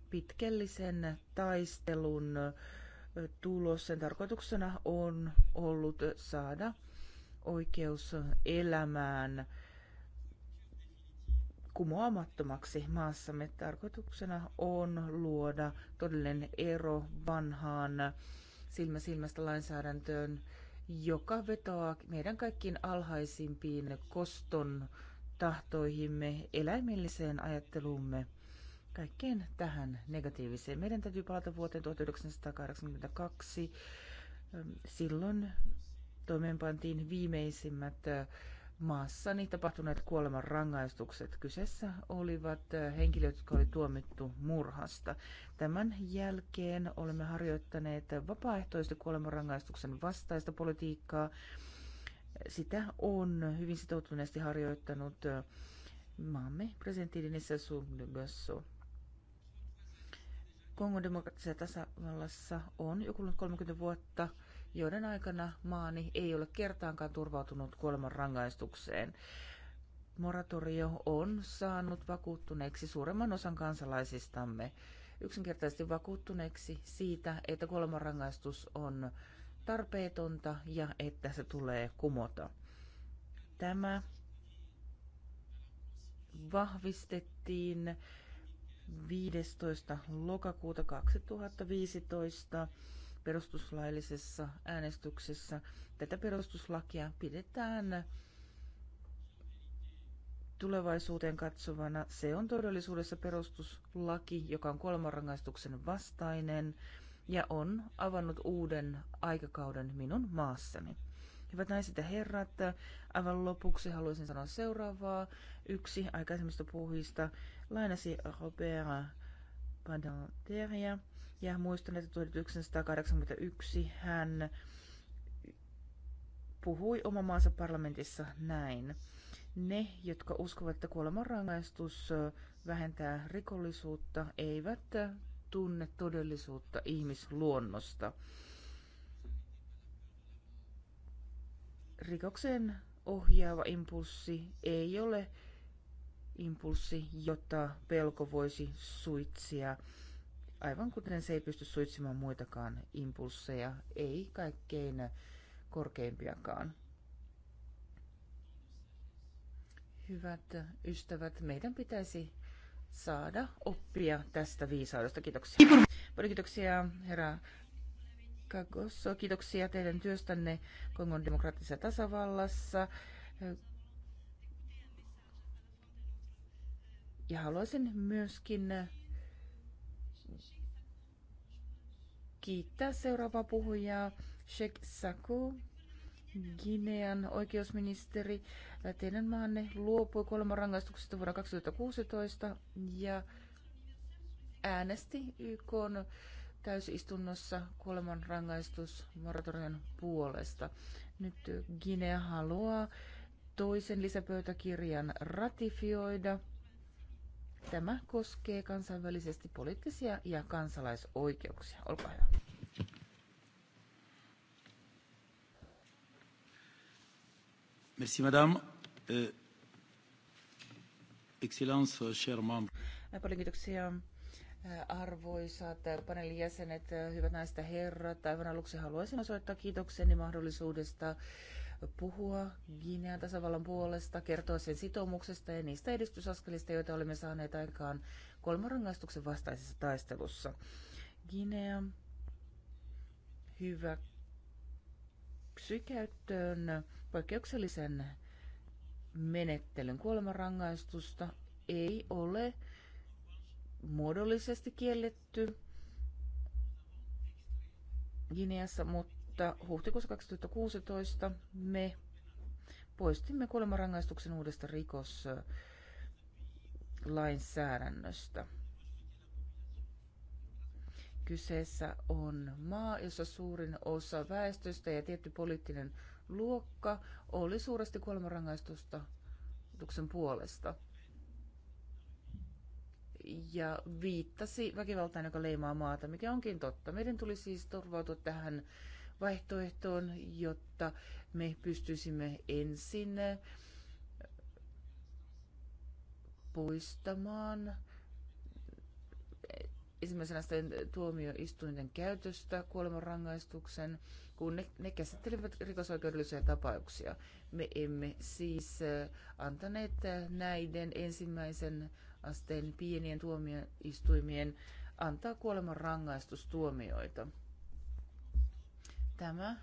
pitkällisen taistelun tulos. Sen tarkoituksena on ollut saada oikeus elämään kumoamattomaksi maassamme. Tarkoituksena on luoda todellinen ero vanhaan silmä silmästä lainsäädäntöön, joka vetoaa meidän kaikkiin alhaisimpiin koston tahtoihimme, eläimelliseen ajatteluumme, kaikkeen tähän negatiiviseen. Meidän täytyy palata vuoteen 1982. Silloin toimeenpantiin viimeisimmät maassani niin tapahtuneet kuoleman rangaistukset. Kyseessä olivat äh, henkilöt, jotka oli tuomittu murhasta. Tämän jälkeen olemme harjoittaneet vapaaehtoista kuolemanrangaistuksen vastaista politiikkaa. Sitä on hyvin sitoutuneesti harjoittanut äh, maamme presidentti Denis Sundugasso. Kongon demokraattisessa tasavallassa on jo kulunut 30 vuotta – joiden aikana maani ei ole kertaankaan turvautunut kuoleman rangaistukseen. Moratorio on saanut vakuuttuneeksi suuremman osan kansalaisistamme yksinkertaisesti vakuuttuneeksi siitä, että kuolemanrangaistus on tarpeetonta ja että se tulee kumota. Tämä vahvistettiin 15. lokakuuta 2015 perustuslaillisessa äänestyksessä. Tätä perustuslakia pidetään tulevaisuuteen katsovana. Se on todellisuudessa perustuslaki, joka on kuolemanrangaistuksen vastainen ja on avannut uuden aikakauden minun maassani. Hyvät naiset ja herrat, aivan lopuksi haluaisin sanoa seuraavaa. Yksi aikaisemmista puhujista lainasi Robert Badanteria. Ja muistan, että 1981 hän puhui oma maansa parlamentissa näin. Ne, jotka uskovat, että kuolemanrangaistus vähentää rikollisuutta, eivät tunne todellisuutta ihmisluonnosta. Rikoksen ohjaava impulssi ei ole impulssi, jota pelko voisi suitsia aivan kuten se ei pysty suitsimaan muitakaan impulsseja, ei kaikkein korkeimpiakaan. Hyvät ystävät, meidän pitäisi saada oppia tästä viisaudesta. Kiitoksia. Paljon kiitoksia, herra Kagosso. Kiitoksia teidän työstänne Kongon demokraattisessa tasavallassa. Ja haluaisin myöskin kiittää seuraava puhuja Sheikh Saku, Ginean oikeusministeri. Teidän maanne luopui kuolemanrangaistuksesta vuonna 2016 ja äänesti YK täysistunnossa kuolemanrangaistusmoratorion puolesta. Nyt Guinea haluaa toisen lisäpöytäkirjan ratifioida Tämä koskee kansainvälisesti poliittisia ja kansalaisoikeuksia. Olkaa hyvä. Merci, madame. Euh, excellence, cher membre. Äh, paljon kiitoksia äh, arvoisat äh, paneelin jäsenet, hyvät naiset ja herrat. Aivan aluksi haluaisin osoittaa kiitokseni mahdollisuudesta puhua Guinean tasavallan puolesta, kertoa sen sitoumuksesta ja niistä edistysaskelista, joita olemme saaneet aikaan kolmarangaistuksen vastaisessa taistelussa. Guinea hyväksyi käyttöön poikkeuksellisen menettelyn kuolemanrangaistusta ei ole muodollisesti kielletty Gineassa, mutta mutta huhtikuussa 2016 me poistimme kuolemanrangaistuksen uudesta rikoslainsäädännöstä. Kyseessä on maa, jossa suurin osa väestöstä ja tietty poliittinen luokka oli suuresti kuolemanrangaistuksen puolesta ja viittasi väkivaltaan, joka leimaa maata, mikä onkin totta. Meidän tuli siis turvautua tähän vaihtoehtoon, jotta me pystyisimme ensin poistamaan ensimmäisen asteen tuomioistuinten käytöstä kuolemanrangaistuksen, kun ne, ne käsittelivät rikosoikeudellisia tapauksia. Me emme siis äh, antaneet äh, näiden ensimmäisen asteen pienien tuomioistuimien antaa kuolemanrangaistustuomioita. Tämä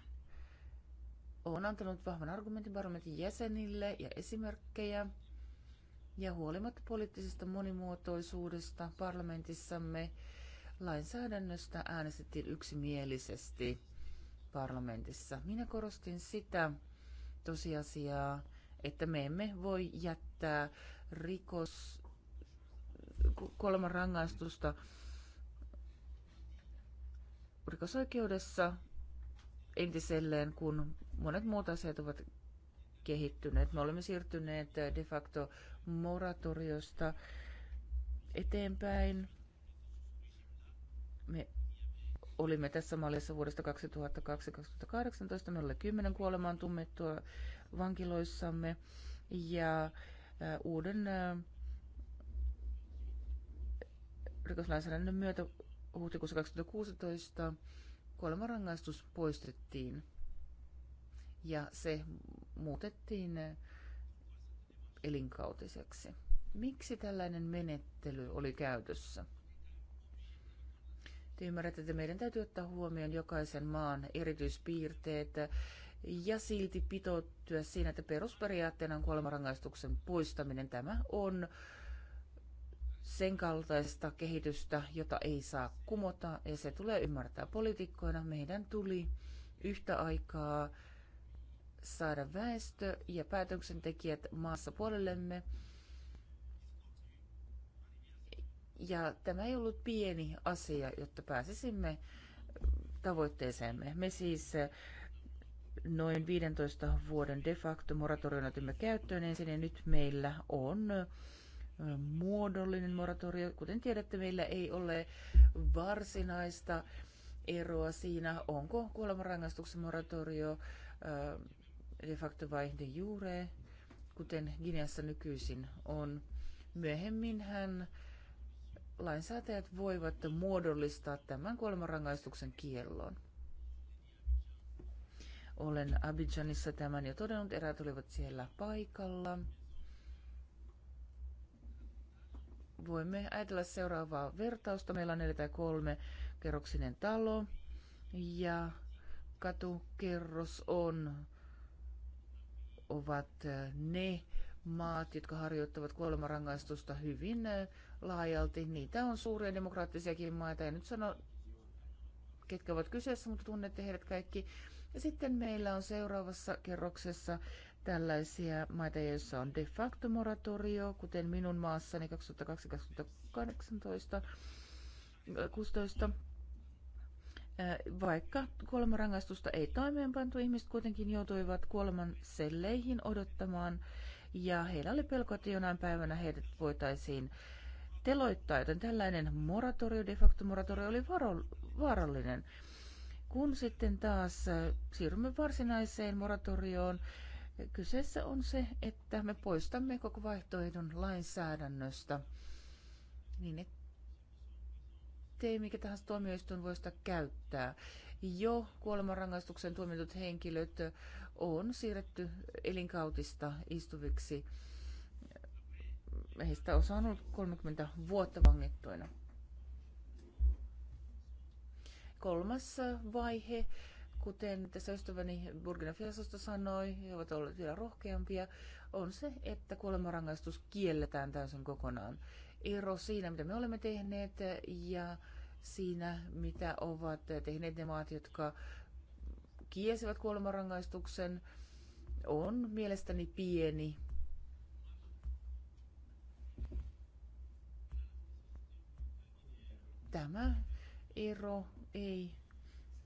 on antanut vahvan argumentin parlamentin jäsenille ja esimerkkejä. Ja huolimatta poliittisesta monimuotoisuudesta parlamentissamme lainsäädännöstä äänestettiin yksimielisesti parlamentissa. Minä korostin sitä tosiasiaa, että me emme voi jättää rikos kolman rangaistusta rikosoikeudessa entiselleen, kun monet muut asiat ovat kehittyneet. Me olemme siirtyneet eh, de facto moratoriosta eteenpäin. Me olimme tässä mallissa vuodesta 2002-2018. Meillä oli kymmenen kuolemaan tummettua vankiloissamme ja eh, uuden eh, rikoslainsäädännön myötä huhtikuussa 2016 kuolemanrangaistus poistettiin ja se muutettiin eh, elinkautiseksi. Miksi tällainen menettely oli käytössä? Te ymmärrätte, että meidän täytyy ottaa huomioon jokaisen maan erityispiirteet ja silti pitoutua siinä, että perusperiaatteena on kuolemanrangaistuksen poistaminen. Tämä on äh, sen kaltaista kehitystä, jota ei saa kumota, ja se tulee ymmärtää poliitikkoina. Meidän tuli yhtä aikaa saada väestö ja päätöksentekijät maassa puolellemme. Ja tämä ei ollut pieni asia, jotta pääsisimme tavoitteeseemme. Me siis eh, noin 15 vuoden de facto moratorioon otimme käyttöön ensin ja nyt meillä on muodollinen moratorio. Kuten tiedätte, meillä ei ole varsinaista eroa siinä, onko kuolemanrangaistuksen moratorio de facto vai de jure, kuten Gineassa nykyisin on. hän lainsäätäjät voivat muodollistaa tämän kuolemanrangaistuksen kiellon. Olen Abidjanissa tämän jo todennut, eräät olivat siellä paikalla. voimme ajatella seuraavaa vertausta. Meillä on 4 tai 3 kerroksinen talo ja katukerros on, ovat äh, ne maat, jotka harjoittavat kuolemarangaistusta hyvin äh, laajalti. Niitä on suuria demokraattisiakin maita. En nyt sano, ketkä ovat kyseessä, mutta tunnette heidät kaikki. Ja sitten meillä on seuraavassa kerroksessa tällaisia maita, joissa on de facto moratorio, kuten minun maassani 2002-2018, äh, vaikka kuolemanrangaistusta ei toimeenpantu, ihmiset kuitenkin joutuivat kuoleman selleihin odottamaan ja heillä oli pelko, että jonain päivänä heidät voitaisiin teloittaa, joten tällainen moratorio, de facto moratorio oli varo, vaarallinen. Kun sitten taas äh, siirrymme varsinaiseen moratorioon, Kyseessä on se, että me poistamme koko vaihtoehdon lainsäädännöstä niin, ettei mikä tahansa tuomioistuin voi sitä käyttää. Jo kuolemanrangaistuksen tuomitut henkilöt on siirretty elinkautista istuviksi. Heistä osa on ollut 30 vuotta vangittuina. Kolmas vaihe kuten tässä ystäväni Burgina Fiasosta sanoi, he ovat olleet vielä rohkeampia, on se, että kuolemanrangaistus kielletään täysin kokonaan. Ero siinä, mitä me olemme tehneet ja siinä, mitä ovat tehneet ne maat, jotka kiesivät kuolemanrangaistuksen, on mielestäni pieni. Tämä ero ei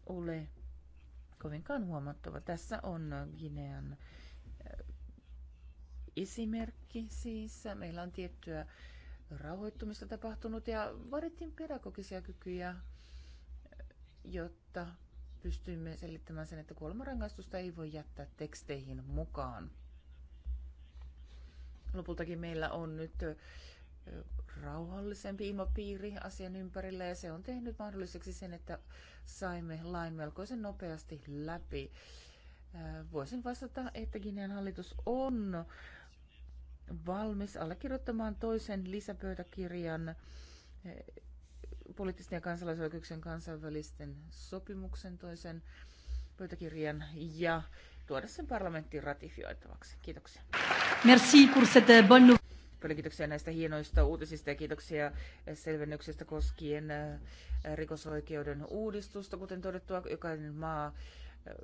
ole kovinkaan huomattava. Tässä on Ginean eh, esimerkki siis. Meillä on tiettyä rauhoittumista tapahtunut ja vaadittiin pedagogisia kykyjä, eh, jotta pystyimme selittämään sen, että kuolemanrangaistusta ei voi jättää teksteihin mukaan. Lopultakin meillä on nyt eh, rauhallisempi ilmapiiri asian ympärillä ja se on tehnyt mahdolliseksi sen, että saimme lain melkoisen nopeasti läpi. Äh, voisin vastata, että Ginean hallitus on valmis allekirjoittamaan toisen lisäpöytäkirjan äh, poliittisten ja kansalaisoikeuksien kansainvälisten sopimuksen toisen pöytäkirjan ja tuoda sen parlamenttiin ratifioitavaksi. Kiitoksia. Merci pour cette bonne Paljon kiitoksia näistä hienoista uutisista ja kiitoksia selvennyksestä koskien äh, rikosoikeuden uudistusta. Kuten todettua, jokainen maa äh,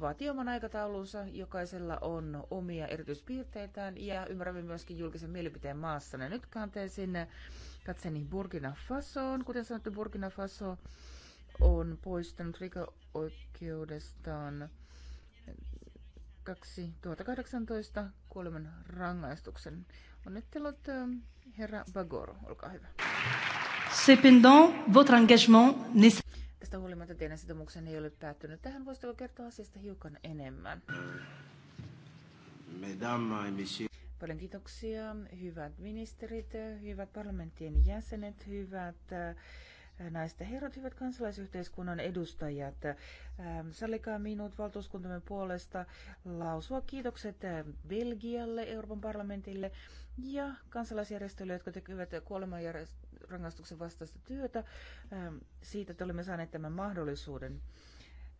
vaatii oman aikataulunsa, jokaisella on omia erityispiirteitään ja ymmärrämme myöskin julkisen mielipiteen maassa. Ja nyt kanteen sinne katseni Burkina Fasoon. Kuten sanottu, Burkina Faso on poistanut riko 2018 kuoleman rangaistuksen. Onnittelut, ähm, herra Bagoro, olkaa hyvä. Cependant, votre engagement Tästä huolimatta teidän sitoumuksenne ei ole päättynyt. Tähän voisitteko kertoa asiasta hiukan enemmän? Paljon kiitoksia, hyvät ministerit, hyvät parlamenttien jäsenet, hyvät äh, naisten herrat, hyvät kansalaisyhteiskunnan edustajat. Ähm, sallikaa minut valtuuskuntamme puolesta lausua kiitokset äh, Belgialle, Euroopan parlamentille ja kansalaisjärjestöille, jotka tekevät kuolemanrangaistuksen vastaista työtä. Ähm, siitä, että olemme saaneet tämän mahdollisuuden.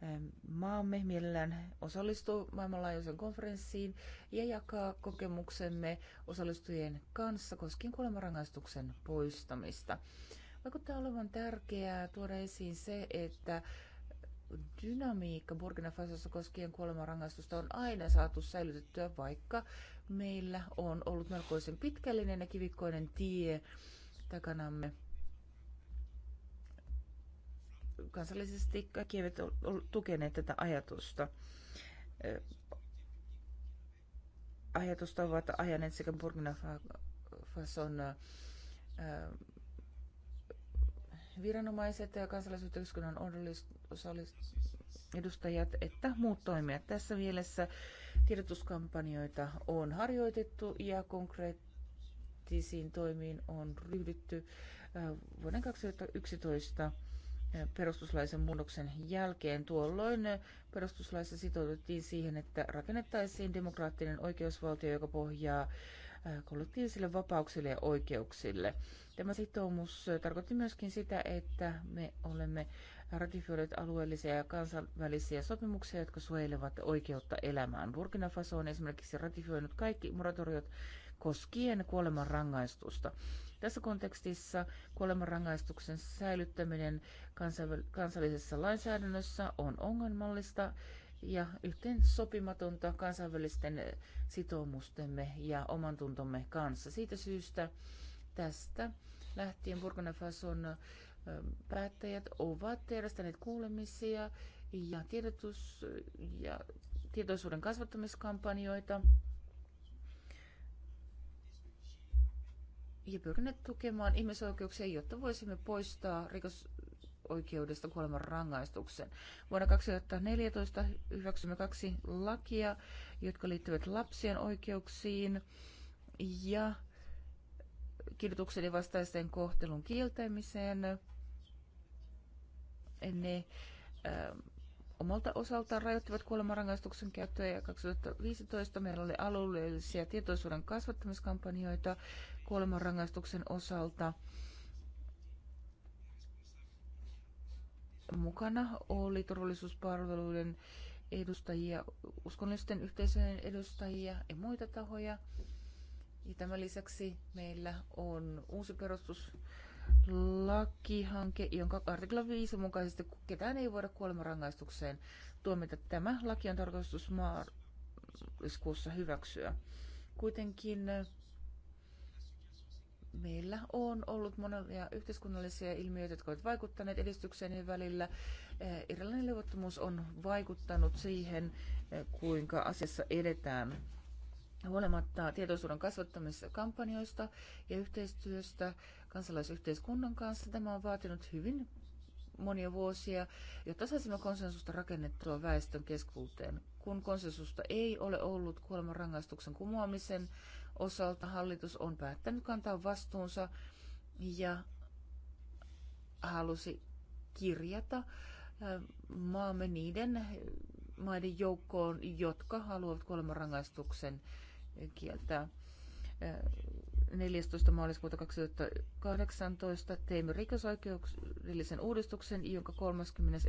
Ähm, maamme mielellään osallistuu maailmanlaajuisen konferenssiin ja jakaa kokemuksemme osallistujien kanssa koskien kuolemanrangaistuksen poistamista. Vaikuttaa olevan tärkeää tuoda esiin se, että dynamiikka Burkina Fasossa koskien kuolemanrangaistusta on aina saatu säilytettyä, vaikka Meillä on ollut melkoisen pitkällinen ja kivikkoinen tie takanamme. Kansallisesti kaikki eivät ole tukeneet tätä ajatusta. Ajatusta ovat ajaneet sekä Burkina Fason viranomaiset ja kansalaisyhteiskunnan edustajat että muut toimijat. Tässä mielessä Tiedotuskampanjoita on harjoitettu ja konkreettisiin toimiin on ryhdytty äh, vuoden 2011 äh, perustuslaisen muutoksen jälkeen. Tuolloin äh, perustuslaissa sitouduttiin siihen, että rakennettaisiin demokraattinen oikeusvaltio, joka pohjaa kollektiivisille vapauksille ja oikeuksille. Tämä sitoumus tarkoitti myöskin sitä, että me olemme ratifioineet alueellisia ja kansainvälisiä sopimuksia, jotka suojelevat oikeutta elämään. Burkina Faso on esimerkiksi ratifioinut kaikki moratoriot koskien kuolemanrangaistusta. Tässä kontekstissa kuolemanrangaistuksen säilyttäminen kansallisessa lainsäädännössä on ongelmallista ja yhteen sopimatonta kansainvälisten sitoumustemme ja omantuntomme kanssa. Siitä syystä tästä lähtien Burkina Fason päättäjät ovat järjestäneet kuulemisia ja, tiedotus- ja tietoisuuden kasvattamiskampanjoita ja pyrkineet tukemaan ihmisoikeuksia, jotta voisimme poistaa rikos, oikeudesta kuoleman rangaistuksen. Vuonna 2014 hyväksymme kaksi lakia, jotka liittyvät lapsien oikeuksiin ja kidutuksen ja vastaisten kohtelun kieltämiseen ne omalta osaltaan rajoittivat kuolemanrangaistuksen käyttöä ja 2015 meillä oli alueellisia tietoisuuden kasvattamiskampanjoita kuolemanrangaistuksen osalta. Mukana oli turvallisuuspalveluiden edustajia, uskonnollisten yhteisöjen edustajia ja muita tahoja. Ja tämän lisäksi meillä on uusi perustus lakihanke, jonka artikla 5 mukaisesti ketään ei voida kuolemanrangaistukseen tuomita. Tämä laki on tarkoitus maaliskuussa hyväksyä. Kuitenkin eh, meillä on ollut monia yhteiskunnallisia ilmiöitä, jotka ovat vaikuttaneet edistykseen välillä. Eh, Irlannin levottomuus on vaikuttanut siihen, eh, kuinka asiassa edetään. Huolimatta tietoisuuden kasvattamisesta kampanjoista ja yhteistyöstä kansalaisyhteiskunnan kanssa. Tämä on vaatinut hyvin monia vuosia, jotta saisimme konsensusta rakennettua väestön keskuuteen. Kun konsensusta ei ole ollut kuolemanrangaistuksen kumoamisen osalta, hallitus on päättänyt kantaa vastuunsa ja halusi kirjata maamme niiden maiden joukkoon, jotka haluavat kuolemanrangaistuksen kieltää. 14. maaliskuuta 2018 teimme rikosoikeudellisen uudistuksen, jonka 31.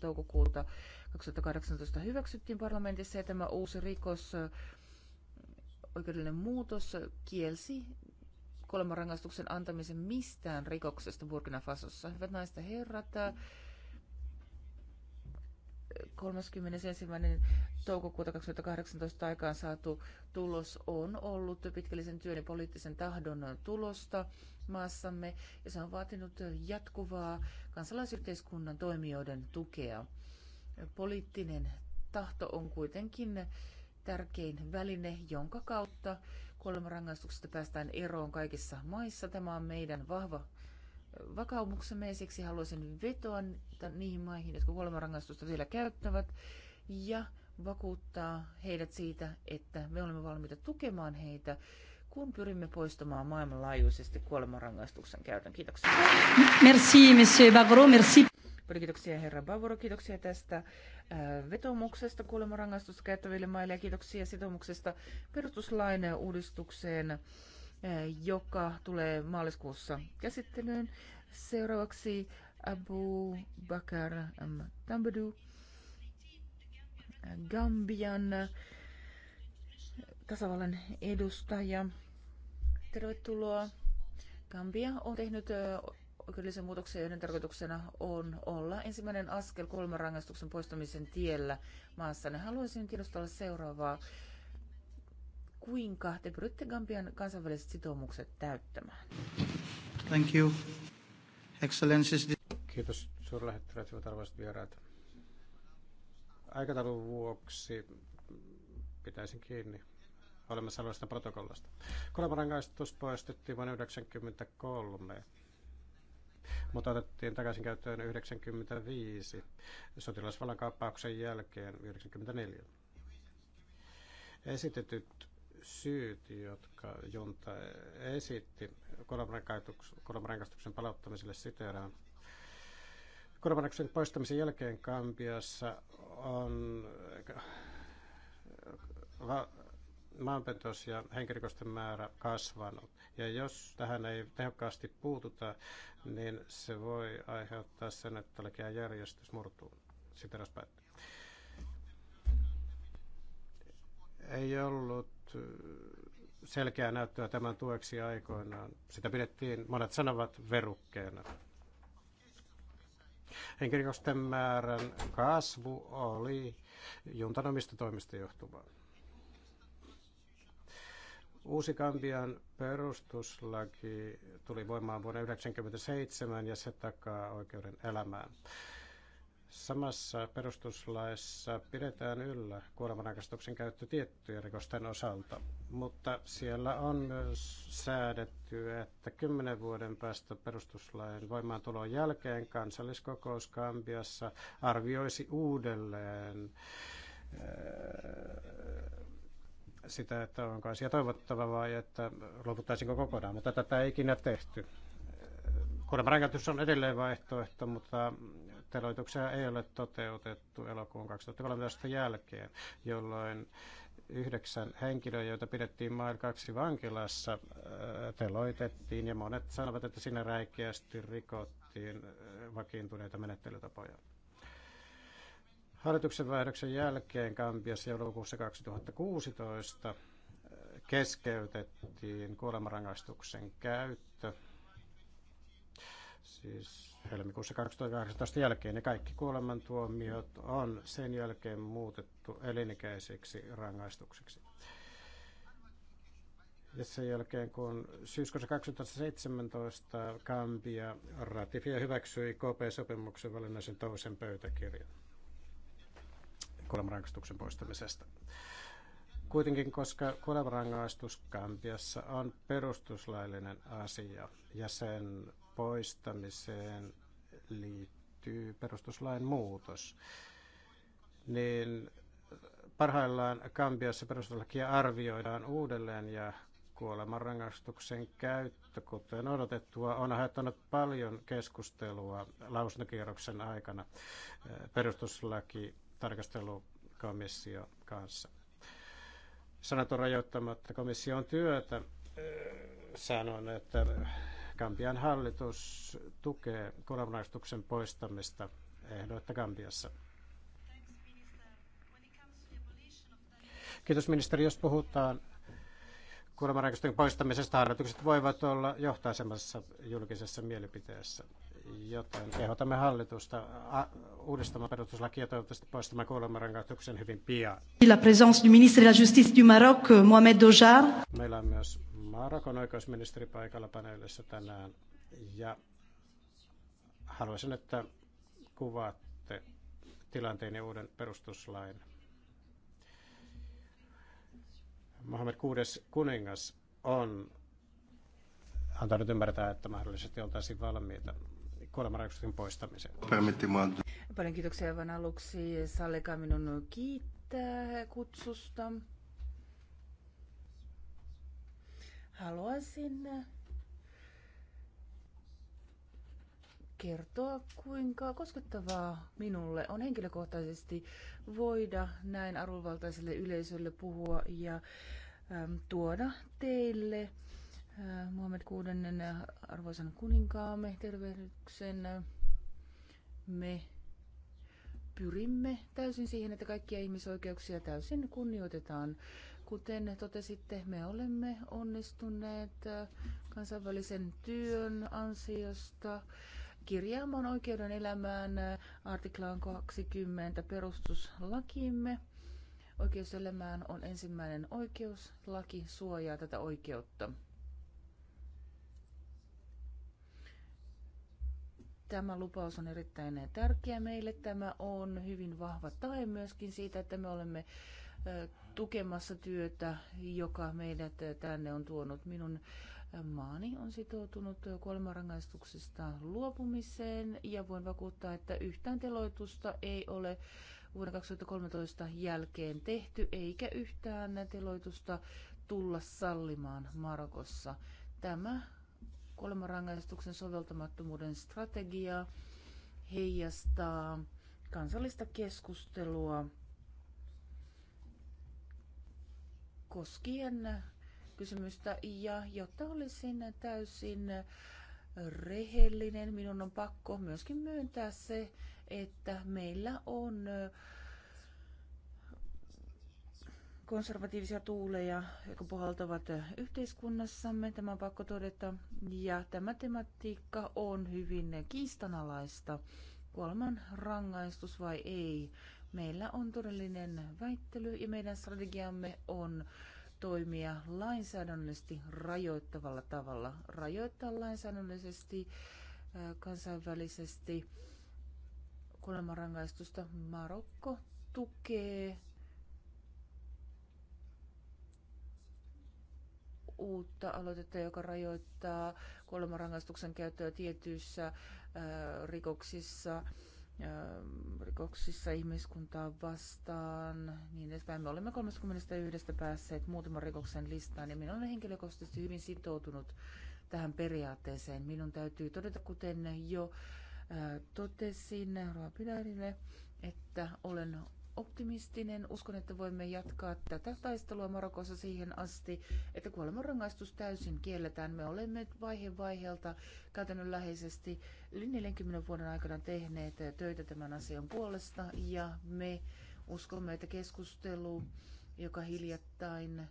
toukokuuta 2018 hyväksyttiin parlamentissa ja tämä uusi rikosoikeudellinen muutos kielsi kolmarangaistuksen antamisen mistään rikoksesta Burkina Fasossa. Hyvät naiset ja herrat, mm. 31. toukokuuta 2018 aikaan saatu tulos on ollut pitkällisen työn ja poliittisen tahdon tulosta maassamme ja se on vaatinut jatkuvaa kansalaisyhteiskunnan toimijoiden tukea. Poliittinen tahto on kuitenkin tärkein väline, jonka kautta kuolemanrangaistuksesta päästään eroon kaikissa maissa. Tämä on meidän vahva vakaumuksemme ja siksi haluaisin vetoa niihin maihin, jotka kuolemanrangaistusta vielä käyttävät ja vakuuttaa heidät siitä, että me olemme valmiita tukemaan heitä, kun pyrimme poistamaan maailmanlaajuisesti kuolemanrangaistuksen käytön. Kiitoksia. Merci, monsieur Bavro, merci. Paljon kiitoksia herra Bavoro, kiitoksia tästä äh, vetomuksesta kuolemanrangaistusta käyttäville maille ja kiitoksia sitoumuksesta perustuslain uudistukseen. Eh, joka tulee maaliskuussa käsittelyyn. Seuraavaksi Abu Bakar M. Tambadu, Gambian tasavallan edustaja. Tervetuloa. Gambia on tehnyt eh, oikeudellisen muutoksia, joiden tarkoituksena on olla ensimmäinen askel kolman rangaistuksen poistamisen tiellä maassa. Ne haluaisin tiedostella seuraavaa kuinka te pyritte Gambian kansainväliset sitoumukset täyttämään? Thank you. Excellencies. Kiitos suurlähettiläät, hyvät arvoisat vieraat. Aikataulun vuoksi pitäisin kiinni olemassa olevasta protokollasta. Kolmarangaistus poistettiin vuonna 1993, mutta otettiin takaisin käyttöön 1995 sotilasvallan kaappauksen jälkeen 1994. Esitetyt syyt, jotka Junta esitti kolmarenkastuksen palauttamiselle siteraan. Kolmarenkastuksen poistamisen jälkeen Kambiassa on maanpentos- ja henkirikosten määrä kasvanut. Ja jos tähän ei tehokkaasti puututa, niin se voi aiheuttaa sen, että tälläkin järjestys murtuu. sitten Ei ollut selkeää näyttöä tämän tueksi aikoinaan. Sitä pidettiin, monet sanovat, verukkeena. Henkirikosten määrän kasvu oli juntanomista toimista johtuvaa. Uusi Kambian perustuslaki tuli voimaan vuonna 1997 ja se takaa oikeuden elämään. Samassa perustuslaissa pidetään yllä kuolemanrangaistuksen käyttö tiettyjen rikosten osalta, mutta siellä on myös säädetty, että kymmenen vuoden päästä perustuslain voimaantulon jälkeen kansalliskokous Kambiassa arvioisi uudelleen äh, sitä, että onko asia toivottava vai että luovuttaisiinko kokonaan, mutta tätä ei ikinä tehty. Kuolemanrangaistus on edelleen vaihtoehto, mutta vertailuituksia ei ole toteutettu elokuun 2013 jälkeen, jolloin yhdeksän henkilöä, joita pidettiin mail kaksi vankilassa, teloitettiin ja monet sanovat, että siinä räikeästi rikottiin vakiintuneita menettelytapoja. Hallituksen vaihdoksen jälkeen Kambiassa joulukuussa 2016 keskeytettiin kuolemanrangaistuksen käyttö. Siis helmikuussa 2018 jälkeen. Ja kaikki kuolemantuomiot on sen jälkeen muutettu elinikäiseksi rangaistukseksi. Ja sen jälkeen, kun syyskuussa 2017 Gambia ratifioi ja hyväksyi KP-sopimuksen valinnaisen toisen pöytäkirjan kuolemanrangaistuksen poistamisesta. Kuitenkin, koska kuolemanrangaistus Gambiassa on perustuslaillinen asia ja sen poistamiseen liittyy perustuslain muutos, niin parhaillaan Kambiassa perustuslakia arvioidaan uudelleen ja kuolemanrangaistuksen käyttö, kuten odotettua, on aiheuttanut paljon keskustelua lausuntokierroksen aikana eh, perustuslaki tarkastelukomissio kanssa. Sanat on rajoittamatta komission työtä. Eh, Sanon, että Gambian hallitus tukee koronarajoituksen poistamista ehdoitta Gambiassa. Kiitos ministeri, jos puhutaan poistamisesta, hallitukset voivat olla johtoasemassa julkisessa mielipiteessä jotain. kehotamme hallitusta uudistamaan perustuslakia ja toivottavasti poistamaan kuolemanrangaistuksen hyvin pian. La présence du ministre de la Justice du Maroc, Mohamed Dojar. Meillä on myös Marokon oikeusministeri paikalla paneelissa tänään. Ja haluaisin, että kuvaatte tilanteen ja uuden perustuslain. Mohamed VI kuningas on antanut ymmärtää, että mahdollisesti oltaisiin valmiita kuolemanrangaistuksen poistamisen. Paljon kiitoksia aivan aluksi. Sallikaa minun kiittää kutsusta. Haluaisin kertoa, kuinka koskettavaa minulle on henkilökohtaisesti voida näin arvovaltaiselle yleisölle puhua ja tuoda teille Äh, Muhammed kuudennen arvoisan kuninkaamme tervehdyksen. Me pyrimme täysin siihen, että kaikkia ihmisoikeuksia täysin kunnioitetaan. Kuten totesitte, me olemme onnistuneet äh, kansainvälisen työn ansiosta kirjaamaan oikeuden elämään äh, artiklaan 20 perustuslakimme. Oikeuselämään on ensimmäinen oikeuslaki, suojaa tätä oikeutta. Tämä lupaus on erittäin tärkeä meille. Tämä on hyvin vahva tae myöskin siitä, että me olemme tukemassa työtä, joka meidät tänne on tuonut. Minun maani on sitoutunut kuolemanrangaistuksesta luopumiseen ja voin vakuuttaa, että yhtään teloitusta ei ole vuoden 2013 jälkeen tehty eikä yhtään teloitusta tulla sallimaan Marokossa. Tämä kuolemanrangaistuksen soveltamattomuuden strategia heijastaa kansallista keskustelua koskien kysymystä. Ja jotta olisin täysin rehellinen, minun on pakko myöskin myöntää se, että meillä on konservatiivisia tuuleja, jotka puhaltavat yhteiskunnassamme. Tämä on pakko todeta. Ja tämä tematiikka on hyvin kiistanalaista. Kuoleman rangaistus vai ei? Meillä on todellinen väittely ja meidän strategiamme on toimia lainsäädännöllisesti rajoittavalla tavalla. Rajoittaa lainsäädännöllisesti, äh, kansainvälisesti kuolemanrangaistusta. Marokko tukee uutta aloitetta, joka rajoittaa kuolemanrangaistuksen käyttöä tietyissä äh, rikoksissa, äh, rikoksissa ihmiskuntaa vastaan, niin edespäin. Me olemme 31 päässeet muutaman rikoksen listaan, ja minä olen henkilökohtaisesti hyvin sitoutunut tähän periaatteeseen. Minun täytyy todeta, kuten jo äh, totesin Roa Pidärille, että olen optimistinen. Uskon, että voimme jatkaa tätä taistelua Marokossa siihen asti, että kuolemanrangaistus täysin kielletään. Me olemme vaihe vaiheelta käytännönläheisesti yli 40 vuoden aikana tehneet töitä tämän asian puolesta ja me uskomme, että keskustelu, joka hiljattain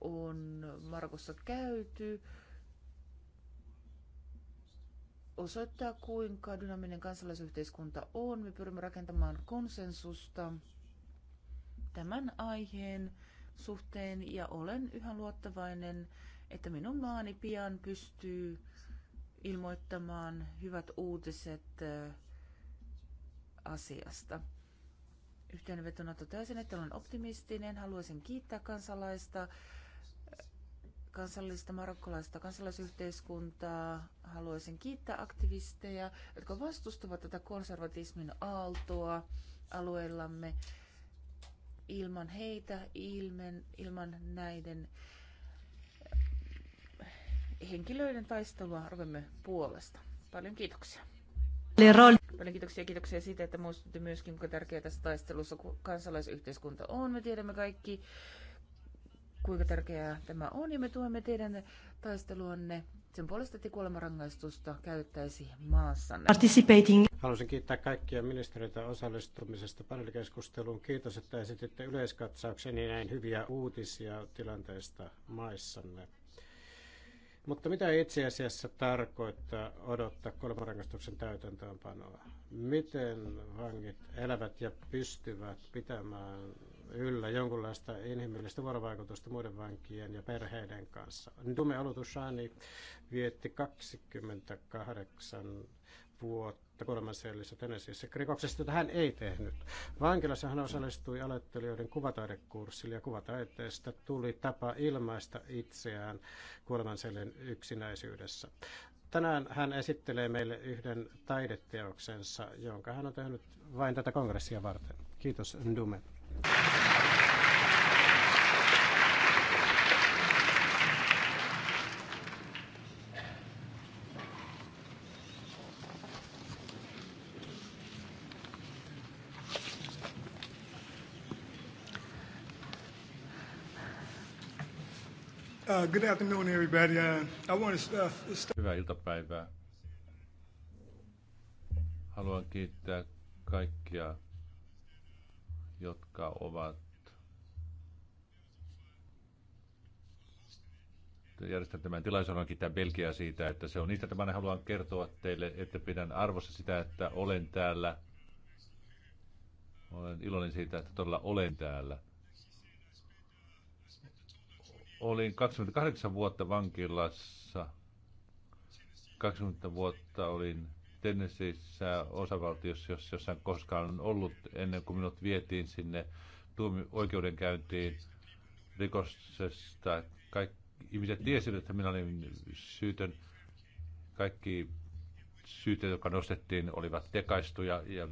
on Marokossa käyty, osoittaa, kuinka dynaaminen kansalaisyhteiskunta on. Me pyrimme rakentamaan konsensusta tämän aiheen suhteen ja olen yhä luottavainen, että minun maani pian pystyy ilmoittamaan hyvät uutiset äh, asiasta. Yhteenvetona toteaisin, että olen optimistinen, haluaisin kiittää kansalaista kansallista marokkolaista kansalaisyhteiskuntaa. Haluaisin kiittää aktivisteja, jotka vastustavat tätä konservatismin aaltoa alueellamme. Ilman heitä, ilmen, ilman näiden eh, henkilöiden taistelua rovemme puolesta. Paljon kiitoksia. Paljon kiitoksia kiitoksia siitä, että muistutitte myöskin, kuinka tärkeää tässä taistelussa kansalaisyhteiskunta on. Me tiedämme kaikki, kuinka tärkeää tämä on, ja me tuemme teidän taisteluanne sen puolesta, että kuolemarangaistusta käyttäisi maassanne. Participating. Haluaisin kiittää kaikkia ministeriöitä osallistumisesta paneelikeskusteluun. Kiitos, että esititte yleiskatsaukseni näin hyviä uutisia tilanteesta maissanne. Mutta mitä itse asiassa tarkoittaa odottaa kuolemanrangaistuksen täytäntöönpanoa? Miten vangit elävät ja pystyvät pitämään yllä jonkunlaista inhimillistä vuorovaikutusta muiden vankien ja perheiden kanssa. Dume Alutushani vietti 28 vuotta kolmansellisessa Tennesseeissä rikoksesta, jota hän ei tehnyt. Vankilassa hän osallistui aloittelijoiden kuvataidekurssille ja kuvataiteesta tuli tapa ilmaista itseään kuolemansellin yksinäisyydessä. Tänään hän esittelee meille yhden taideteoksensa, jonka hän on tehnyt vain tätä kongressia varten. Kiitos Ndume. Uh, good afternoon, everybody. Uh, I want to start. Hyvää iltapäivää. Haluan kiittää kaikkia jotka ovat järjestän tämän tilaisuuden kiittää Belgiaa siitä, että se on niistä. minä haluan kertoa teille, että pidän arvossa sitä, että olen täällä. Olen iloinen siitä, että todella olen täällä. Olin 28 vuotta vankilassa. 20 vuotta olin Tennisissä osavaltiossa, jos jossain koskaan ollut ennen kuin minut vietiin sinne tuomi- oikeudenkäyntiin rikoksesta. Kaikki ihmiset tiesivät, että minä olin syytön. Kaikki syytet, jotka nostettiin, olivat tekaistuja ja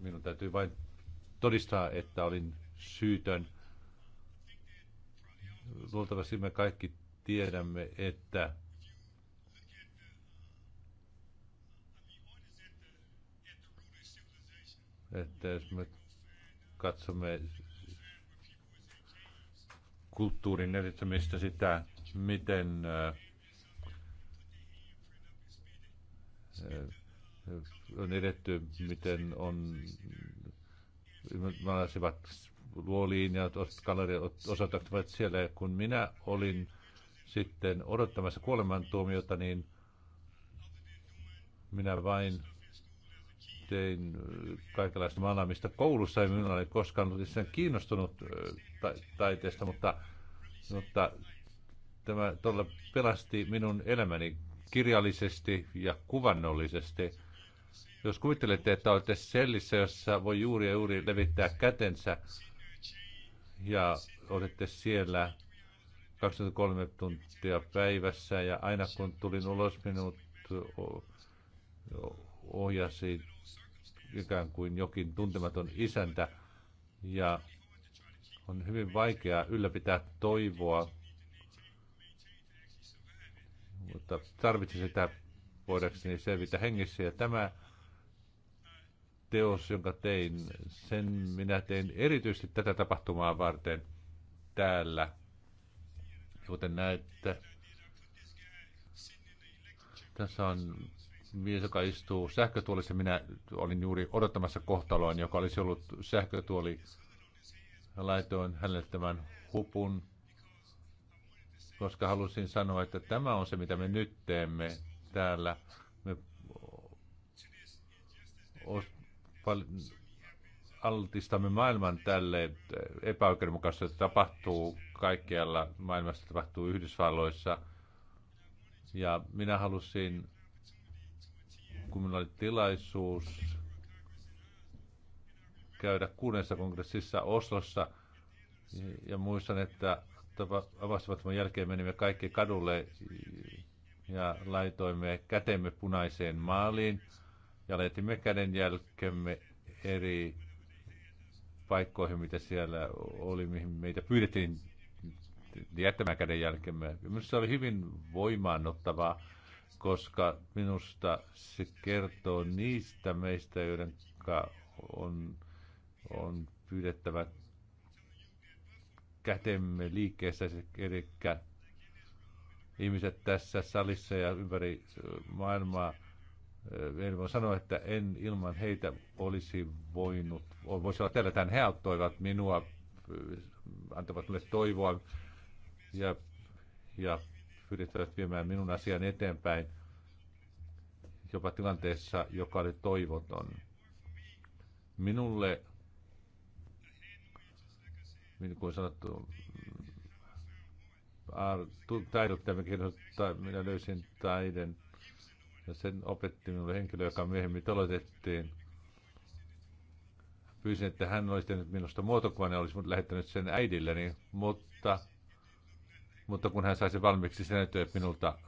minun täytyy vain todistaa, että olin syytön. Luultavasti me kaikki tiedämme, että että jos me katsomme kulttuurin edistämistä sitä, miten äh, äh, on edetty, miten on ymmärräsivät luoliin ja osoittavat siellä. Ja kun minä olin sitten odottamassa kuolemantuomiota, niin minä vain tein kaikenlaista maalaamista koulussa, ja minulla ei koskaan ollut sen kiinnostunut ta- taiteesta, mutta, mutta tämä todella pelasti minun elämäni kirjallisesti ja kuvannollisesti. Jos kuvittelette, että olette sellissä, jossa voi juuri ja juuri levittää kätensä, ja olette siellä 23 tuntia päivässä, ja aina kun tulin ulos, minut ohjasi ikään kuin jokin tuntematon isäntä. Ja on hyvin vaikeaa ylläpitää toivoa, mutta tarvitsi sitä voidakseni selvitä hengissä. Ja tämä teos, jonka tein, sen minä tein erityisesti tätä tapahtumaa varten täällä. Kuten näette, tässä on mies, joka istuu sähkötuolissa. Minä olin juuri odottamassa kohtaloon, joka olisi ollut sähkötuoli. Laitoin hänelle tämän hupun, koska halusin sanoa, että tämä on se, mitä me nyt teemme täällä. Me altistamme maailman tälle epäoikeudenmukaisuudelle. Tapahtuu kaikkialla maailmassa, tapahtuu Yhdysvalloissa. Ja minä halusin kun minulla oli tilaisuus käydä kuudessa kongressissa Oslossa, ja muistan, että avasivat mun jälkeen menimme kaikki kadulle ja laitoimme kätemme punaiseen maaliin ja laitimme jälkemme eri paikkoihin, mitä siellä oli, mihin meitä pyydettiin jättämään jälkemme. Minusta se oli hyvin voimaannuttavaa koska minusta se kertoo niistä meistä, joiden on, on pyydettävä kätemme liikkeessä, eli ihmiset tässä salissa ja ympäri maailmaa, en voi sanoa, että en ilman heitä olisi voinut, voisi olla tällä, että he auttoivat minua, antavat minulle toivoa ja, ja yrittävät viemään minun asian eteenpäin jopa tilanteessa, joka oli toivoton. Minulle, niin kuin sanottu, taidot, mitä minä, minä löysin taiden, ja sen opetti minulle henkilö, joka myöhemmin talotettiin. Pyysin, että hän olisi tehnyt minusta muotokuvan ja olisi lähettänyt sen äidilleni, mutta mutta kun hän sai sen valmiiksi, se näyttää minulta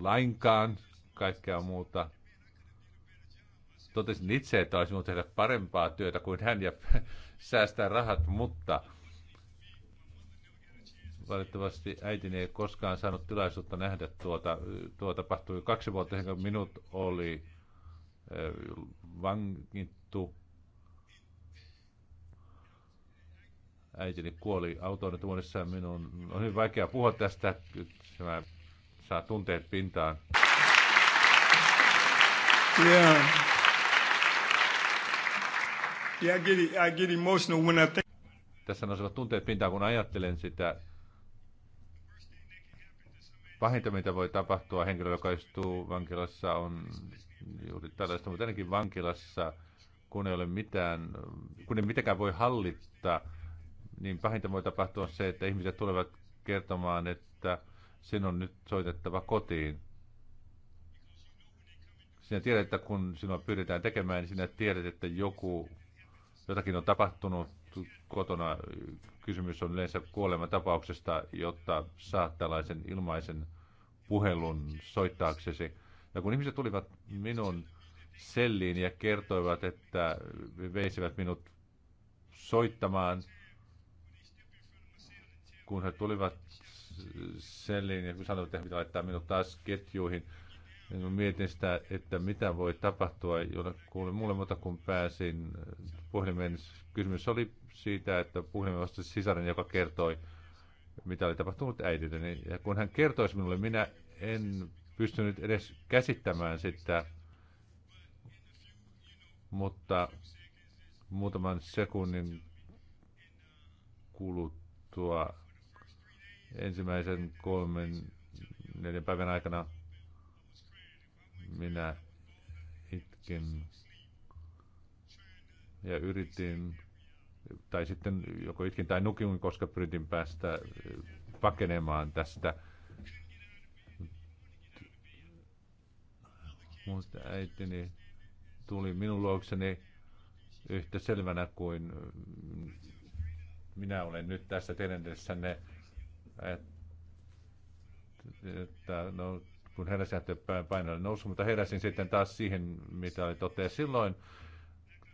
lainkaan kaikkea muuta. Totesin itse, että olisi minun tehdä parempaa työtä kuin hän ja säästää rahat, mutta valitettavasti äitini ei koskaan saanut tilaisuutta nähdä tuota. Tuo tapahtui kaksi vuotta, kun minut oli vankittu äitini kuoli ja Minun on hyvin vaikea puhua tästä, tämä saa tunteet pintaan. Yeah. Yeah, I get, it, I get emotional when I think... Tässä nousevat tunteet pintaan, kun ajattelen sitä. Pahinta, mitä voi tapahtua henkilö, joka istuu vankilassa, on juuri tällaista, mutta ainakin vankilassa, kun ei ole mitään, kun ei mitenkään voi hallittaa niin pahinta voi tapahtua se, että ihmiset tulevat kertomaan, että sinun on nyt soitettava kotiin. Sinä tiedät, että kun sinua pyritään tekemään, niin sinä tiedät, että joku, jotakin on tapahtunut kotona. Kysymys on yleensä kuolematapauksesta, jotta saat tällaisen ilmaisen puhelun soittaaksesi. Ja kun ihmiset tulivat minun selliin ja kertoivat, että veisivät minut soittamaan – kun he tulivat selliin ja kun sanoivat, että he pitää laittaa minut taas ketjuihin, niin mietin sitä, että mitä voi tapahtua, jolle kuulin mulle muuta kun pääsin puhelimeen. Kysymys oli siitä, että puhelimen vastasi sisaren, joka kertoi, mitä oli tapahtunut äidilleni. Ja kun hän kertoi minulle, minä en pystynyt edes käsittämään sitä, mutta muutaman sekunnin kuluttua ensimmäisen kolmen, neljän päivän aikana minä itkin ja yritin, tai sitten joko itkin tai nukin, koska pyritin päästä pakenemaan tästä. Mutta äitini tuli minun luokseni yhtä selvänä kuin minä olen nyt tässä teidän edessänne että no, kun heräsin painoilla nousu, mutta heräsin sitten taas siihen, mitä oli totta. silloin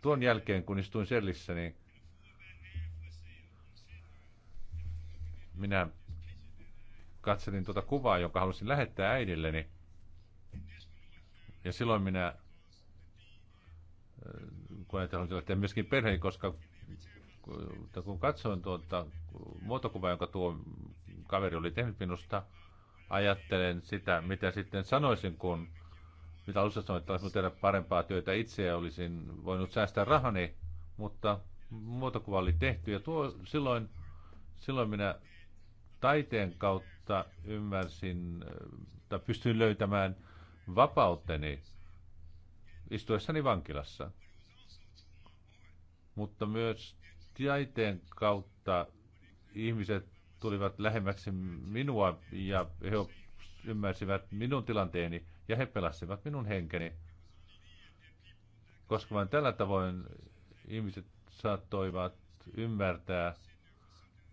tuon jälkeen, kun istuin sellissä, niin minä katselin tuota kuvaa, jonka halusin lähettää äidilleni. Ja silloin minä äh, kun ajattelin lähteä myöskin perheen, koska kun katsoin tuota muotokuvaa, jonka tuo kaveri oli tehnyt minusta, ajattelen sitä, mitä sitten sanoisin, kun mitä alussa sanoin, että olisin tehdä parempaa työtä itse ja olisin voinut säästää rahani, mutta muotokuva oli tehty. Ja tuo, silloin, silloin minä taiteen kautta ymmärsin tai pystyin löytämään vapauteni istuessani vankilassa. Mutta myös taiteen kautta ihmiset tulivat lähemmäksi minua ja he ymmärsivät minun tilanteeni ja he pelastivat minun henkeni. Koska vain tällä tavoin ihmiset saattoivat ymmärtää,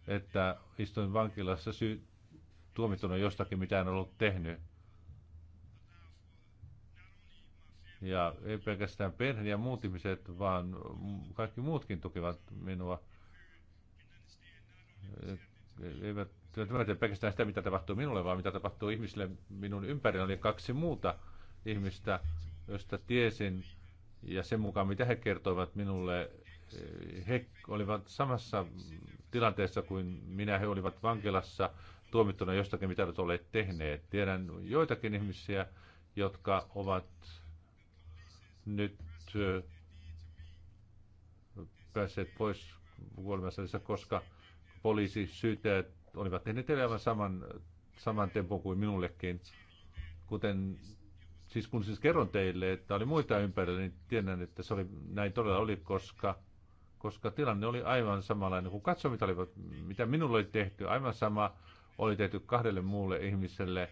että istuin vankilassa sy- tuomittuna jostakin, mitä en ollut tehnyt. Ja ei pelkästään perhe ja muut ihmiset, vaan kaikki muutkin tukivat minua eivät tee pelkästään sitä, mitä tapahtuu minulle, vaan mitä tapahtuu ihmisille minun ympärillä. Oli kaksi muuta ihmistä, joista tiesin, ja sen mukaan mitä he kertoivat minulle, eh, he olivat samassa tilanteessa kuin minä, he olivat vankilassa tuomittuna jostakin, mitä olet olleet tehneet. Tiedän joitakin ihmisiä, jotka ovat nyt eh, päässeet pois kuolemansa, koska poliisi, syyttäjät olivat tehneet elämän saman, saman tempon kuin minullekin. Kuten, siis kun siis kerron teille, että oli muita ympärillä, niin tiedän, että se oli, näin todella oli, koska, koska tilanne oli aivan samanlainen. Kun katsoi, mitä, olivat, mitä minulle oli tehty, aivan sama oli tehty kahdelle muulle ihmiselle,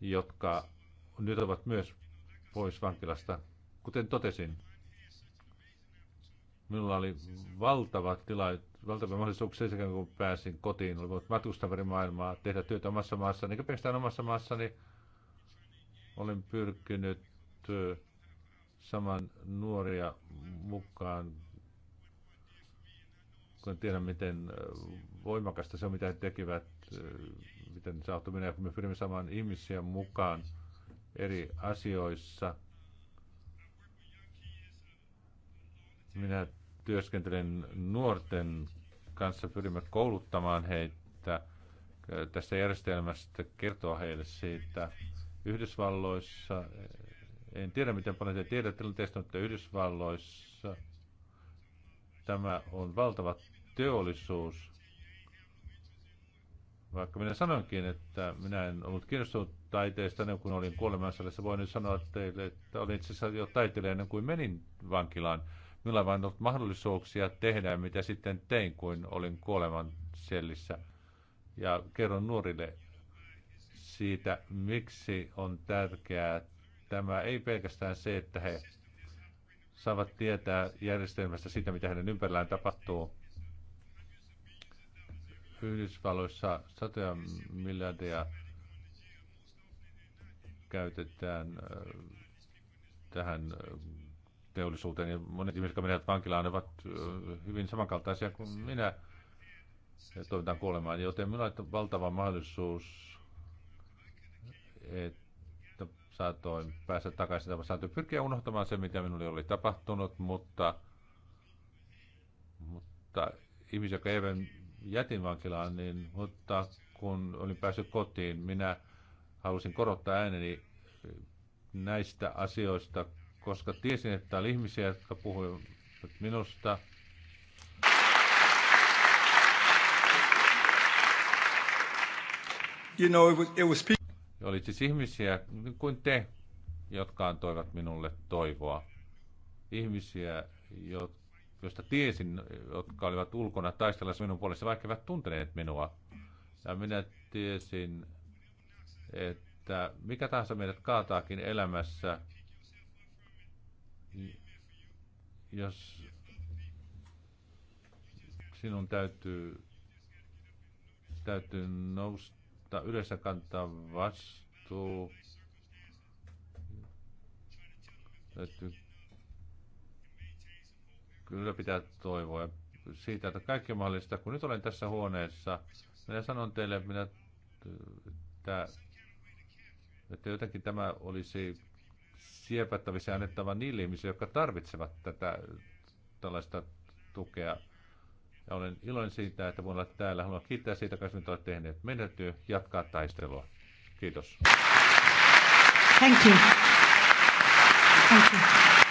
jotka nyt ovat myös pois vankilasta. Kuten totesin, Minulla oli valtavat tilat, valtavia mahdollisuuksia sekä kun pääsin kotiin, oli matkustaa maailmaa, tehdä työtä omassa maassa, niin pelkästään omassa maassani. olin pyrkinyt saman nuoria mukaan, kun tiedän miten voimakasta se on, mitä he tekivät, miten se auttoi minä, kun me pyrimme saman ihmisiä mukaan eri asioissa. Minä työskentelen nuorten kanssa, pyrimme kouluttamaan heitä tästä järjestelmästä, kertoa heille siitä. Yhdysvalloissa, en tiedä miten paljon te tiedätte tilanteesta, mutta Yhdysvalloissa tämä on valtava teollisuus. Vaikka minä sanoinkin, että minä en ollut kiinnostunut taiteesta ennen kuin olin kuolemansalissa, voin nyt sanoa teille, että olin itse asiassa jo taiteilija ennen kuin menin vankilaan. Minulla on vain ollut mahdollisuuksia tehdä, mitä sitten tein, kuin olin kuoleman sellissä. Ja kerron nuorille siitä, miksi on tärkeää tämä ei pelkästään se, että he saavat tietää järjestelmästä sitä, mitä heidän ympärillään tapahtuu. Yhdysvalloissa satoja miljardia käytetään äh, tähän äh, teollisuuteen. Ja monet ihmiset, jotka menevät vankilaan, ovat hyvin samankaltaisia kuin minä. Ja toivotaan kuolemaan. Joten minulla on valtava mahdollisuus, että saatoin päästä takaisin. Saatoin pyrkiä unohtamaan se, mitä minulle oli tapahtunut, mutta, mutta ihmisiä, jotka eivät jätin vankilaan, niin, mutta kun olin päässyt kotiin, minä halusin korottaa ääneni näistä asioista, koska tiesin, että oli ihmisiä, jotka puhuivat minusta. You know, it was, it was oli siis ihmisiä kuin te, jotka antoivat minulle toivoa. Ihmisiä, joista tiesin, jotka olivat ulkona taistelussa minun puolesta, vaikka eivät tunteneet minua. Ja minä tiesin, että mikä tahansa meidät kaataakin elämässä, niin, jos sinun täytyy, täytyy nousta yleensä kantaa vastuu, täytyy kyllä pitää toivoa siitä, että kaikki mahdollista. Kun nyt olen tässä huoneessa, minä sanon teille, minä, että, että jotenkin tämä olisi siepättävissä annettava niille ihmisille, jotka tarvitsevat tätä tällaista tukea. Ja olen iloinen siitä, että voin olla täällä. Haluan kiittää siitä, että nyt olet tehneet. Meidän täytyy jatkaa taistelua. Kiitos. Thank you. Thank you.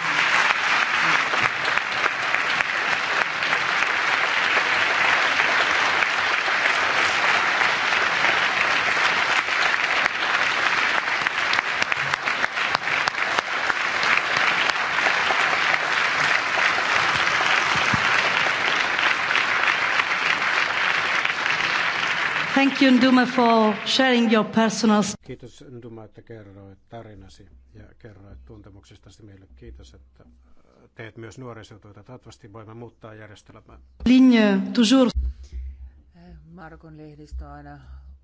you, Nduma, for sharing your personal... Kiitos Nduma, että kerroit tarinasi ja kerroit tuntemuksestasi meille. Kiitos, että äh, teet myös nuorisotyötä. Toivottavasti voimme muuttaa järjestelmää. Linja, toujours. Äh, Markon lehdistö aina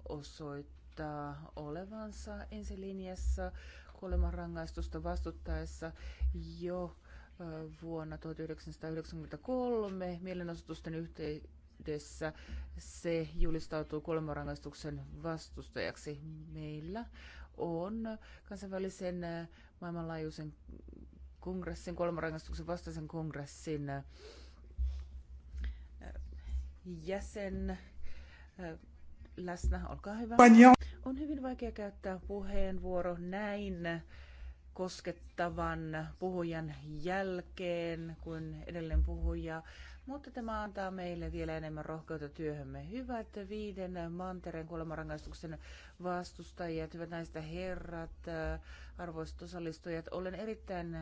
osoittaa olevansa linjassa kuolemanrangaistusta vastuttaessa jo äh, vuonna 1993 mielenosoitusten yhteydessä yhteydessä se julistautuu kuolemanrangaistuksen vastustajaksi. Meillä on kansainvälisen äh, maailmanlaajuisen kongressin, kuolemanrangaistuksen vastaisen kongressin äh, jäsen äh, läsnä. Olkaa hyvä. On hyvin vaikea käyttää puheenvuoro näin koskettavan puhujan jälkeen, kun edellinen puhuja mutta tämä antaa meille vielä enemmän rohkeutta työhömme. Hyvät viiden mantereen kuolemanrangaistuksen vastustajat, hyvät naiset ja herrat, äh, arvoisat osallistujat, olen erittäin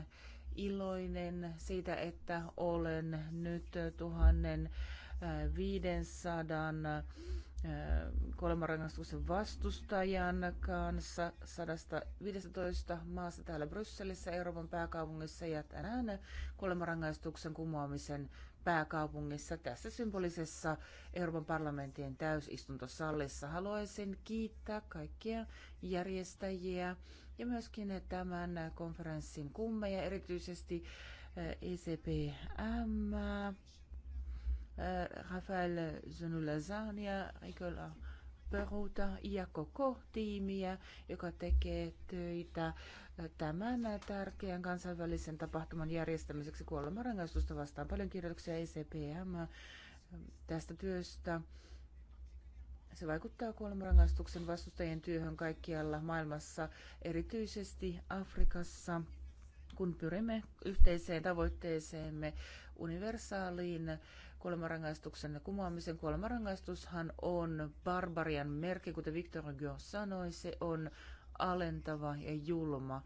iloinen siitä, että olen nyt 1500 äh, äh, kuolemanrangaistuksen vastustajan kanssa 115 maassa täällä Brysselissä, Euroopan pääkaupungissa ja tänään kuolemanrangaistuksen kumoamisen pääkaupungissa tässä symbolisessa Euroopan parlamentin täysistuntosalissa. Haluaisin kiittää kaikkia järjestäjiä ja myöskin tämän konferenssin kummeja, erityisesti ECPM, eh, e eh, Rafael Zunulazan ja Ricola Peruta ja koko tiimiä, joka tekee töitä tämän tärkeän kansainvälisen tapahtuman järjestämiseksi kuolemanrangaistusta vastaan. Paljon kirjoituksia ECPM tästä työstä. Se vaikuttaa kuolemanrangaistuksen vastustajien työhön kaikkialla maailmassa, erityisesti Afrikassa, kun pyrimme yhteiseen tavoitteeseemme universaaliin kuolemanrangaistuksen kumoamisen. Kuolemanrangaistushan on barbarian merkki, kuten Victor Hugo sanoi, se on alentava ja julma.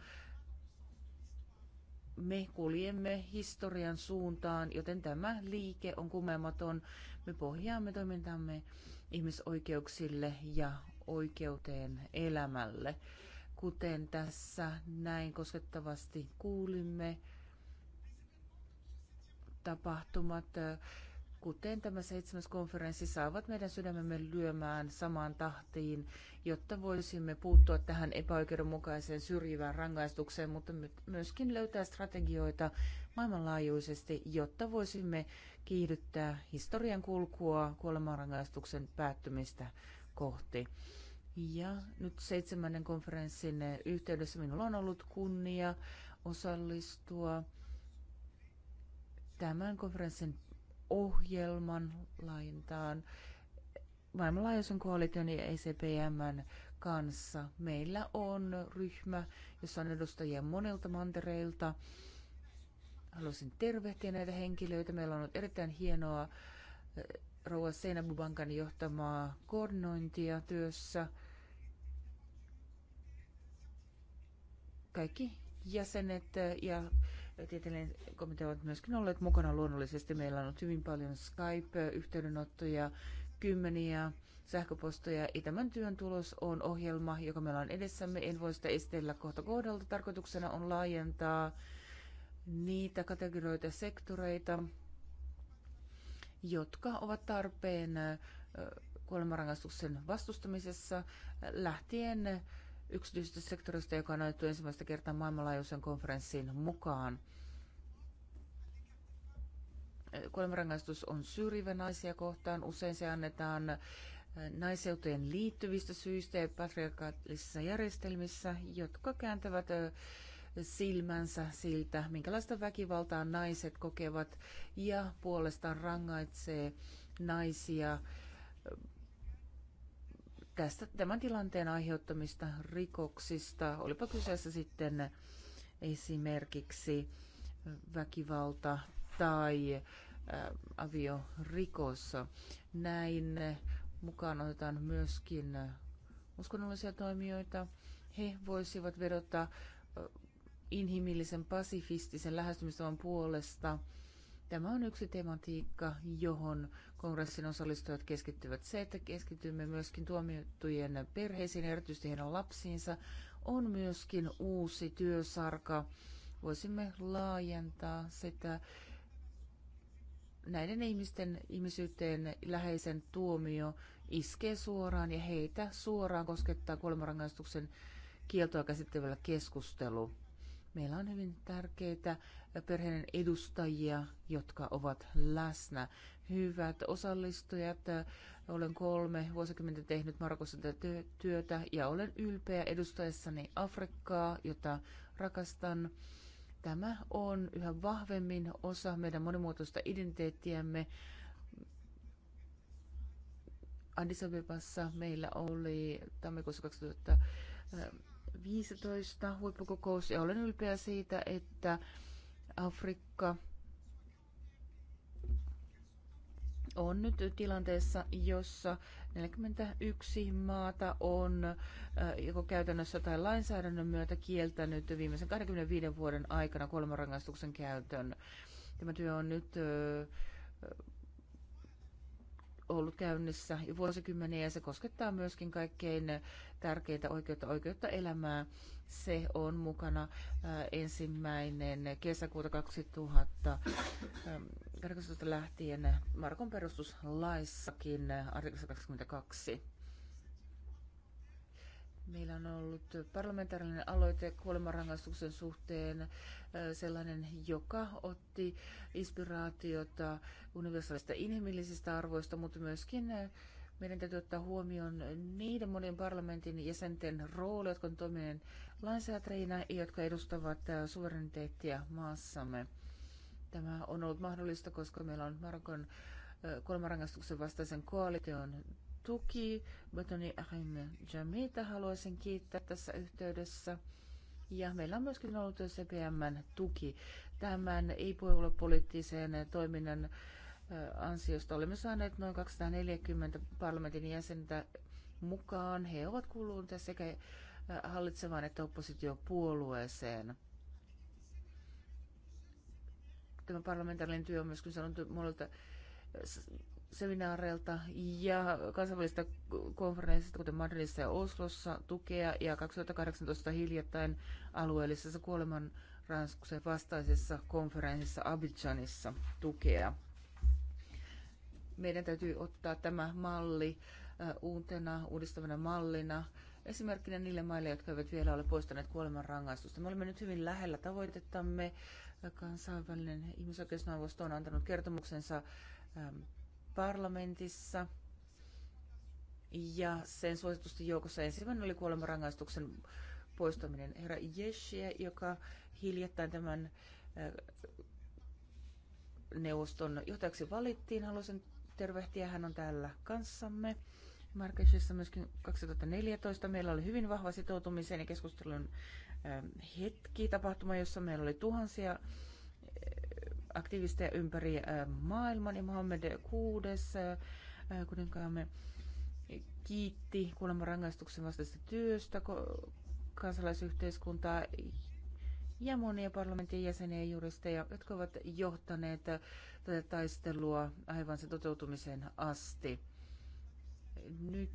Me kuljemme historian suuntaan, joten tämä liike on kumematon. Me pohjaamme toimintamme ihmisoikeuksille ja oikeuteen elämälle. Kuten tässä näin koskettavasti kuulimme, tapahtumat kuten tämä seitsemäs konferenssi, saavat meidän sydämemme lyömään samaan tahtiin, jotta voisimme puuttua tähän epäoikeudenmukaiseen syrjivään rangaistukseen, mutta myöskin löytää strategioita maailmanlaajuisesti, jotta voisimme kiihdyttää historian kulkua kuolemanrangaistuksen päättymistä kohti. Ja nyt seitsemännen konferenssin yhteydessä minulla on ollut kunnia osallistua tämän konferenssin ohjelman laajentaan maailmanlaajuisen koalition ja ECPMn kanssa. Meillä on ryhmä, jossa on edustajia monelta mantereilta. Haluaisin tervehtiä näitä henkilöitä. Meillä on ollut erittäin hienoa eh, rouva Seinäbubankan johtamaa koordinointia työssä. Kaikki jäsenet eh, ja tieteellinen komiteat ovat myöskin olleet mukana luonnollisesti. Meillä on ollut hyvin paljon Skype-yhteydenottoja, kymmeniä sähköposteja. Ja tämän työn tulos on ohjelma, joka meillä on edessämme. En voi sitä esitellä kohta kohdalta. Tarkoituksena on laajentaa niitä kategorioita sektoreita, jotka ovat tarpeen kuolemanrangaistuksen vastustamisessa lähtien yksityisestä sektorista, joka on otettu ensimmäistä kertaa maailmanlaajuisen konferenssiin mukaan. Kuolemanrangaistus on syrjivä naisia kohtaan. Usein se annetaan äh, naiseuteen liittyvistä syistä ja patriarkaalisissa järjestelmissä, jotka kääntävät äh, silmänsä siltä, minkälaista väkivaltaa naiset kokevat ja puolestaan rangaitsee naisia äh, tästä tämän tilanteen aiheuttamista rikoksista, olipa kyseessä sitten esimerkiksi väkivalta tai äh, aviorikos. Näin mukaan otetaan myöskin äh, uskonnollisia toimijoita. He voisivat vedota äh, inhimillisen pasifistisen lähestymistavan puolesta. Tämä on yksi tematiikka, johon kongressin osallistujat keskittyvät. Se, että keskitymme myöskin tuomittujen perheisiin, erityisesti heidän lapsiinsa, on myöskin uusi työsarka. Voisimme laajentaa sitä näiden ihmisten ihmisyyteen läheisen tuomio iskee suoraan ja heitä suoraan koskettaa kuolemanrangaistuksen kieltoa käsittävällä keskustelu. Meillä on hyvin tärkeitä perheiden edustajia, jotka ovat läsnä hyvät osallistujat. Olen kolme vuosikymmentä tehnyt Marokossa tätä työtä ja olen ylpeä edustaessani Afrikkaa, jota rakastan. Tämä on yhä vahvemmin osa meidän monimuotoista identiteettiämme. Addis Abebassa meillä oli tammikuussa 2015 huippukokous ja olen ylpeä siitä, että Afrikka – on nyt tilanteessa, jossa 41 maata on äh, joko käytännössä tai lainsäädännön myötä kieltänyt viimeisen 25 vuoden aikana kuolemanrangaistuksen käytön. Tämä työ on nyt äh, ollut käynnissä jo vuosikymmeniä ja se koskettaa myöskin kaikkein tärkeintä oikeutta, oikeutta elämää. Se on mukana äh, ensimmäinen kesäkuuta 2000 tarkastusta lähtien Markon perustuslaissakin artiklassa 22. Meillä on ollut parlamentaarinen aloite kuolemanrangaistuksen suhteen äh, sellainen, joka otti inspiraatiota universaalista inhimillisistä arvoista, mutta myöskin äh, meidän täytyy ottaa huomioon niiden monien parlamentin jäsenten rooli, jotka on toimineet lainsäätäjinä ja jotka edustavat äh, suvereniteettia maassamme. Tämä on ollut mahdollista, koska meillä on Marokon kolmarangastuksen vastaisen koalition tuki. Betoni Ahim Jamita haluaisin kiittää tässä yhteydessä. Ja meillä on myöskin ollut CPMn tuki. Tämän ei-puoluepoliittisen toiminnan ansiosta olemme saaneet noin 240 parlamentin jäsentä mukaan. He ovat kuuluneet sekä hallitsevaan että oppositiopuolueeseen. Tämä parlamentaarinen työ on myöskin sanottu monelta äh, seminaareilta ja kansainvälisistä konferensseista, kuten Madridissa ja Oslossa, tukea ja 2018 hiljattain alueellisessa kuoleman ranskuksen vastaisessa konferenssissa Abidjanissa tukea. Meidän täytyy ottaa tämä malli äh, uutena, uudistavana mallina esimerkkinä niille maille, jotka eivät vielä ole poistaneet kuoleman rangaistusta. Me olemme nyt hyvin lähellä tavoitettamme. Kansainvälinen ihmisoikeusneuvosto on antanut kertomuksensa ähm, parlamentissa. Ja sen suositusten joukossa ensimmäinen oli kuolemanrangaistuksen poistaminen. Herra Yeshie, joka hiljattain tämän äh, neuvoston johtajaksi valittiin, haluaisin tervehtiä. Hän on täällä kanssamme. Marrakeshissa myöskin 2014 meillä oli hyvin vahva sitoutumisen ja keskustelun hetki tapahtuma, jossa meillä oli tuhansia eh, aktivisteja ympäri eh, maailman ja Mohammed kuudes, eh, kuninkaamme, kiitti kuolemanrangaistuksen vastaista työstä kansalaisyhteiskuntaa ja monia parlamentin jäseniä ja juristeja, jotka ovat johtaneet tätä taistelua aivan sen toteutumiseen asti nyt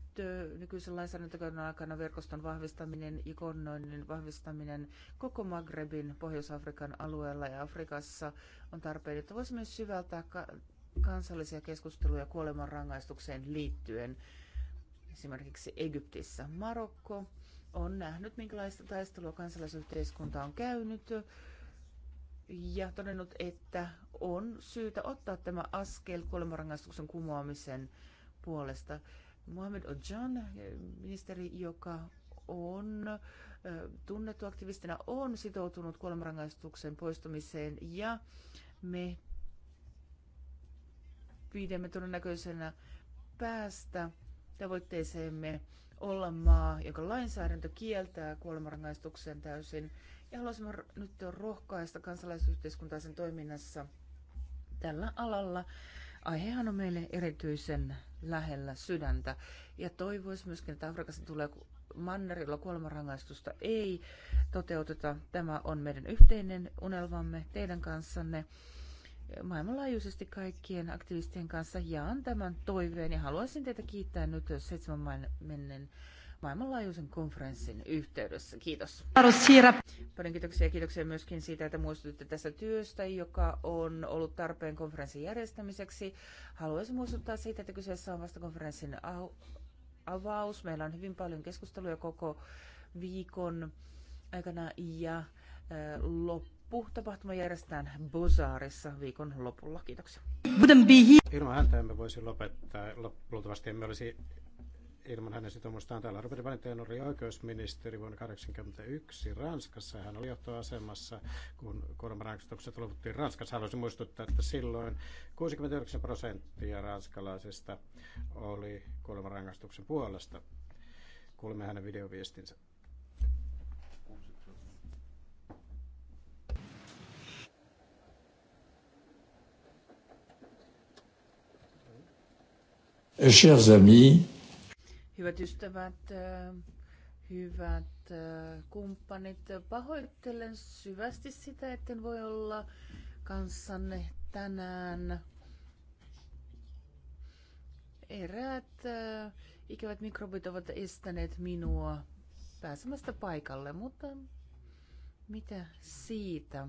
nykyisen lainsäädäntökauden aikana verkoston vahvistaminen ikonnoinnin vahvistaminen koko Magrebin, Pohjois-Afrikan alueella ja Afrikassa on tarpeen, että voisimme syvältää kansallisia keskusteluja kuolemanrangaistukseen liittyen esimerkiksi Egyptissä. Marokko on nähnyt, minkälaista taistelua kansalaisyhteiskunta on käynyt ja todennut, että on syytä ottaa tämä askel kuolemanrangaistuksen kumoamisen puolesta. Mohamed Ojan, ministeri, joka on tunnettu aktivistina, on sitoutunut kuolemanrangaistuksen poistumiseen ja me pidämme todennäköisenä päästä tavoitteeseemme olla maa, joka lainsäädäntö kieltää kuolemanrangaistuksen täysin. Ja haluaisimme nyt rohkaista kansalaisyhteiskuntaisen toiminnassa tällä alalla. Aihehan on meille erityisen lähellä sydäntä. Ja toivoisi myöskin, että Afrikasta tulee mannerilla kuolemanrangaistusta ei toteuteta. Tämä on meidän yhteinen unelmamme teidän kanssanne maailmanlaajuisesti kaikkien aktivistien kanssa jaan tämän toiveen ja haluaisin teitä kiittää nyt seitsemän menneen maailmanlaajuisen konferenssin yhteydessä. Kiitos. Paljon kiitoksia ja kiitoksia myöskin siitä, että muistutitte tästä työstä, joka on ollut tarpeen konferenssin järjestämiseksi. Haluaisin muistuttaa siitä, että kyseessä on vasta konferenssin avaus. Meillä on hyvin paljon keskusteluja koko viikon aikana ja loppu. Tapahtuma järjestetään Bosaarissa viikon lopulla. Kiitoksia. Ilman häntä emme voisi lopettaa. Luultavasti emme olisi ilman hänen sitoumustaan täällä. Robert Valentin oli oikeusministeri vuonna 1981 Ranskassa. Hän oli johtoasemassa, kun kuolemanrangaistukset luvuttiin Ranskassa. Haluaisin muistuttaa, että silloin 69 prosenttia ranskalaisista oli kuolemanrangaistuksen puolesta. Kuulemme hänen videoviestinsä. Chers amis, Hyvät ystävät, äh, hyvät äh, kumppanit, pahoittelen syvästi sitä, etten voi olla kanssanne tänään. Eräät äh, ikävät mikrobit ovat estäneet minua pääsemästä paikalle, mutta mitä siitä?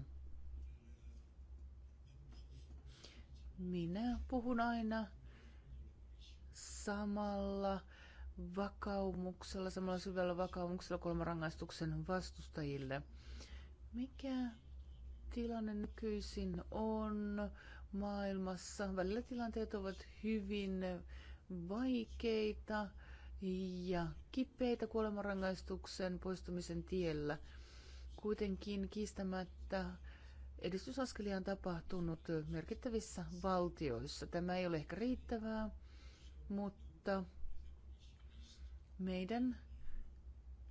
Minä puhun aina samalla vakaumuksella, samalla syvällä vakaumuksella rangaistuksen vastustajille. Mikä tilanne nykyisin on maailmassa? Välillä tilanteet ovat hyvin vaikeita ja kipeitä kuolemanrangaistuksen poistumisen tiellä. Kuitenkin kiistämättä edistysaskelia on tapahtunut merkittävissä valtioissa. Tämä ei ole ehkä riittävää, mutta meidän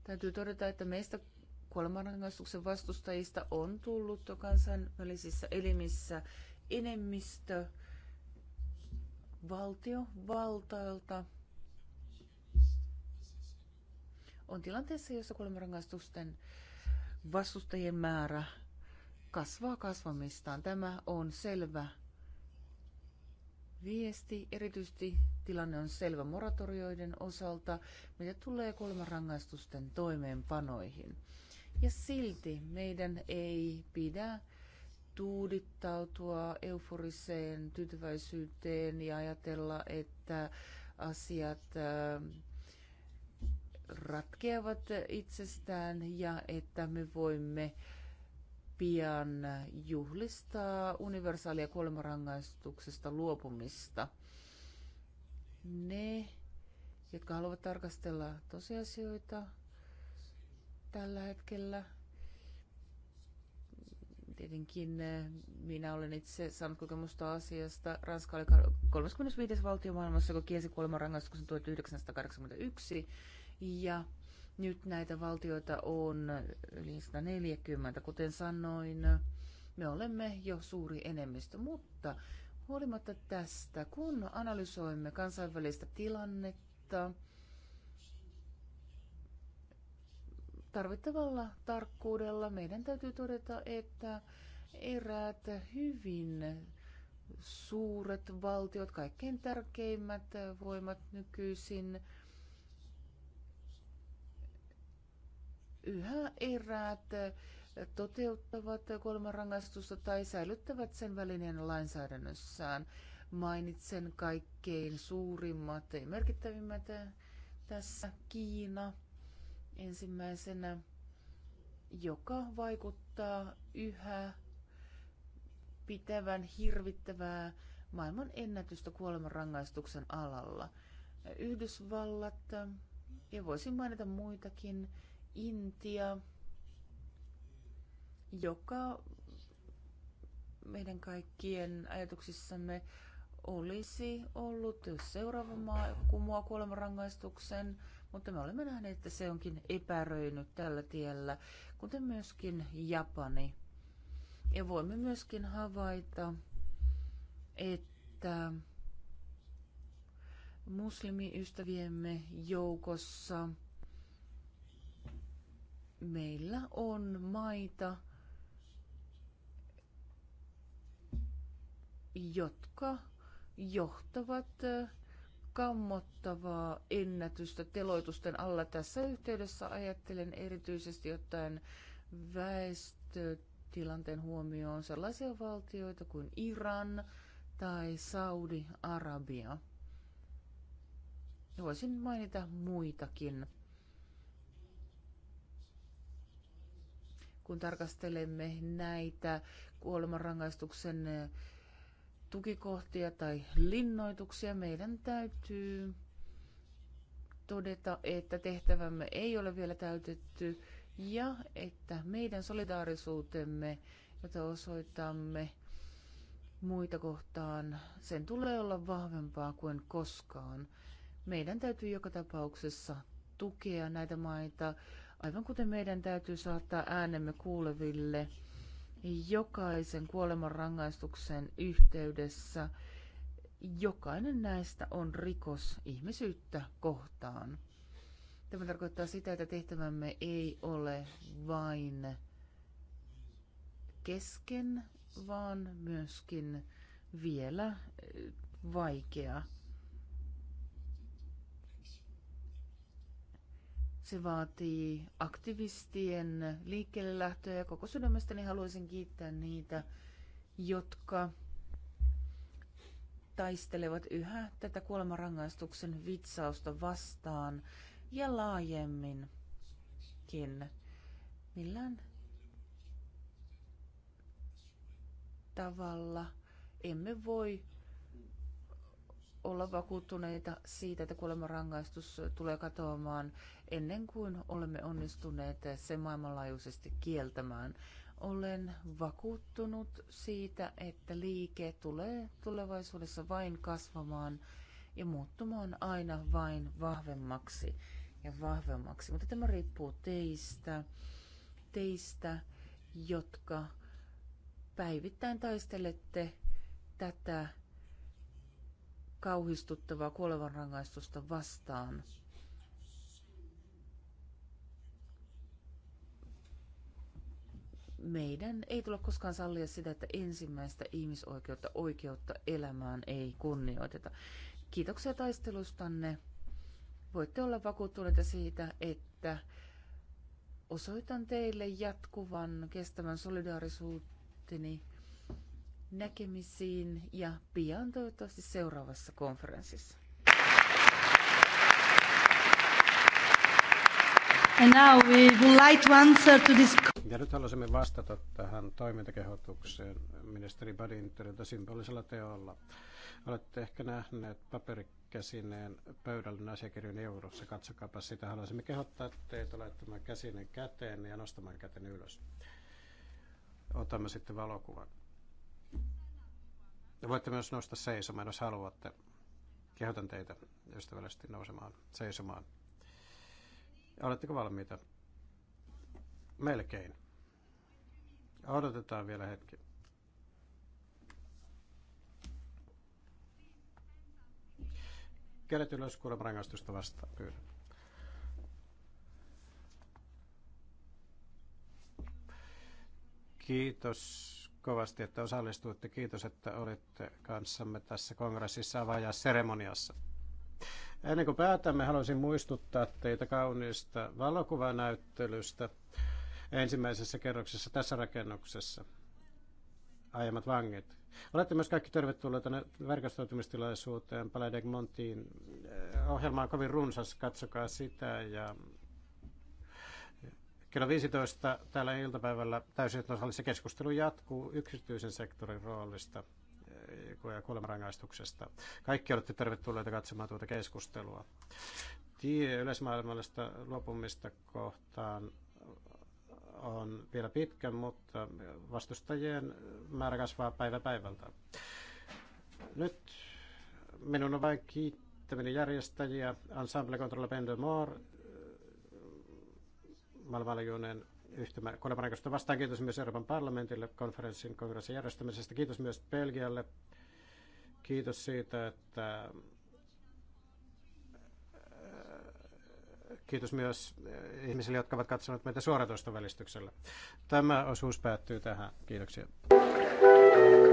täytyy todeta, että meistä kuolemanrangaistuksen vastustajista on tullut kansainvälisissä elimissä enemmistö valtiovaltailta on tilanteessa, jossa kuolemanrangaistusten vastustajien määrä kasvaa kasvamistaan. Tämä on selvä viesti erityisesti tilanne on selvä moratorioiden osalta, mitä tulee kuolemanrangaistusten toimeenpanoihin. Ja silti meidän ei pidä tuudittautua euforiseen tyytyväisyyteen ja ajatella, että asiat ratkeavat itsestään ja että me voimme pian juhlistaa universaalia kuolemarangaistuksesta luopumista – ne, jotka haluavat tarkastella tosiasioita tällä hetkellä. Tietenkin eh, minä olen itse saanut kokemusta asiasta. Ranska oli 35. valtio maailmassa, joka kielsi kuolemanrangaistuksen 1981. Ja nyt näitä valtioita on yli 140, kuten sanoin. Me olemme jo suuri enemmistö, mutta Huolimatta tästä, kun analysoimme kansainvälistä tilannetta tarvittavalla tarkkuudella, meidän täytyy todeta, että eräät hyvin suuret valtiot, kaikkein tärkeimmät voimat nykyisin, yhä eräät toteuttavat kuolemanrangaistusta tai säilyttävät sen välineen lainsäädännössään. Mainitsen kaikkein suurimmat ja merkittävimmät tässä Kiina ensimmäisenä, joka vaikuttaa yhä pitävän hirvittävää maailman ennätystä kuolemanrangaistuksen alalla. Yhdysvallat ja voisin mainita muitakin, Intia, joka meidän kaikkien ajatuksissamme olisi ollut seuraava maa kumoa kuolemanrangaistuksen, mutta me olemme nähneet, että se onkin epäröinyt tällä tiellä, kuten myöskin Japani. Ja voimme myöskin havaita, että muslimiystäviemme joukossa meillä on maita, jotka johtavat kammottavaa ennätystä teloitusten alla. Tässä yhteydessä ajattelen erityisesti ottaen väestötilanteen huomioon sellaisia valtioita kuin Iran tai Saudi-Arabia. Voisin mainita muitakin. Kun tarkastelemme näitä kuolemanrangaistuksen tukikohtia tai linnoituksia, meidän täytyy todeta, että tehtävämme ei ole vielä täytetty ja että meidän solidaarisuutemme, jota osoitamme muita kohtaan, sen tulee olla vahvempaa kuin koskaan. Meidän täytyy joka tapauksessa tukea näitä maita, aivan kuten meidän täytyy saattaa äänemme kuuleville – jokaisen kuolemanrangaistuksen yhteydessä jokainen näistä on rikos ihmisyyttä kohtaan. Tämä tarkoittaa sitä, että tehtävämme ei ole vain kesken, vaan myöskin vielä eh, vaikea. Se vaatii aktivistien liikkeelle lähtöä ja koko sydämestäni haluaisin kiittää niitä, jotka taistelevat yhä tätä kuolemanrangaistuksen vitsausta vastaan ja laajemminkin. Millään tavalla emme voi olla vakuuttuneita siitä, että kuolemanrangaistus tulee katoamaan ennen kuin olemme onnistuneet sen maailmanlaajuisesti kieltämään. Olen vakuuttunut siitä, että liike tulee tulevaisuudessa vain kasvamaan ja muuttumaan aina vain vahvemmaksi ja vahvemmaksi. Mutta tämä riippuu teistä, teistä, jotka päivittäin taistelette tätä kauhistuttavaa kuolevanrangaistusta vastaan. Meidän ei tule koskaan sallia sitä, että ensimmäistä ihmisoikeutta, oikeutta elämään ei kunnioiteta. Kiitoksia taistelustanne. Voitte olla vakuuttuneita siitä, että osoitan teille jatkuvan kestävän solidaarisuuteni näkemisiin ja pian toivottavasti seuraavassa konferenssissa. And now we would like to answer to this... Ja nyt haluaisimme vastata tähän toimintakehotukseen ministeri Badinterilta symbolisella teolla. Olette ehkä nähneet paperikäsineen pöydällinen asiakirjan eurossa. Katsokaapa sitä. Haluaisimme kehottaa teitä laittamaan käsinen käteen ja nostamaan käteen ylös. Otamme sitten valokuvan. Ja voitte myös nousta seisomaan, jos haluatte. Kehotan teitä ystävällisesti nousemaan seisomaan. Oletteko valmiita? Melkein. Odotetaan vielä hetki. Kädet ylös rangaistusta vastaan, pyydän. Kiitos kovasti, että osallistuitte. Kiitos, että olitte kanssamme tässä kongressissa avajaisseremoniassa. Ennen kuin päätämme, haluaisin muistuttaa teitä kauniista valokuvanäyttelystä ensimmäisessä kerroksessa tässä rakennuksessa. Aiemmat vangit. Olette myös kaikki tervetulleita verkostoitumistilaisuuteen de Montiin. Eh, ohjelma on kovin runsas, katsokaa sitä ja Kello 15 täällä iltapäivällä täysistuntosalissa keskustelu jatkuu yksityisen sektorin roolista eh, ja kuolemanrangaistuksesta. Kaikki olette tervetulleita katsomaan tuota keskustelua. Tie yleismaailmallista luopumista kohtaan on vielä pitkä, mutta vastustajien määrä kasvaa päivä päivältä. Nyt minun on vain kiittäminen järjestäjiä, Ensemble Control Pendemore, maailmanlaajuinen yhtymä kuolemanrikosta vastaan. Kiitos myös Euroopan parlamentille konferenssin kongressin järjestämisestä. Kiitos myös Belgialle. Kiitos siitä, että äh, kiitos myös äh, ihmisille, jotka ovat katsoneet meitä suoratoistovälistyksellä. Tämä osuus päättyy tähän. Kiitoksia.